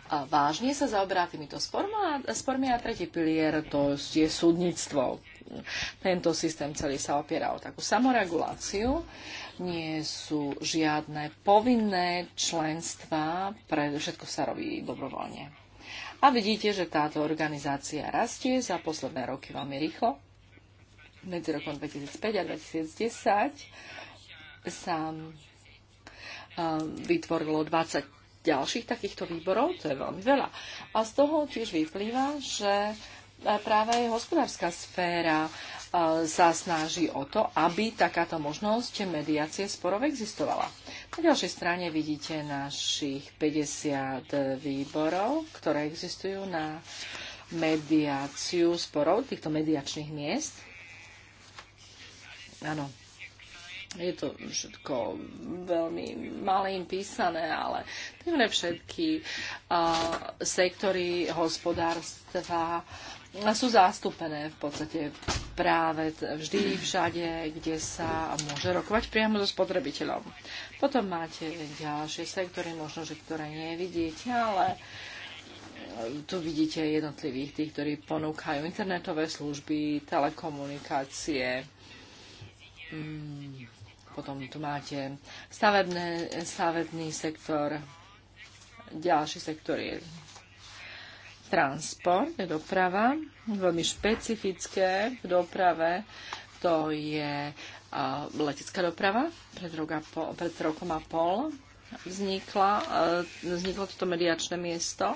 a vážne sa zaoberá týmito spormi a tretí pilier to je súdnictvo. Tento systém celý sa opiera o takú samoreguláciu. Nie sú žiadne povinné členstva, pre všetko sa robí dobrovoľne. A vidíte, že táto organizácia rastie za posledné roky veľmi rýchlo medzi rokom 2005 a 2010 sa um, vytvorilo 20 ďalších takýchto výborov, to je veľmi veľa. A z toho tiež vyplýva, že e, práve aj hospodárska sféra e, sa snaží o to, aby takáto možnosť mediácie sporov existovala. Na ďalšej strane vidíte našich 50 výborov, ktoré existujú na mediáciu sporov, týchto mediačných miest. Áno, je to všetko veľmi malým písané, ale tým všetky uh, sektory hospodárstva sú zastúpené v podstate práve vždy, všade, kde sa môže rokovať priamo so spotrebiteľom. Potom máte ďalšie sektory, možno, že ktoré nevidíte, ale e, tu vidíte jednotlivých tých, ktorí ponúkajú internetové služby, telekomunikácie, Mm, potom tu máte stavebné, stavebný sektor. Ďalší sektor je transport, je doprava. Veľmi špecifické v doprave to je letecká doprava. Pred, roka, po, pred rokom a pol vznikla, vzniklo toto mediačné miesto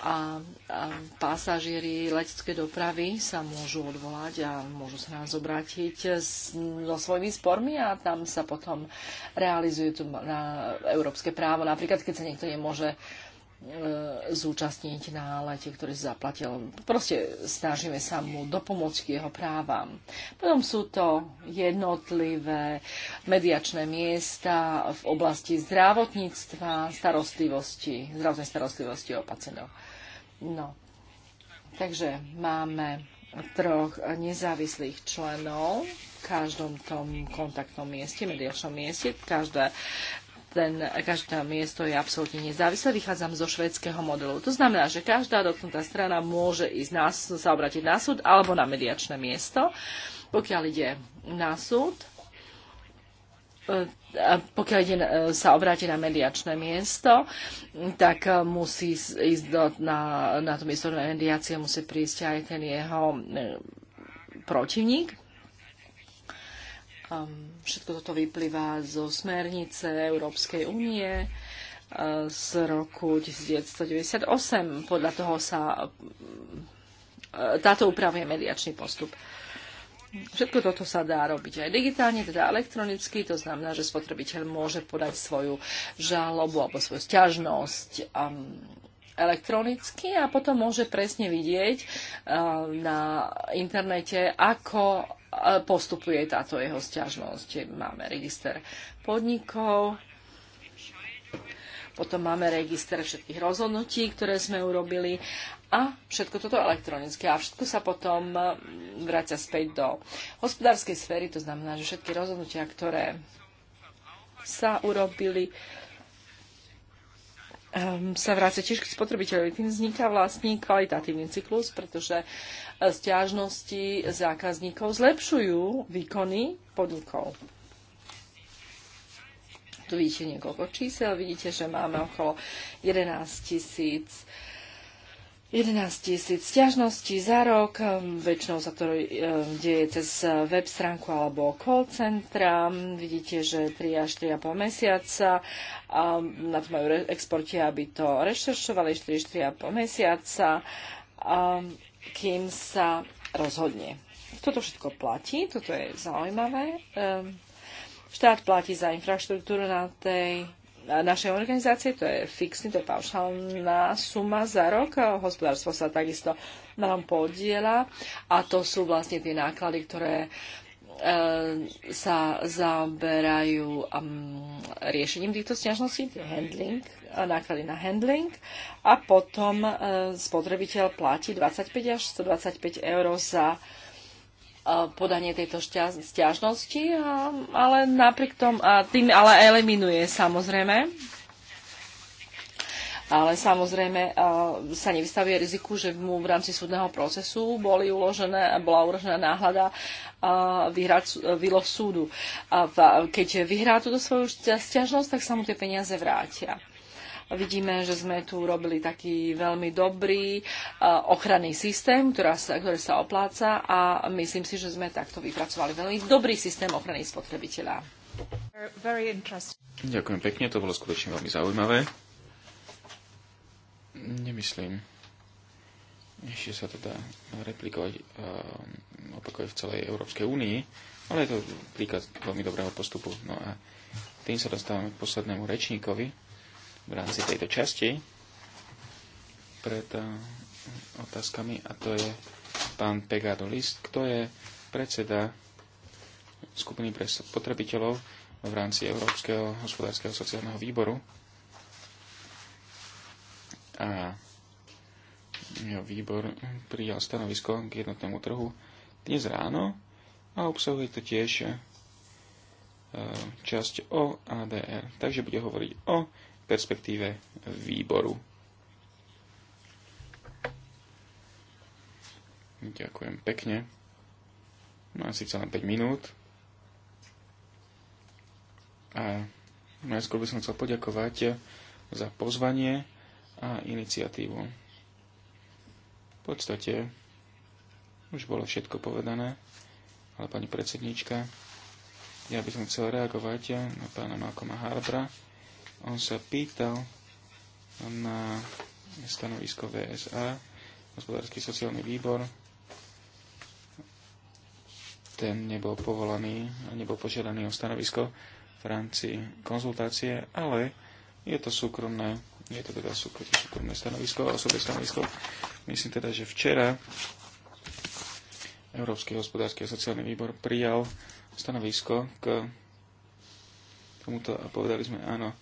a, a pasažieri leteckej dopravy sa môžu odvolať a môžu sa nás obrátiť s, so svojimi spormi a tam sa potom realizuje tu na európske právo. Napríklad, keď sa niekto nemôže e, zúčastniť na lete, ktorý si zaplatil. Proste snažíme sa mu dopomôcť k jeho právam. Potom sú to jednotlivé mediačné miesta v oblasti zdravotníctva, starostlivosti, zdravotnej starostlivosti o pacientov. No, takže máme troch nezávislých členov v každom tom kontaktnom mieste, mediačnom mieste. Každé, ten, každé miesto je absolútne nezávislé. Vychádzam zo švedského modelu. To znamená, že každá dotknutá strana môže ísť na, sa obratiť na súd alebo na mediačné miesto. Pokiaľ ide na súd, pokiaľ ide, sa obráti na mediačné miesto, tak musí ísť do, na, na to miesto na mediácie, musí prísť aj ten jeho e, protivník. Všetko toto vyplýva zo smernice Európskej únie e, z roku 1998. Podľa toho sa e, táto upravuje mediačný postup. Všetko toto sa dá robiť aj digitálne, teda elektronicky, to znamená, že spotrebiteľ môže podať svoju žalobu alebo svoju sťažnosť um, elektronicky a potom môže presne vidieť uh, na internete, ako uh, postupuje táto jeho sťažnosť. Máme register podnikov, potom máme register všetkých rozhodnutí, ktoré sme urobili a všetko toto elektronické. A všetko sa potom e, vrácia späť do hospodárskej sféry, to znamená, že všetky rozhodnutia, ktoré sa urobili, um, sa vrácia tiež k spotrebiteľovi. Tým vzniká vlastne kvalitatívny cyklus, pretože e, stiažnosti zákazníkov zlepšujú výkony podnikov. Tu vidíte niekoľko čísel, vidíte, že máme okolo 11 tisíc 000 11 tisíc stiažností za rok, um, väčšinou sa to um, deje cez uh, web stránku alebo call centra. Um, vidíte, že 3 až 3,5 mesiaca a na to majú exporti, aby to rešeršovali 4 3,5 mesiaca, a kým sa rozhodne. Toto všetko platí, toto je zaujímavé. Štát platí za infraštruktúru na tej našej organizácie, to je fixný, to je paušálna suma za rok, hospodárstvo sa takisto nám podiela a to sú vlastne tie náklady, ktoré eh, sa zaoberajú um, mm, riešením týchto stiažností, handling, náklady na handling a potom uh, spotrebiteľ platí 25 až 125 eur za podanie tejto stiažnosti, ale napriek tom, a tým ale eliminuje samozrejme. Ale samozrejme sa nevystavuje riziku, že mu v rámci súdneho procesu boli uložené, bola uložená náhľada vyhrať výlov súdu. A keď vyhrá túto svoju stiažnosť, tak sa mu tie peniaze vrátia vidíme, že sme tu robili taký veľmi dobrý eh, ochranný systém, ktorá sa, ktorý sa opláca a myslím si, že sme takto vypracovali veľmi dobrý systém ochrany spotrebiteľa. Ďakujem pekne, to bolo skutočne veľmi zaujímavé. Nemyslím. Ešte sa teda replikovať, ehm, opakuje v celej Európskej únii, ale je to príklad veľmi dobrého postupu. No a tým sa dostávame k poslednému rečníkovi, v rámci tejto časti pred eh, otázkami a to je pán Pegado List, kto je predseda skupiny pre spotrebiteľov v rámci Európskeho hospodárskeho sociálneho výboru. A jeho výbor prijal stanovisko k jednotnému trhu dnes ráno a obsahuje to tiež eh, časť o ADR. Takže bude hovoriť o perspektíve výboru. Ďakujem pekne. Mám síce len 5 minút. A najskôr by som chcel poďakovať za pozvanie a iniciatívu. V podstate už bolo všetko povedané, ale pani predsednička, ja by som chcel reagovať na pána Malcoma Harbra. On sa pýtal na stanovisko VSA, hospodársky sociálny výbor. Ten nebol povolaný, nebol požiadaný o stanovisko v rámci konzultácie, ale je to súkromné, je to teda súkromné, súkromné stanovisko, osobné stanovisko. Myslím teda, že včera Európsky hospodársky a sociálny výbor prijal stanovisko k tomuto a povedali sme áno,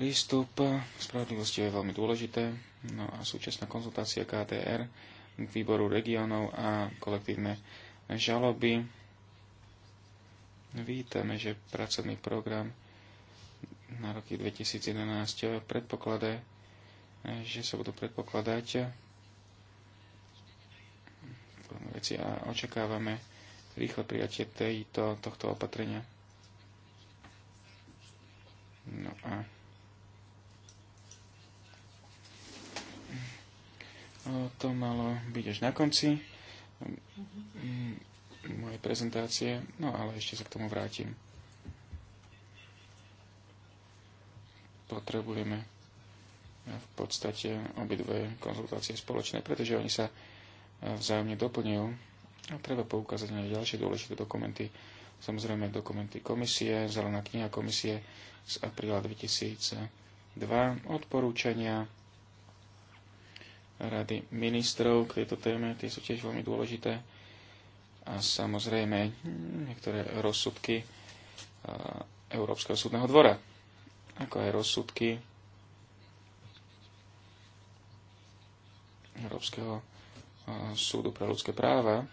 Prístup k spravodlivosti je veľmi dôležité, no a súčasná konzultácia KDR k výboru regiónov a kolektívne žaloby. Vítame, že pracovný program na roky 2011 predpokladá, že sa budú predpokladať veci a očakávame rýchle prijatie tejto, tohto opatrenia. No a to malo byť až na konci mojej prezentácie, no ale ešte sa k tomu vrátim. Potrebujeme v podstate obidve konzultácie spoločné, pretože oni sa vzájomne doplňujú a treba poukázať na ďalšie dôležité dokumenty. Samozrejme dokumenty komisie, zelená kniha komisie z apríla 2002, odporúčania rady ministrov k tejto téme, tie sú tiež veľmi dôležité. A samozrejme niektoré rozsudky Európskeho súdneho dvora, ako aj rozsudky Európskeho súdu pre ľudské práva,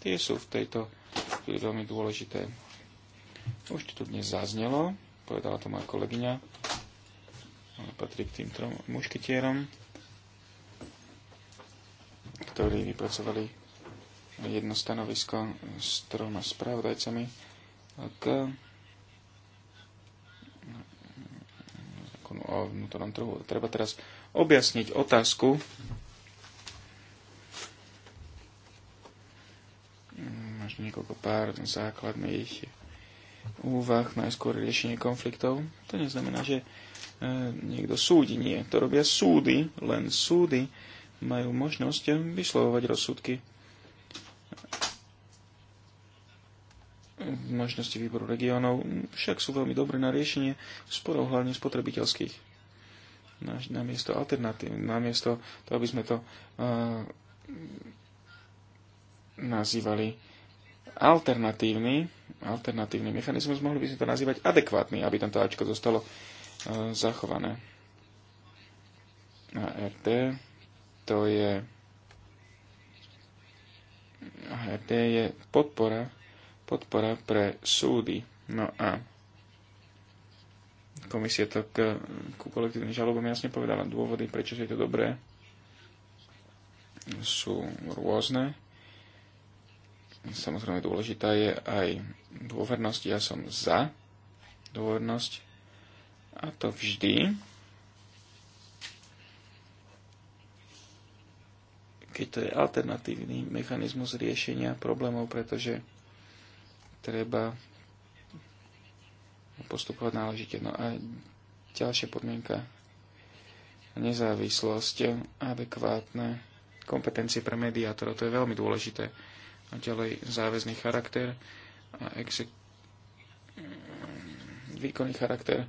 tie sú v tejto chvíli veľmi dôležité. Už to tu dnes zaznelo, povedala to moja kolegyňa, patrí k tým trom mušketierom ktorí vypracovali jedno stanovisko s troma spravodajcami k zákonu o vnútornom trhu. Treba teraz objasniť otázku, možno niekoľko pár základných úvah, najskôr riešenie konfliktov. To neznamená, že e, niekto súdi. Nie, to robia súdy, len súdy majú možnosť vyslovovať rozsudky možnosti výboru regiónov, však sú veľmi dobré na riešenie sporov hlavne spotrebiteľských. Namiesto alternatív, namiesto to, aby sme to uh, nazývali alternatívny, alternatívny mechanizmus, mohli by sme to nazývať adekvátny, aby tamto Ačko zostalo uh, zachované. A RT to je HRD je podpora, podpora pre súdy. No a komisie to k, ku kolektívnym žalobom jasne povedala dôvody, prečo je to dobré. Sú rôzne. Samozrejme dôležitá je aj dôvernosť. Ja som za dôvernosť. A to vždy keď to je alternatívny mechanizmus riešenia problémov, pretože treba postupovať náležite. No a ďalšia podmienka nezávislosť, adekvátne kompetencie pre mediátora, to je veľmi dôležité. A ďalej záväzný charakter a exek- výkonný charakter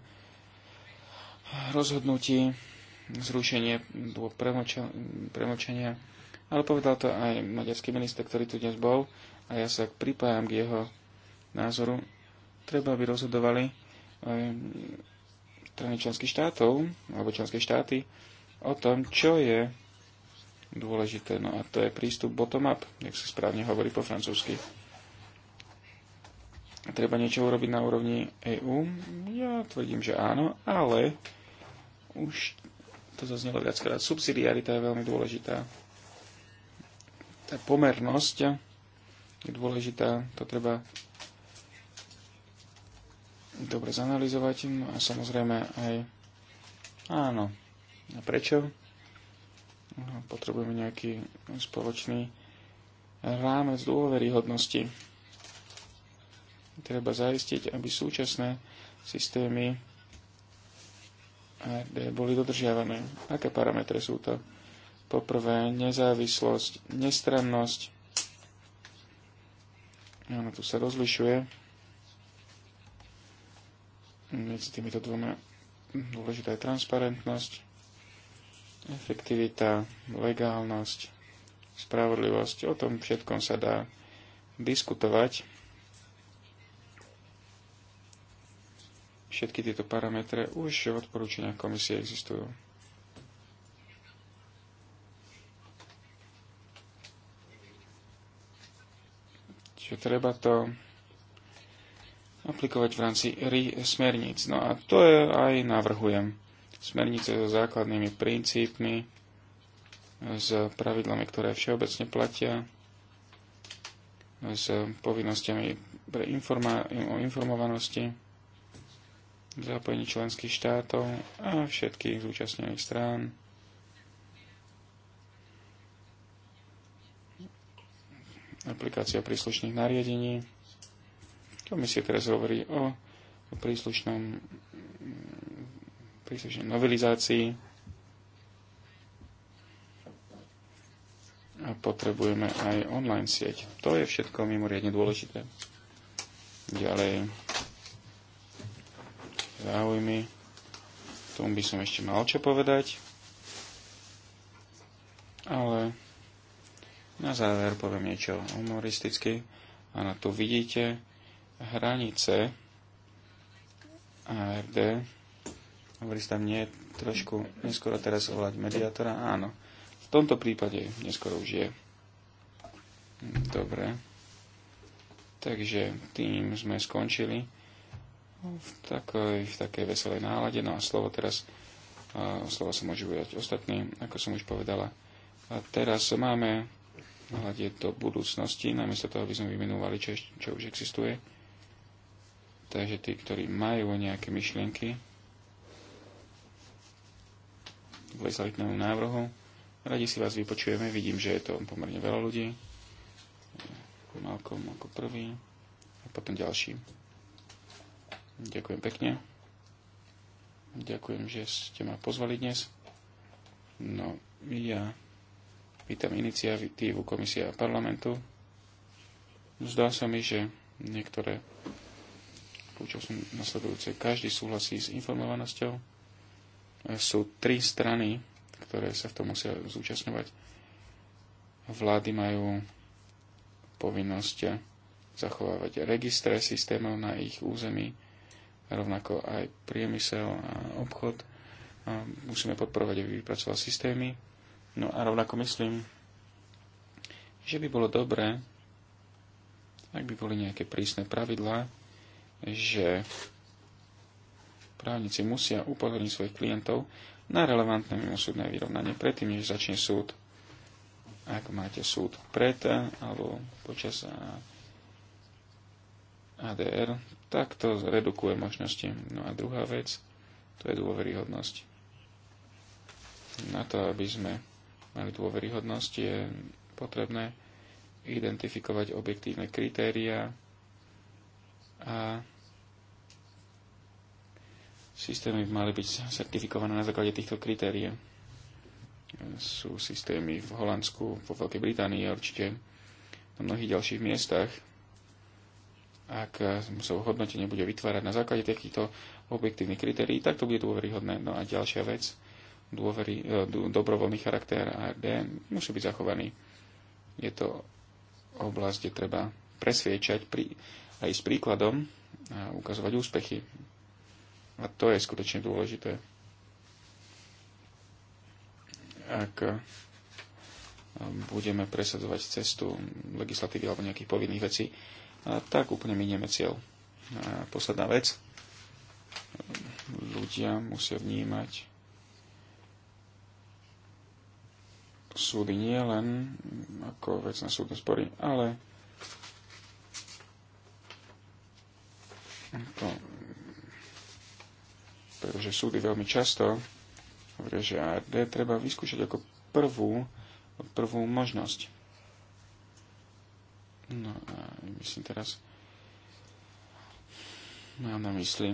rozhodnutí, zrušenie premočania, ale povedal to aj maďarský minister, ktorý tu dnes bol a ja sa pripájam k jeho názoru. Treba, aby rozhodovali eh, strany členských štátov alebo členské štáty o tom, čo je dôležité. No a to je prístup bottom-up, nech sa správne hovorí po francúzsky. Treba niečo urobiť na úrovni EÚ? Ja tvrdím, že áno, ale už to zaznelo viackrát. Subsidiarita je veľmi dôležitá tá pomernosť je dôležitá, to treba dobre zanalizovať no a samozrejme aj áno. A prečo? No, potrebujeme nejaký spoločný rámec dôveryhodnosti. Treba zaistiť, aby súčasné systémy boli dodržiavané. Aké parametre sú to? Poprvé, nezávislosť, nestrannosť. Áno, tu sa rozlišuje medzi týmito dvoma. Dôležitá je transparentnosť, efektivita, legálnosť, spravodlivosť. O tom všetkom sa dá diskutovať. Všetky tieto parametre už v odporúčaniach komisie existujú. Čiže treba to aplikovať v rámci smerníc. No a to je aj navrhujem. Smernice so základnými princípmi, s pravidlami, ktoré všeobecne platia, s povinnosťami pre informa- o informovanosti, zapojení členských štátov a všetkých zúčastnených strán. aplikácia príslušných nariadení. Komisia teraz hovorí o, o príslušnom, príslušnej novelizácii a potrebujeme aj online sieť. To je všetko mimoriadne dôležité. Ďalej záujmy. Tomu by som ešte mal čo povedať. Ale na záver poviem niečo humoristicky. Áno, tu vidíte hranice ARD. Hovorí tam nie trošku neskoro teraz volať mediátora. Áno, v tomto prípade neskoro už je. Dobre. Takže tým sme skončili v takej, v takej veselej nálade. No a slovo teraz, a slovo sa môžu ujať ostatní, ako som už povedala. A teraz máme hľadiť do budúcnosti, namiesto toho, aby sme vymenovali, čo, čo už existuje. Takže tí, ktorí majú nejaké myšlienky k legislatívnemu návrhu, radi si vás vypočujeme. Vidím, že je to pomerne veľa ľudí. Malkom ako prvý a potom ďalší. Ďakujem pekne. Ďakujem, že ste ma pozvali dnes. No, ja Vítam iniciatívu Komisie a parlamentu. Zdá sa mi, že niektoré kľúčov sú nasledujúce. Každý súhlasí s informovanosťou. Sú tri strany, ktoré sa v tom musia zúčastňovať. Vlády majú povinnosť zachovávať registre systémov na ich území, rovnako aj priemysel a obchod. Musíme podporovať, aby vypracoval systémy No a rovnako myslím, že by bolo dobré, ak by boli nejaké prísne pravidlá, že právnici musia upozorniť svojich klientov na relevantné mimosúdne vyrovnanie predtým, než začne súd. Ak máte súd pred alebo počas ADR, tak to redukuje možnosti. No a druhá vec, to je dôveryhodnosť. Na to, aby sme majú dôveryhodnosť, je potrebné identifikovať objektívne kritéria a systémy mali byť certifikované na základe týchto kritérií. Sú systémy v Holandsku, vo Veľkej Británii a určite na mnohých ďalších miestach. Ak sa hodnotenie bude vytvárať na základe takýchto objektívnych kritérií, tak to bude dôveryhodné. No a ďalšia vec, dôvery, e, dobrovoľný charakter ARD musí byť zachovaný. Je to oblasť, kde treba presviečať pri, aj s príkladom a ukazovať úspechy. A to je skutočne dôležité. Ak e, budeme presadzovať cestu legislatívy alebo nejakých povinných vecí, e, tak úplne minieme cieľ. A posledná vec. Ľudia musia vnímať súdy nie len ako vec na súdne spory, ale to, pretože súdy veľmi často hovoria, že ARD treba vyskúšať ako prvú, prvú možnosť. No a myslím teraz, mám na mysli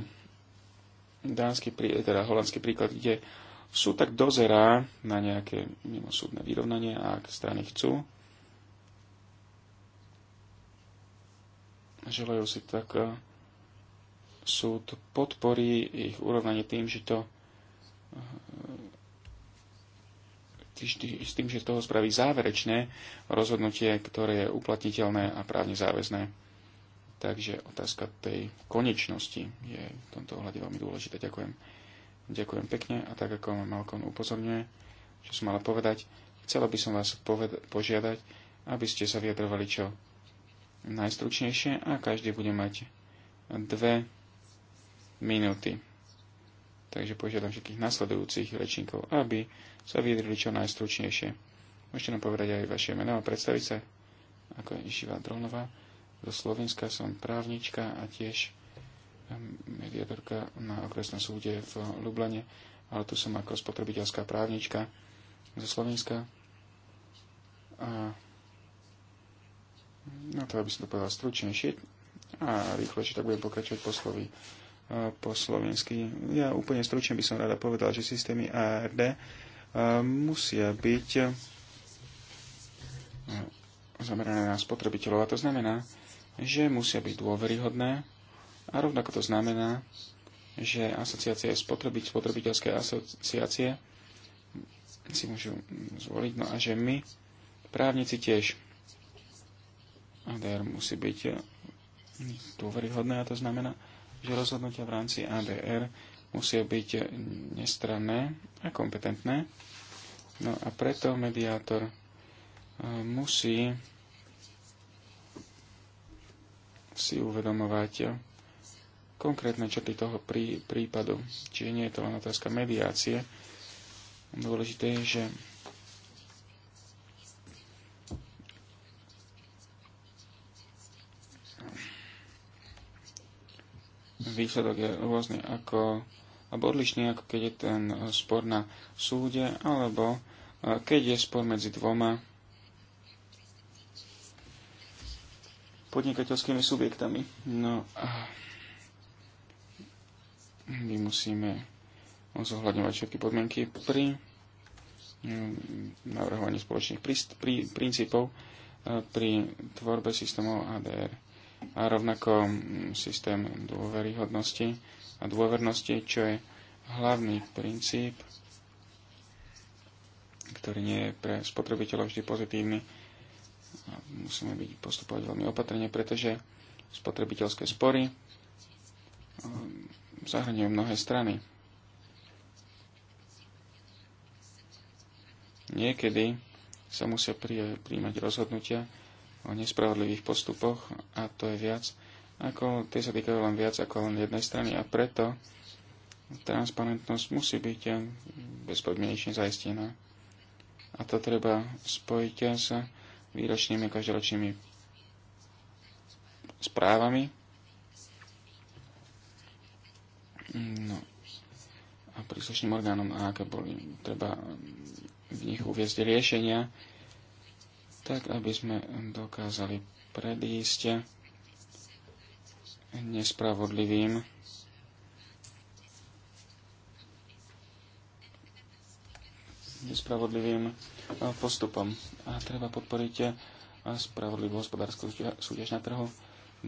dánsky, teda holandský príklad, kde sú tak dozerá na nejaké mimosúdne vyrovnanie a ak strany chcú, želajú si tak e, súd podporí ich urovnanie tým, že to e, s tým, že toho spraví záverečné rozhodnutie, ktoré je uplatniteľné a právne záväzné. Takže otázka tej konečnosti je v tomto ohľade veľmi dôležitá. Ďakujem. Ďakujem pekne a tak ako ma Malkon upozorňuje, čo som mala povedať, chcela by som vás požiadať, aby ste sa vyjadrovali čo najstručnejšie a každý bude mať dve minúty. Takže požiadam všetkých nasledujúcich rečníkov, aby sa vyjadrili čo najstručnejšie. Môžete nám povedať aj vaše meno a predstaviť sa, ako je Živá Dronová. Zo Slovenska som právnička a tiež mediatorka na okresnom súde v Lublane, ale tu som ako spotrebiteľská právnička zo Slovenska. A na to, aby som to povedal stručnejšie a rýchlejšie, tak budem pokračovať po, slovi, e, po slovensky. Ja úplne stručne by som rada povedal, že systémy ARD e, musia byť e, zamerané na spotrebiteľov. A to znamená, že musia byť dôveryhodné, a rovnako to znamená, že asociácie spotrebiť, spotrebiteľské asociácie si môžu zvoliť, no a že my, právnici tiež, ADR musí byť eh, dôveryhodné a to znamená, že rozhodnutia v rámci ADR musia byť eh, nestranné a kompetentné. No a preto mediátor eh, musí si uvedomovať konkrétne črty toho prí, prípadu. Čiže nie je to len otázka mediácie. Dôležité je, že výsledok je rôzny ako alebo odlišný, ako keď je ten spor na súde, alebo e, keď je spor medzi dvoma podnikateľskými subjektami. No a my musíme zohľadňovať všetky podmienky pri mm, navrhovaní spoločných princípov e, pri tvorbe systémov ADR a rovnako mm, systém dôveryhodnosti a dôvernosti, čo je hlavný princíp, ktorý nie je pre spotrebiteľov vždy pozitívny. A musíme byť postupovať veľmi opatrne, pretože spotrebiteľské spory zahrňuje mnohé strany. Niekedy sa musia príjmať rozhodnutia o nespravodlivých postupoch a to je viac, ako tie sa týkajú len viac ako len jednej strany a preto transparentnosť musí byť bezpodmienečne zaistená. A to treba spojiť s výročnými každoročnými správami No. A príslušným orgánom, a aké boli, treba um, v nich uviezť riešenia, tak aby sme dokázali predísť nespravodlivým nespravodlivým uh, postupom. A treba podporiť uh, spravodlivú hospodárskú súťaž na trhu.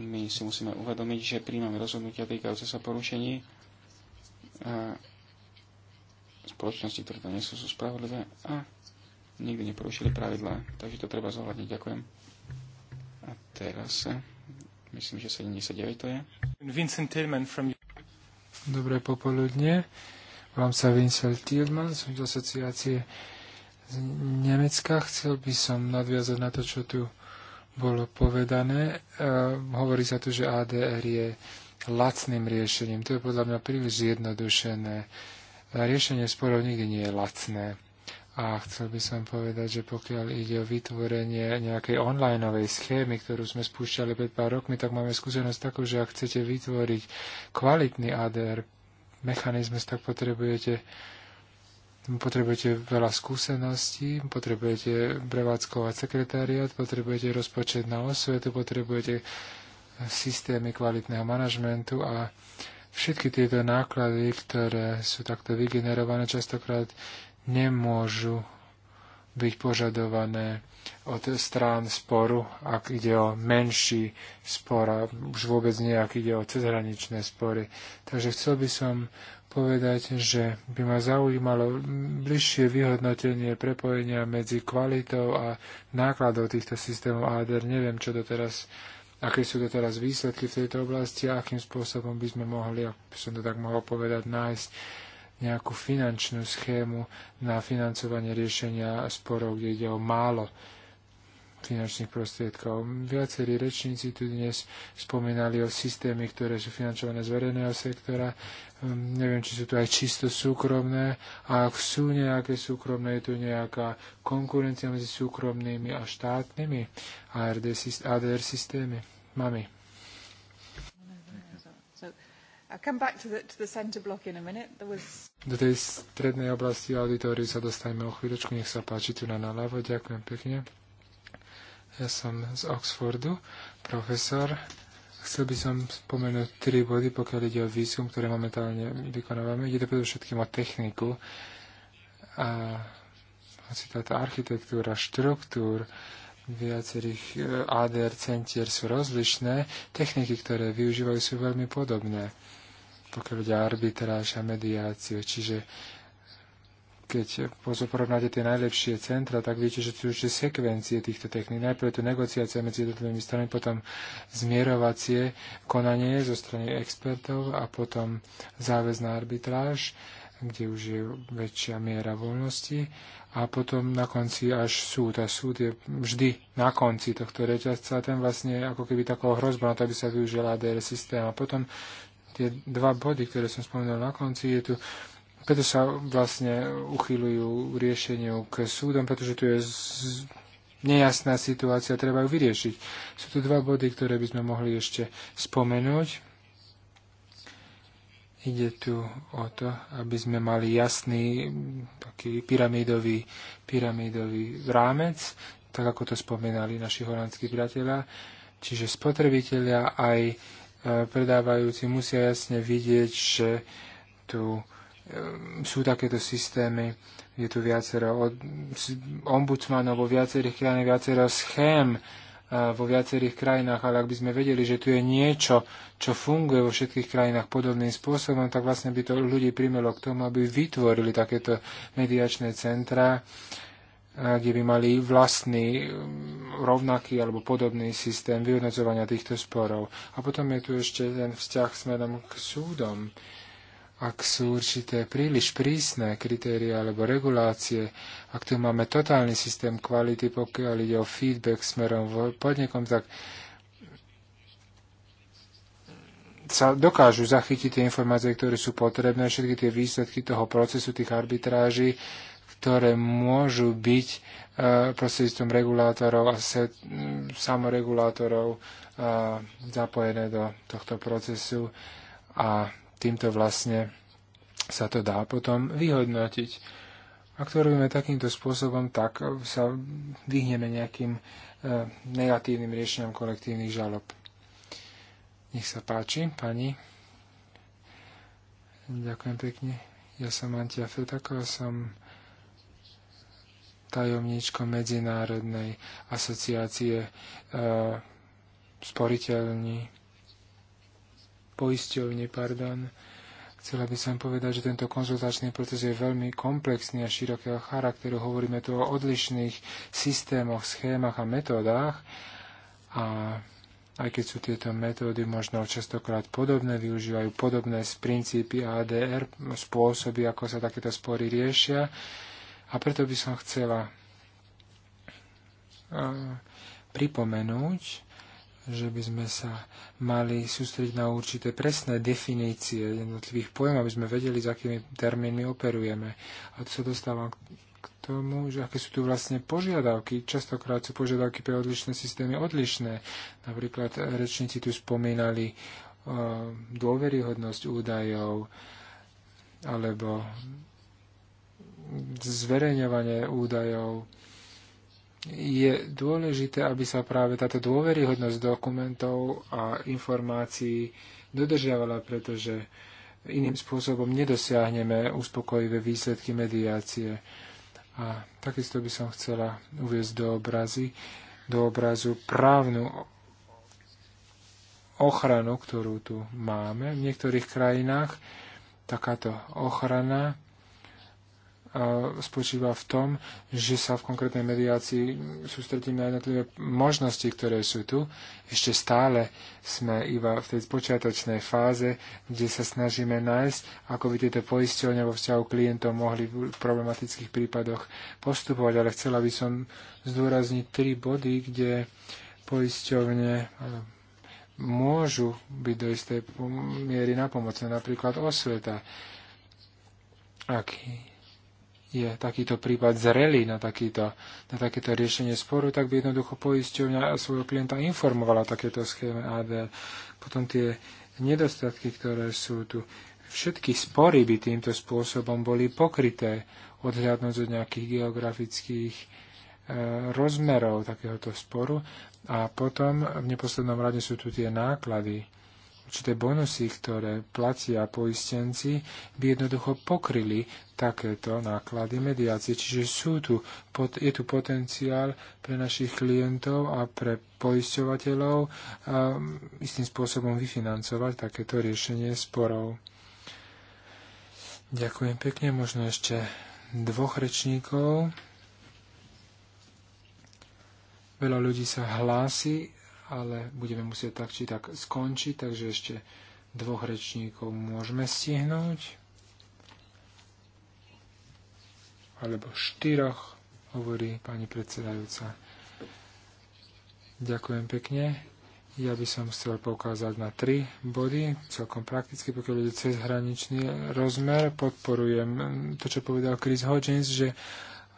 My si musíme uvedomiť, že príjmame rozhodnutia týkajúce sa porušení spoločnosti, ktoré tam nie sú, sú spravodlivé a nikdy neporušili pravidlá. Takže to treba zohľadniť. Ďakujem. A teraz eh, myslím, že 79 to je. Vincent Tillman from... Dobré popoludne. Vám sa Vincent Tillman z asociácie z Nemecka. Chcel by som nadviazať na to, čo tu bolo povedané. Uh, hovorí sa tu, že ADR je lacným riešením. To je podľa mňa príliš zjednodušené. Riešenie sporov nikdy nie je lacné. A chcel by som povedať, že pokiaľ ide o vytvorenie nejakej onlineovej schémy, ktorú sme spúšťali pred pár rokmi, tak máme skúsenosť takú, že ak chcete vytvoriť kvalitný ADR mechanizmus, tak potrebujete potrebujete veľa skúseností, potrebujete prevádzkovať sekretariat, potrebujete rozpočet na osvetu, potrebujete systémy kvalitného manažmentu a všetky tieto náklady, ktoré sú takto vygenerované, častokrát nemôžu byť požadované od strán sporu, ak ide o menší spor a už vôbec nie, ak ide o cezhraničné spory. Takže chcel by som povedať, že by ma zaujímalo bližšie vyhodnotenie prepojenia medzi kvalitou a nákladov týchto systémov ADR. Neviem, čo doteraz aké sú to teraz výsledky v tejto oblasti a akým spôsobom by sme mohli, ak by som to tak mohol povedať, nájsť nejakú finančnú schému na financovanie riešenia sporov, kde ide o málo finančných prostriedkov. Viacerí rečníci tu dnes spomínali o systémy, ktoré sú finančované z verejného sektora. Hm, neviem, či sú tu aj čisto súkromné. A ak sú nejaké súkromné, je tu nejaká konkurencia medzi súkromnými a štátnymi ARD, ADR systémy mami. Do tej strednej oblasti auditoriu sa dostaneme o chvíľočku. Nech sa páči tu na nalavo. Ďakujem pekne. Ja som z Oxfordu, profesor. Chcel by som spomenúť tri body, pokiaľ ide o výskum, ktoré momentálne vykonávame. Ide predovšetkým o techniku. A hoci táto architektúra štruktúr, viacerých eh, ADR centier sú rozlišné, techniky, ktoré využívajú, sú veľmi podobné, pokiaľ ide arbitráž a mediáciu. Čiže keď porovnáte tie najlepšie centra, tak viete, že sú určite sekvencie týchto techník. Najprv je tu negociácia medzi jednotlivými stranami, potom zmierovacie konanie zo strany expertov a potom záväzná arbitráž, kde už je väčšia miera voľnosti a potom na konci až súd. A súd je vždy na konci tohto reťazca. Ten vlastne je ako keby taková hrozba, na to, aby sa využil ADR systém. A potom tie dva body, ktoré som spomenul na konci, je tu preto sa vlastne uchyľujú riešeniu k súdom, pretože tu je z... nejasná situácia, treba ju vyriešiť. Sú tu dva body, ktoré by sme mohli ešte spomenúť. Ide tu o to, aby sme mali jasný taký pyramidový, pyramidový rámec, tak ako to spomínali naši holandskí priatelia. Čiže spotrebitelia aj e, predávajúci musia jasne vidieť, že tu e, sú takéto systémy, je tu viacero ombudsmanov viacerých krajinách, viacero schém, vo viacerých krajinách, ale ak by sme vedeli, že tu je niečo, čo funguje vo všetkých krajinách podobným spôsobom, tak vlastne by to ľudí primelo k tomu, aby vytvorili takéto mediačné centra, kde by mali vlastný um, rovnaký alebo podobný systém vyhodnocovania týchto sporov. A potom je tu ešte ten vzťah smerom k súdom. Uh, ak sú určité príliš prísne kritéria alebo regulácie, ak tu máme totálny systém kvality, pokiaľ ide o feedback smerom podnikom, tak sa dokážu zachytiť tie informácie, ktoré sú potrebné, všetky tie výsledky toho procesu, tých arbitráží, ktoré môžu byť e, prostredstvom regulátorov a se, samoregulátorov e, zapojené do tohto procesu. A týmto vlastne sa to dá potom vyhodnotiť. Ak to robíme takýmto spôsobom, tak sa vyhneme nejakým e, negatívnym riešeniam kolektívnych žalob. Nech sa páči, pani. Ďakujem pekne. Ja som Antia Fetako, som tajomníčko Medzinárodnej asociácie e, sporiteľní poisťovne, pardon. Chcela by som povedať, že tento konzultačný proces je veľmi komplexný a širokého charakteru. Hovoríme tu o odlišných systémoch, schémach a metódach. A aj keď sú tieto metódy možno častokrát podobné, využívajú podobné z princípy ADR, spôsoby, ako sa takéto spory riešia. A preto by som chcela pripomenúť, že by sme sa mali sústrediť na určité presné definície jednotlivých pojmov, aby sme vedeli, s akými termínmi operujeme. A tu sa dostávam k tomu, že aké sú tu vlastne požiadavky. Častokrát sú požiadavky pre odlišné systémy odlišné. Napríklad rečníci tu spomínali eh, dôveryhodnosť údajov alebo zverejňovanie údajov je dôležité, aby sa práve táto dôveryhodnosť dokumentov a informácií dodržiavala, pretože iným spôsobom nedosiahneme uspokojivé výsledky mediácie. A takisto by som chcela uviezť do, obrazy, do obrazu právnu ochranu, ktorú tu máme. V niektorých krajinách takáto ochrana spočíva v tom, že sa v konkrétnej mediácii sústredíme na jednotlivé možnosti, ktoré sú tu. Ešte stále sme iba v tej počiatočnej fáze, kde sa snažíme nájsť, ako by tieto poisťovne vo vzťahu klientov mohli v problematických prípadoch postupovať, ale chcela by som zdôrazniť tri body, kde poisťovne môžu byť do istej miery napomocné, napríklad osveta. Aký je takýto prípad zrelý na, takýto, na takéto riešenie sporu, tak by jednoducho poisťovňa svojho klienta informovala o takéto schéme ADL. Potom tie nedostatky, ktoré sú tu, všetky spory by týmto spôsobom boli pokryté, odhľadnúť od nejakých geografických e, rozmerov takéhoto sporu. A potom v neposlednom rade sú tu tie náklady určité bonusy, ktoré platia poistenci, by jednoducho pokryli takéto náklady mediácie. Čiže sú tu, je tu potenciál pre našich klientov a pre poisťovateľov a istým spôsobom vyfinancovať takéto riešenie sporov. Ďakujem pekne. Možno ešte dvoch rečníkov. Veľa ľudí sa hlási ale budeme musieť tak či tak skončiť, takže ešte dvoch rečníkov môžeme stihnúť. Alebo štyroch, hovorí pani predsedajúca. Ďakujem pekne. Ja by som chcel poukázať na tri body, celkom prakticky, pokiaľ ide cez hraničný rozmer. Podporujem to, čo povedal Chris Hodgins, že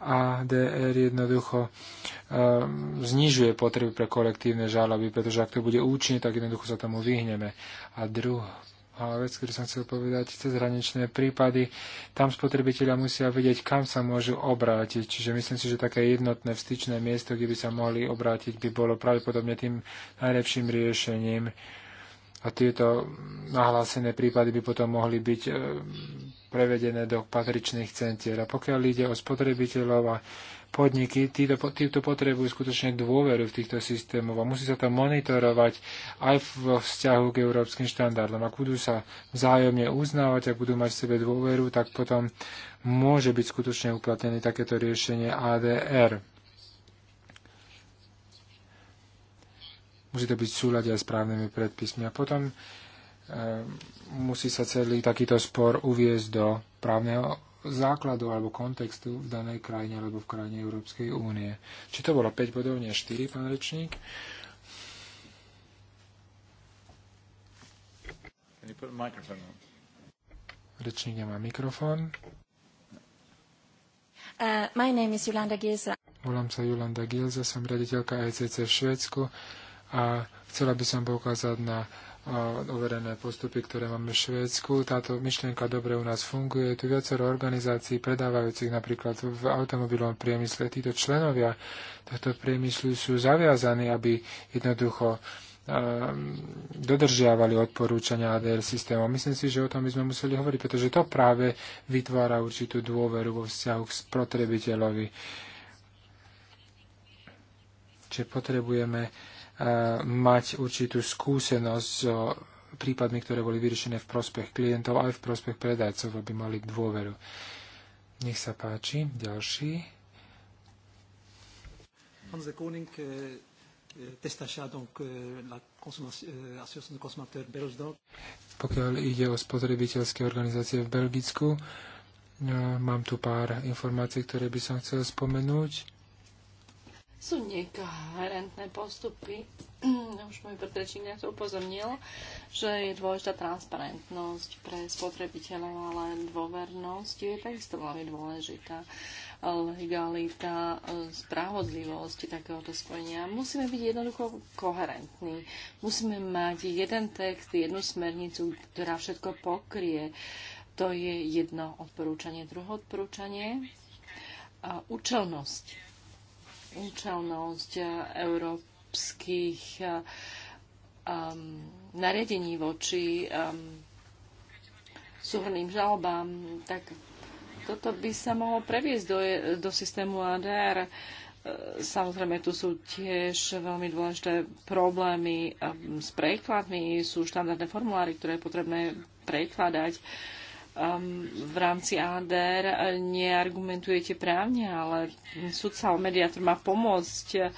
ADR jednoducho um, znižuje potreby pre kolektívne žaloby, pretože ak to bude účinné, tak jednoducho sa tomu vyhneme. A druhá vec, ktorú som chcel povedať, cez hraničné prípady, tam spotrebitelia musia vedieť, kam sa môžu obrátiť. Čiže myslím si, že také jednotné vstyčné miesto, kde by sa mohli obrátiť, by bolo pravdepodobne tým najlepším riešením. Uh, a tieto nahlásené prípady by potom mohli byť e, prevedené do patričných centier. A pokiaľ ide o spotrebiteľov a podniky, títo, títo potrebujú skutočne dôveru v týchto systémoch a musí sa to monitorovať aj vo vzťahu k európskym štandardom. Ak budú sa vzájomne uznávať, a budú mať v sebe dôveru, tak potom môže byť skutočne uplatnené takéto riešenie ADR. musí to byť v súľade aj s právnymi predpismi. A potom e, musí sa celý takýto spor uviezť do právneho základu alebo kontextu v danej krajine alebo v krajine Európskej únie. Či to bolo 5 bodov, nie 4, pán rečník? Rečník nemá mikrofón. Uh, my name is Jolanda Volám sa Jolanda Gilza, som raditeľka ECC v Švedsku Uh, a chcela by som poukázať na overené postupy, ktoré máme v Švédsku. Táto myšlienka dobre u nás funguje. Je tu viacero organizácií predávajúcich napríklad v automobilovom priemysle. Títo členovia tohto priemyslu sú zaviazaní, aby jednoducho dodržiavali odporúčania ADR systémov. Myslím si, že o tom by sme museli hovoriť, pretože to práve vytvára určitú dôveru vo vzťahu k spotrebiteľovi. Čiže potrebujeme mať určitú skúsenosť so prípadmi, ktoré boli vyriešené v prospech klientov aj v prospech predajcov, aby mali dôveru. Nech sa páči, ďalší. Hans de Koning, eh, eh, donc eh, la de consommateurs belge Pokiaľ ide o spotrebiteľské organizácie v Belgicku, mám tu pár informácií, ktoré by som chcel spomenúť sú nekoherentné postupy. Už môj predrečník nás to upozornil, že je dôležitá transparentnosť pre spotrebiteľov, ale dôvernosť je takisto veľmi dôležitá. Legalita, spravodlivosť takéhoto spojenia. Musíme byť jednoducho koherentní. Musíme mať jeden text, jednu smernicu, ktorá všetko pokrie. To je jedno odporúčanie. Druhé odporúčanie. A účelnosť účelnosť e, európskych um, nariadení voči um, súhrným žalobám, tak toto by sa mohlo previesť do, e, do systému ADR. Samozrejme, tu sú tiež veľmi dôležité problémy s prekladmi, sú štandardné formuláry, ktoré je potrebné prekladať. Um, um, v rámci ADR neargumentujete právne, ale sudca o mediátor má pomôcť eh,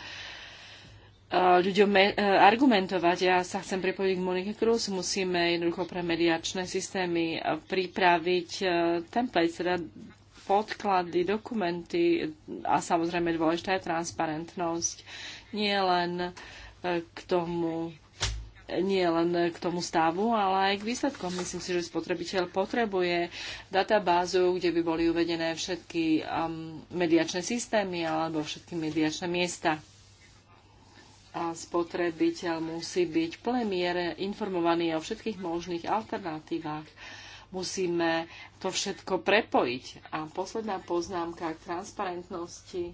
ľuďom eh, argumentovať. Ja sa chcem pripojiť k Monike Cruz. Musíme jednoducho pre mediačné systémy eh, pripraviť template, teda podklady, dokumenty a samozrejme dôležitá je transparentnosť. Nie len k tomu nie len k tomu stavu, ale aj k výsledkom. Myslím si, že spotrebiteľ potrebuje databázu, kde by boli uvedené všetky um, mediačné systémy alebo všetky mediačné miesta. A spotrebiteľ musí byť v plnej miere informovaný o všetkých možných alternatívach musíme to všetko prepojiť. A posledná poznámka k transparentnosti.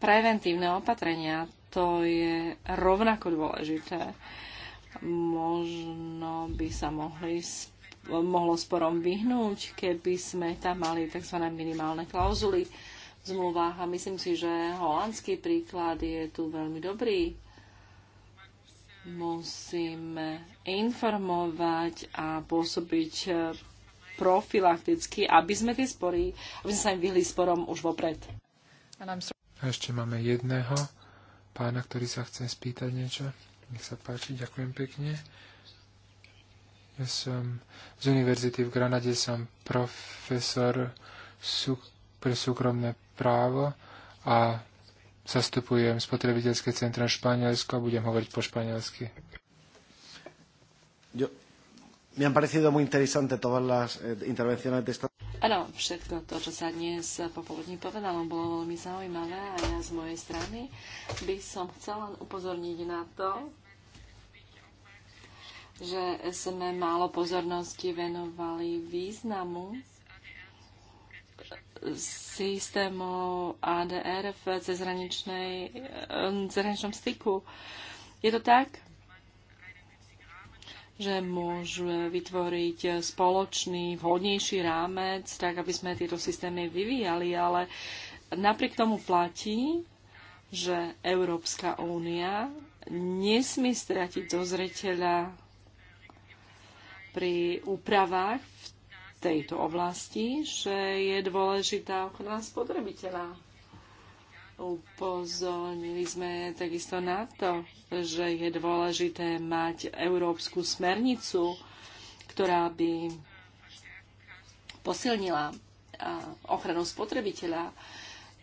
Preventívne opatrenia to je rovnako dôležité. Možno by sa mohli mohlo sporom vyhnúť, keby sme tam mali tzv. minimálne klauzuly v zmluvách. A myslím si, že holandský príklad je tu veľmi dobrý. Musíme informovať a pôsobiť eh, profilakticky, aby sme tie spory, aby sme sa im vyhli sporom už vopred. Ešte máme jedného pána, ktorý sa chce spýtať niečo. Nech sa páči, ďakujem pekne. Ja som z univerzity v Granade, som profesor pre súkromné právo a zastupujem spotrebiteľské centrum Španielsko a budem hovoriť po španielsky. Yo, me han parecido muy interesante todas las eh, intervenciones de esta... Áno, všetko to, čo sa dnes popoludní povedalo, bolo veľmi zaujímavé a ja z mojej strany by som chcela upozorniť na to, že sme málo pozornosti venovali významu systémov ADR v eh, cezhraničnom styku. Je to tak? že môžeme vytvoriť spoločný, vhodnejší rámec, tak aby sme tieto systémy vyvíjali, ale napriek tomu platí, že Európska únia nesmie stratiť do zreteľa pri úpravách v tejto oblasti, že je dôležitá ochrana spotrebiteľa Upozornili sme takisto na to, že je dôležité mať európsku smernicu, ktorá by posilnila ochranu spotrebiteľa.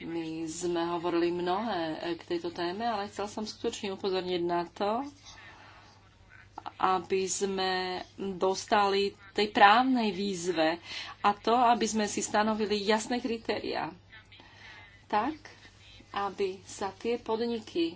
My sme hovorili mnohé e, k tejto téme, ale chcel som skutočne upozorniť na to, aby sme dostali tej právnej výzve a to, aby sme si stanovili jasné kritéria. Tak, aby sa tie podniky, eh,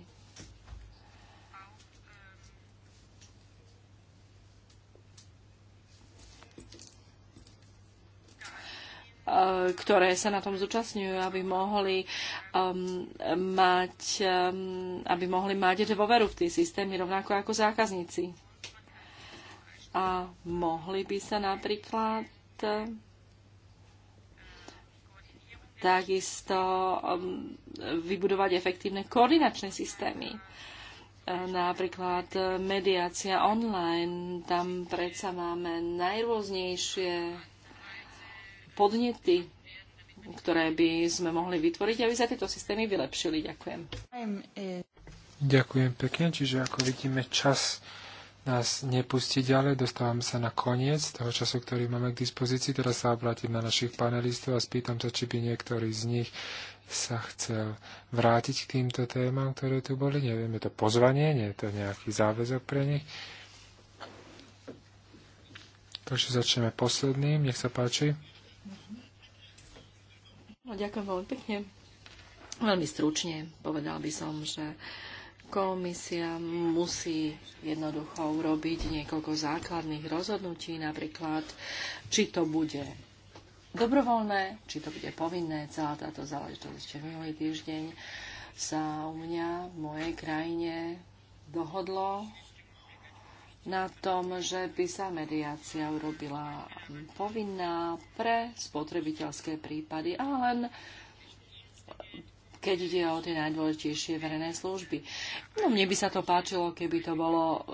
ktoré sa na tom zúčastňujú, aby mohli um, mať, um, aby mohli mať dôveru v tie systémy, rovnako ako zákazníci. A mohli by sa napríklad takisto um, vybudovať efektívne koordinačné systémy. E, napríklad e, mediácia online, tam predsa máme najrôznejšie podnety, ktoré by sme mohli vytvoriť, aby sa tieto systémy vylepšili. Ďakujem. Ďakujem pekne, čiže ako vidíme, čas nás nepustí ďalej. Dostávam sa na koniec toho času, ktorý máme k dispozícii. Teraz sa obrátim na našich panelistov a spýtam sa, či by niektorý z nich sa chcel vrátiť k týmto témam, ktoré tu boli. Neviem, je to pozvanie, nie je to nejaký záväzok pre nich. Takže začneme posledným. Nech sa páči. No, ďakujem veľmi pekne. Veľmi stručne povedal by som, že uh, Komisia musí jednoducho urobiť niekoľko základných rozhodnutí, napríklad, či to bude dobrovoľné, či to bude povinné, celá táto záležitosť ešte minulý týždeň sa u mňa v mojej krajine dohodlo na tom, že by sa mediácia urobila povinná pre spotrebiteľské prípady, ale len keď ide o tie najdôležitejšie verejné služby. No mne by sa to páčilo, keby to bolo,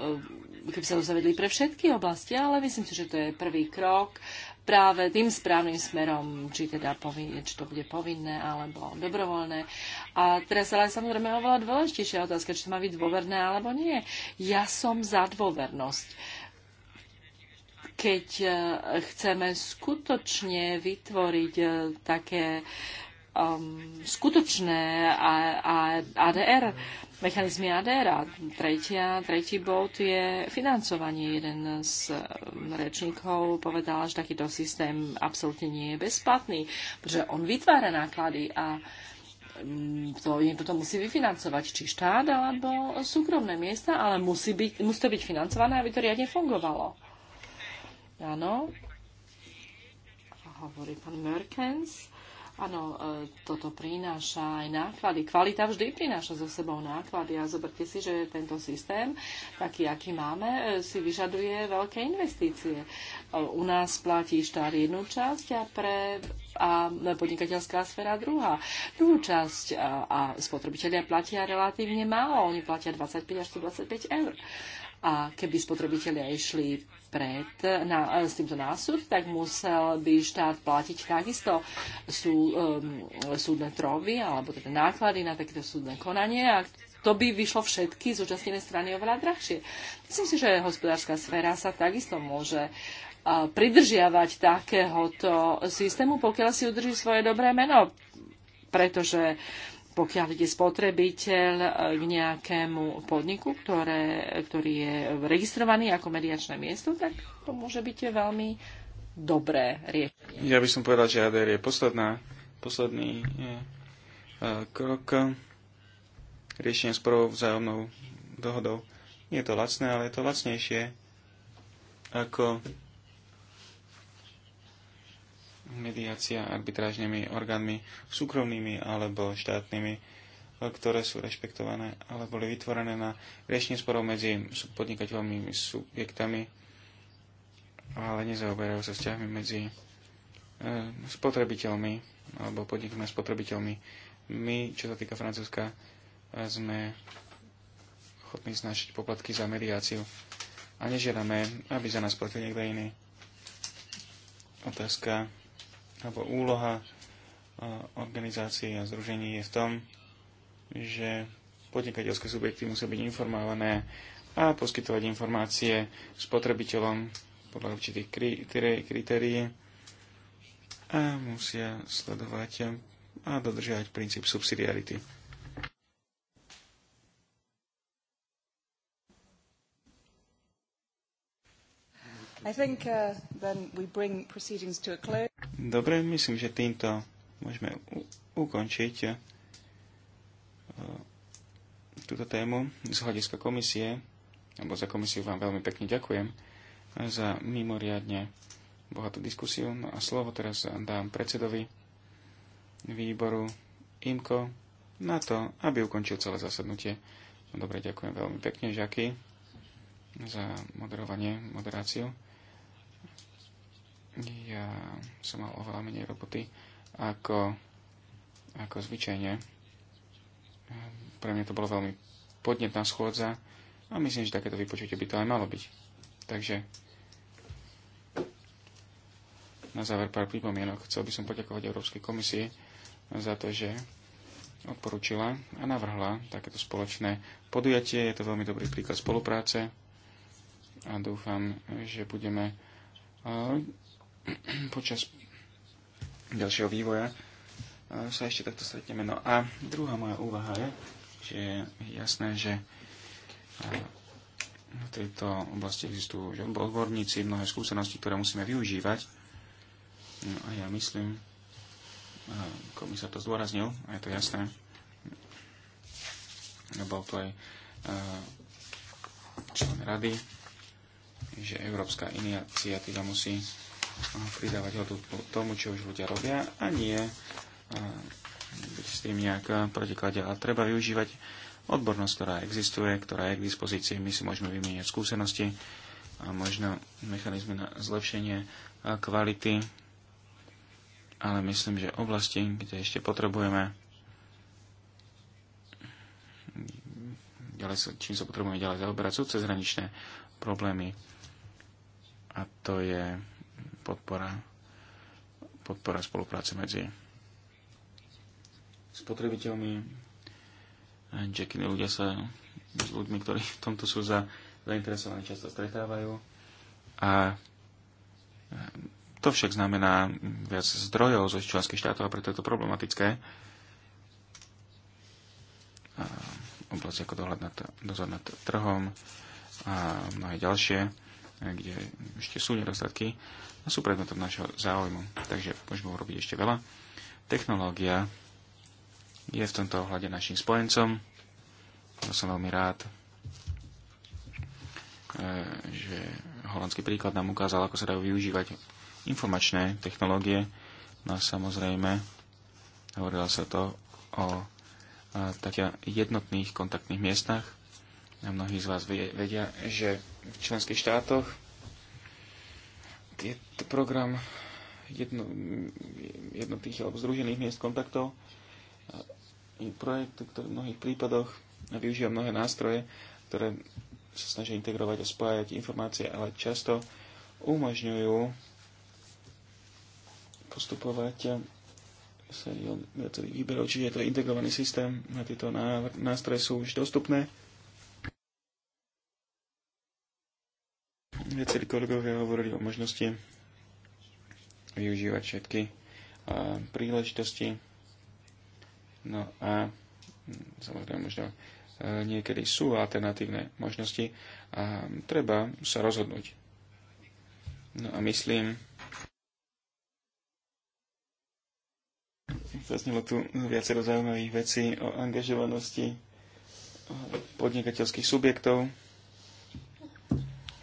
e, keby sa to zavedli pre všetky oblasti, ale myslím si, že to je prvý krok práve tým správnym smerom, či teda povinne, či to bude povinné alebo dobrovoľné. A teraz ale samozrejme oveľa dôležitejšia otázka, či to má byť dôverné alebo nie. Ja som za dôvernosť keď e, chceme skutočne vytvoriť e, také um, skutočné ADR, mechanizmy ADR. A tretia, tretí bod je financovanie. Jeden z um, rečníkov povedal, že takýto systém absolútne nie je bezplatný, pretože on vytvára náklady a um, to niekto potom musí vyfinancovať, či štát alebo súkromné miesta, ale musí, byť, musí to byť financované, aby to riadne fungovalo. Áno. Hovorí pán Merkens Áno, e, toto prináša aj náklady. Kvalita vždy prináša so sebou náklady a zoberte si, že tento systém, taký, aký máme, e, si vyžaduje veľké investície. E, u nás platí štát jednu časť a, pre, a podnikateľská sféra druhá. Druhú časť a, a spotrebitelia platia relatívne málo. Oni platia 25 až 125 eur. A keby spotrebitelia išli pred, na, e, s týmto násud, tak musel by štát platiť takisto sú, um, súdne trovy alebo teda náklady na takéto súdne konanie a to by vyšlo všetky zúčastnené strany oveľa drahšie. Myslím si, že hospodárska sféra sa takisto môže uh, pridržiavať takéhoto systému, pokiaľ si udrží svoje dobré meno, pretože uh, pokiaľ ide spotrebiteľ e, k nejakému podniku, ktoré, ktorý je registrovaný ako mediačné miesto, tak to môže byť veľmi dobré riešenie. Ja by som povedal, že ADR je posledná, posledný je, e, krok riešenia sporov vzájomnou dohodou. Nie je to lacné, ale je to lacnejšie ako mediácia arbitrážnymi orgánmi, súkromnými alebo štátnymi, ktoré sú rešpektované, ale boli vytvorené na riešenie sporov medzi podnikateľmi subjektami, ale nezaoberajú sa vzťahmi medzi e, spotrebiteľmi alebo podnikmi a spotrebiteľmi. My, čo sa týka Francúzska, sme ochotní znašiť poplatky za mediáciu a nežiadame, aby za nás platil niekto iný. Otázka alebo úloha organizácií a združení je v tom, že podnikateľské subjekty musia byť informované a poskytovať informácie spotrebiteľom podľa určitých kritérií a musia sledovať a dodržiavať princíp subsidiarity. Uh, dobre, myslím, že týmto môžeme ukončiť uh, túto tému z hľadiska komisie, alebo za komisiu vám veľmi pekne ďakujem za mimoriadne bohatú diskusiu. No a slovo teraz dám predsedovi výboru IMKO na to, aby ukončil celé zasadnutie. No dobre, ďakujem veľmi pekne, Žaky, za moderovanie, moderáciu. Ja som mal oveľa menej roboty ako, ako zvyčajne. Pre mňa to bolo veľmi podnetná schôdza a myslím, že takéto vypočutie by to aj malo byť. Takže na záver pár pripomienok. Chcel by som poďakovať Európskej komisii za to, že odporúčila a navrhla takéto spoločné podujatie. Je to veľmi dobrý príklad spolupráce a dúfam, že budeme počas ďalšieho vývoja e, sa ešte takto stretneme. No a druhá moja úvaha je, že je jasné, že e, v tejto oblasti existujú odborníci, mnohé skúsenosti, ktoré musíme využívať. No a ja myslím, e, sa to zdôraznil, a je to jasné, bol to aj člen rady, že Európska iniciatíva musí pridávať hodnotu tomu, čo už ľudia robia a nie byť s tým nejak protiklade, A treba využívať odbornosť, ktorá existuje, ktorá je k dispozícii. My si môžeme vymieňať skúsenosti a možno mechanizmy na zlepšenie kvality, ale myslím, že oblasti, kde ešte potrebujeme ďalej, čím sa potrebujeme ďalej zaoberať, sú cezhraničné problémy. A to je podpora, podpora spolupráce medzi spotrebiteľmi. Jackiny ľudia sa s ľuďmi, ktorí v tomto sú za, zainteresovaní, často stretávajú. A e, to však znamená viac zdrojov zo členských štátov a preto je to problematické. Oblasť ako dohľad nad, dozor nad trhom a mnohé ďalšie kde ešte sú nedostatky a sú predmetom našho záujmu. Takže môžeme urobiť ešte veľa. Technológia je v tomto ohľade našim spojencom. Ja som veľmi rád, eh, že holandský príklad nám ukázal, ako sa dajú využívať informačné technológie. No a samozrejme, hovorilo sa to o eh, takých jednotných kontaktných miestach. A mnohí z vás vedia, že v členských štátoch. Je to program jedno, jednotých alebo združených miest kontaktov. Je projekt, ktorý v mnohých prípadoch využíva mnohé nástroje, ktoré sa snažia integrovať a spájať informácie, ale často umožňujú postupovať sériou viacerých výberov, čiže je to integrovaný systém a tieto nástroje sú už dostupné. celí kolegovia hovorili o možnosti využívať všetky príležitosti. No a mm, samozrejme možno e, niekedy sú alternatívne možnosti a treba sa rozhodnúť. No a myslím, zaznelo tu viacero zaujímavých vecí o angažovanosti podnikateľských subjektov.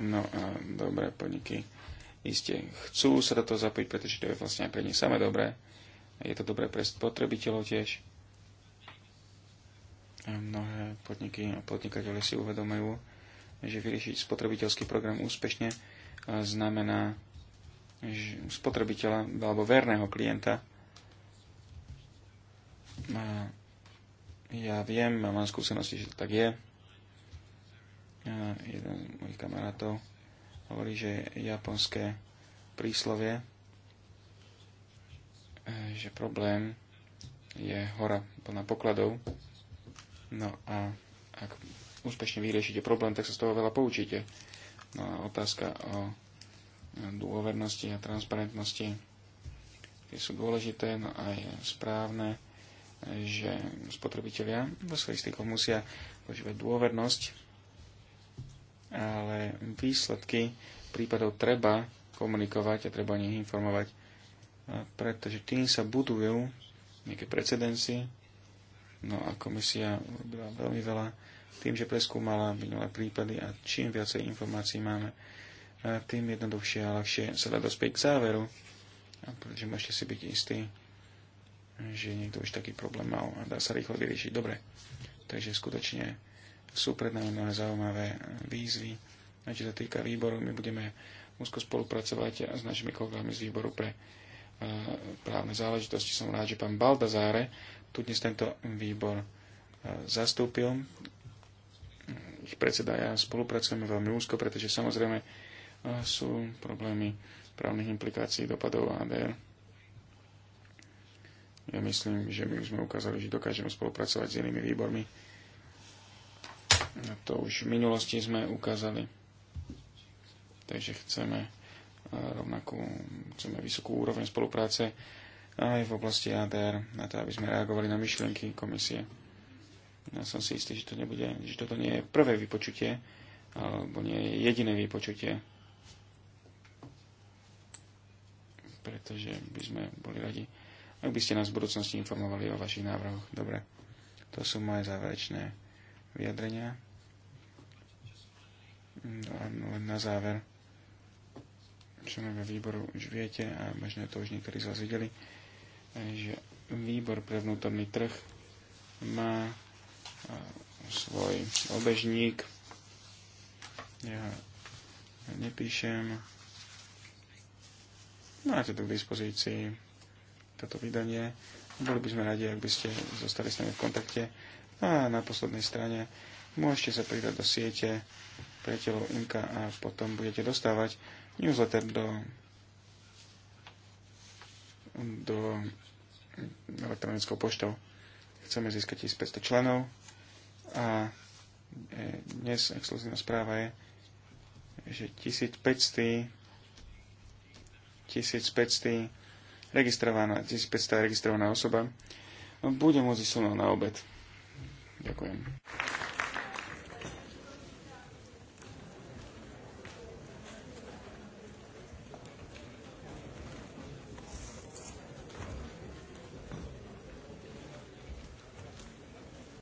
No a dobré podniky iste chcú sa do toho zapojiť, pretože to je vlastne aj pre nich samé dobré. Je to dobré pre spotrebiteľov tiež. A mnohé podniky a podnikateľe si uvedomujú, že vyriešiť spotrebiteľský program úspešne e, znamená že spotrebiteľa alebo verného klienta. A ja viem, mám skúsenosti, že to tak je jeden z mojich kamarátov hovorí, že japonské príslovie, e, že problém je hora plná pokladov. No a ak úspešne vyriešite problém, tak sa z toho veľa poučíte. No a otázka o dôvernosti a transparentnosti tie sú dôležité, no a je správne, že spotrebitelia vo svojich stykoch musia požívať dôvernosť ale výsledky prípadov treba komunikovať a treba o nich informovať, pretože tým sa budujú nejaké precedenci. No a komisia urobila veľmi veľa tým, že preskúmala minulé prípady a čím viacej informácií máme, tým jednoduchšie a ľahšie sa dá dospieť k záveru, a pretože môžete si byť istí, že niekto už taký problém mal a dá sa rýchlo vyriešiť. Dobre, takže skutočne sú pred nami mnohé zaujímavé výzvy. A čo sa týka výboru, my budeme úzko spolupracovať s našimi kolegami z výboru pre e, právne záležitosti. Som rád, že pán Baldazáre tu dnes tento výbor e, zastúpil. Ich predseda a ja spolupracujeme veľmi úzko, pretože samozrejme e, sú problémy právnych implikácií dopadov ADR. Ja myslím, že my už sme ukázali, že dokážeme spolupracovať s inými výbormi. No to už v minulosti sme ukázali. Takže chceme eh, rovnakú, chceme vysokú úroveň spolupráce aj v oblasti ADR, na to, aby sme reagovali na myšlienky komisie. Ja som si istý, že, to nebude, že toto nie je prvé vypočutie, alebo nie je jediné vypočutie, pretože by sme boli radi, ak by ste nás v budúcnosti informovali o vašich návrhoch. Dobre, to sú moje záverečné vyjadrenia. No, len na záver, členovia výboru už viete, a možno to už niektorí z vás videli, že výbor pre vnútorný trh má svoj obežník. Ja nepíšem. Máte tu k dispozícii toto vydanie. Boli by sme radi, ak by ste zostali s nami v kontakte a na poslednej strane môžete sa pridať do siete priateľov inka a potom budete dostávať newsletter do, do elektronickou poštou. Chceme získať 1500 členov a e, dnes exkluzívna správa je, že 1500 1500 registrovaná, 1500 registrovaná osoba bude môcť ísť na obed. Ďakujem.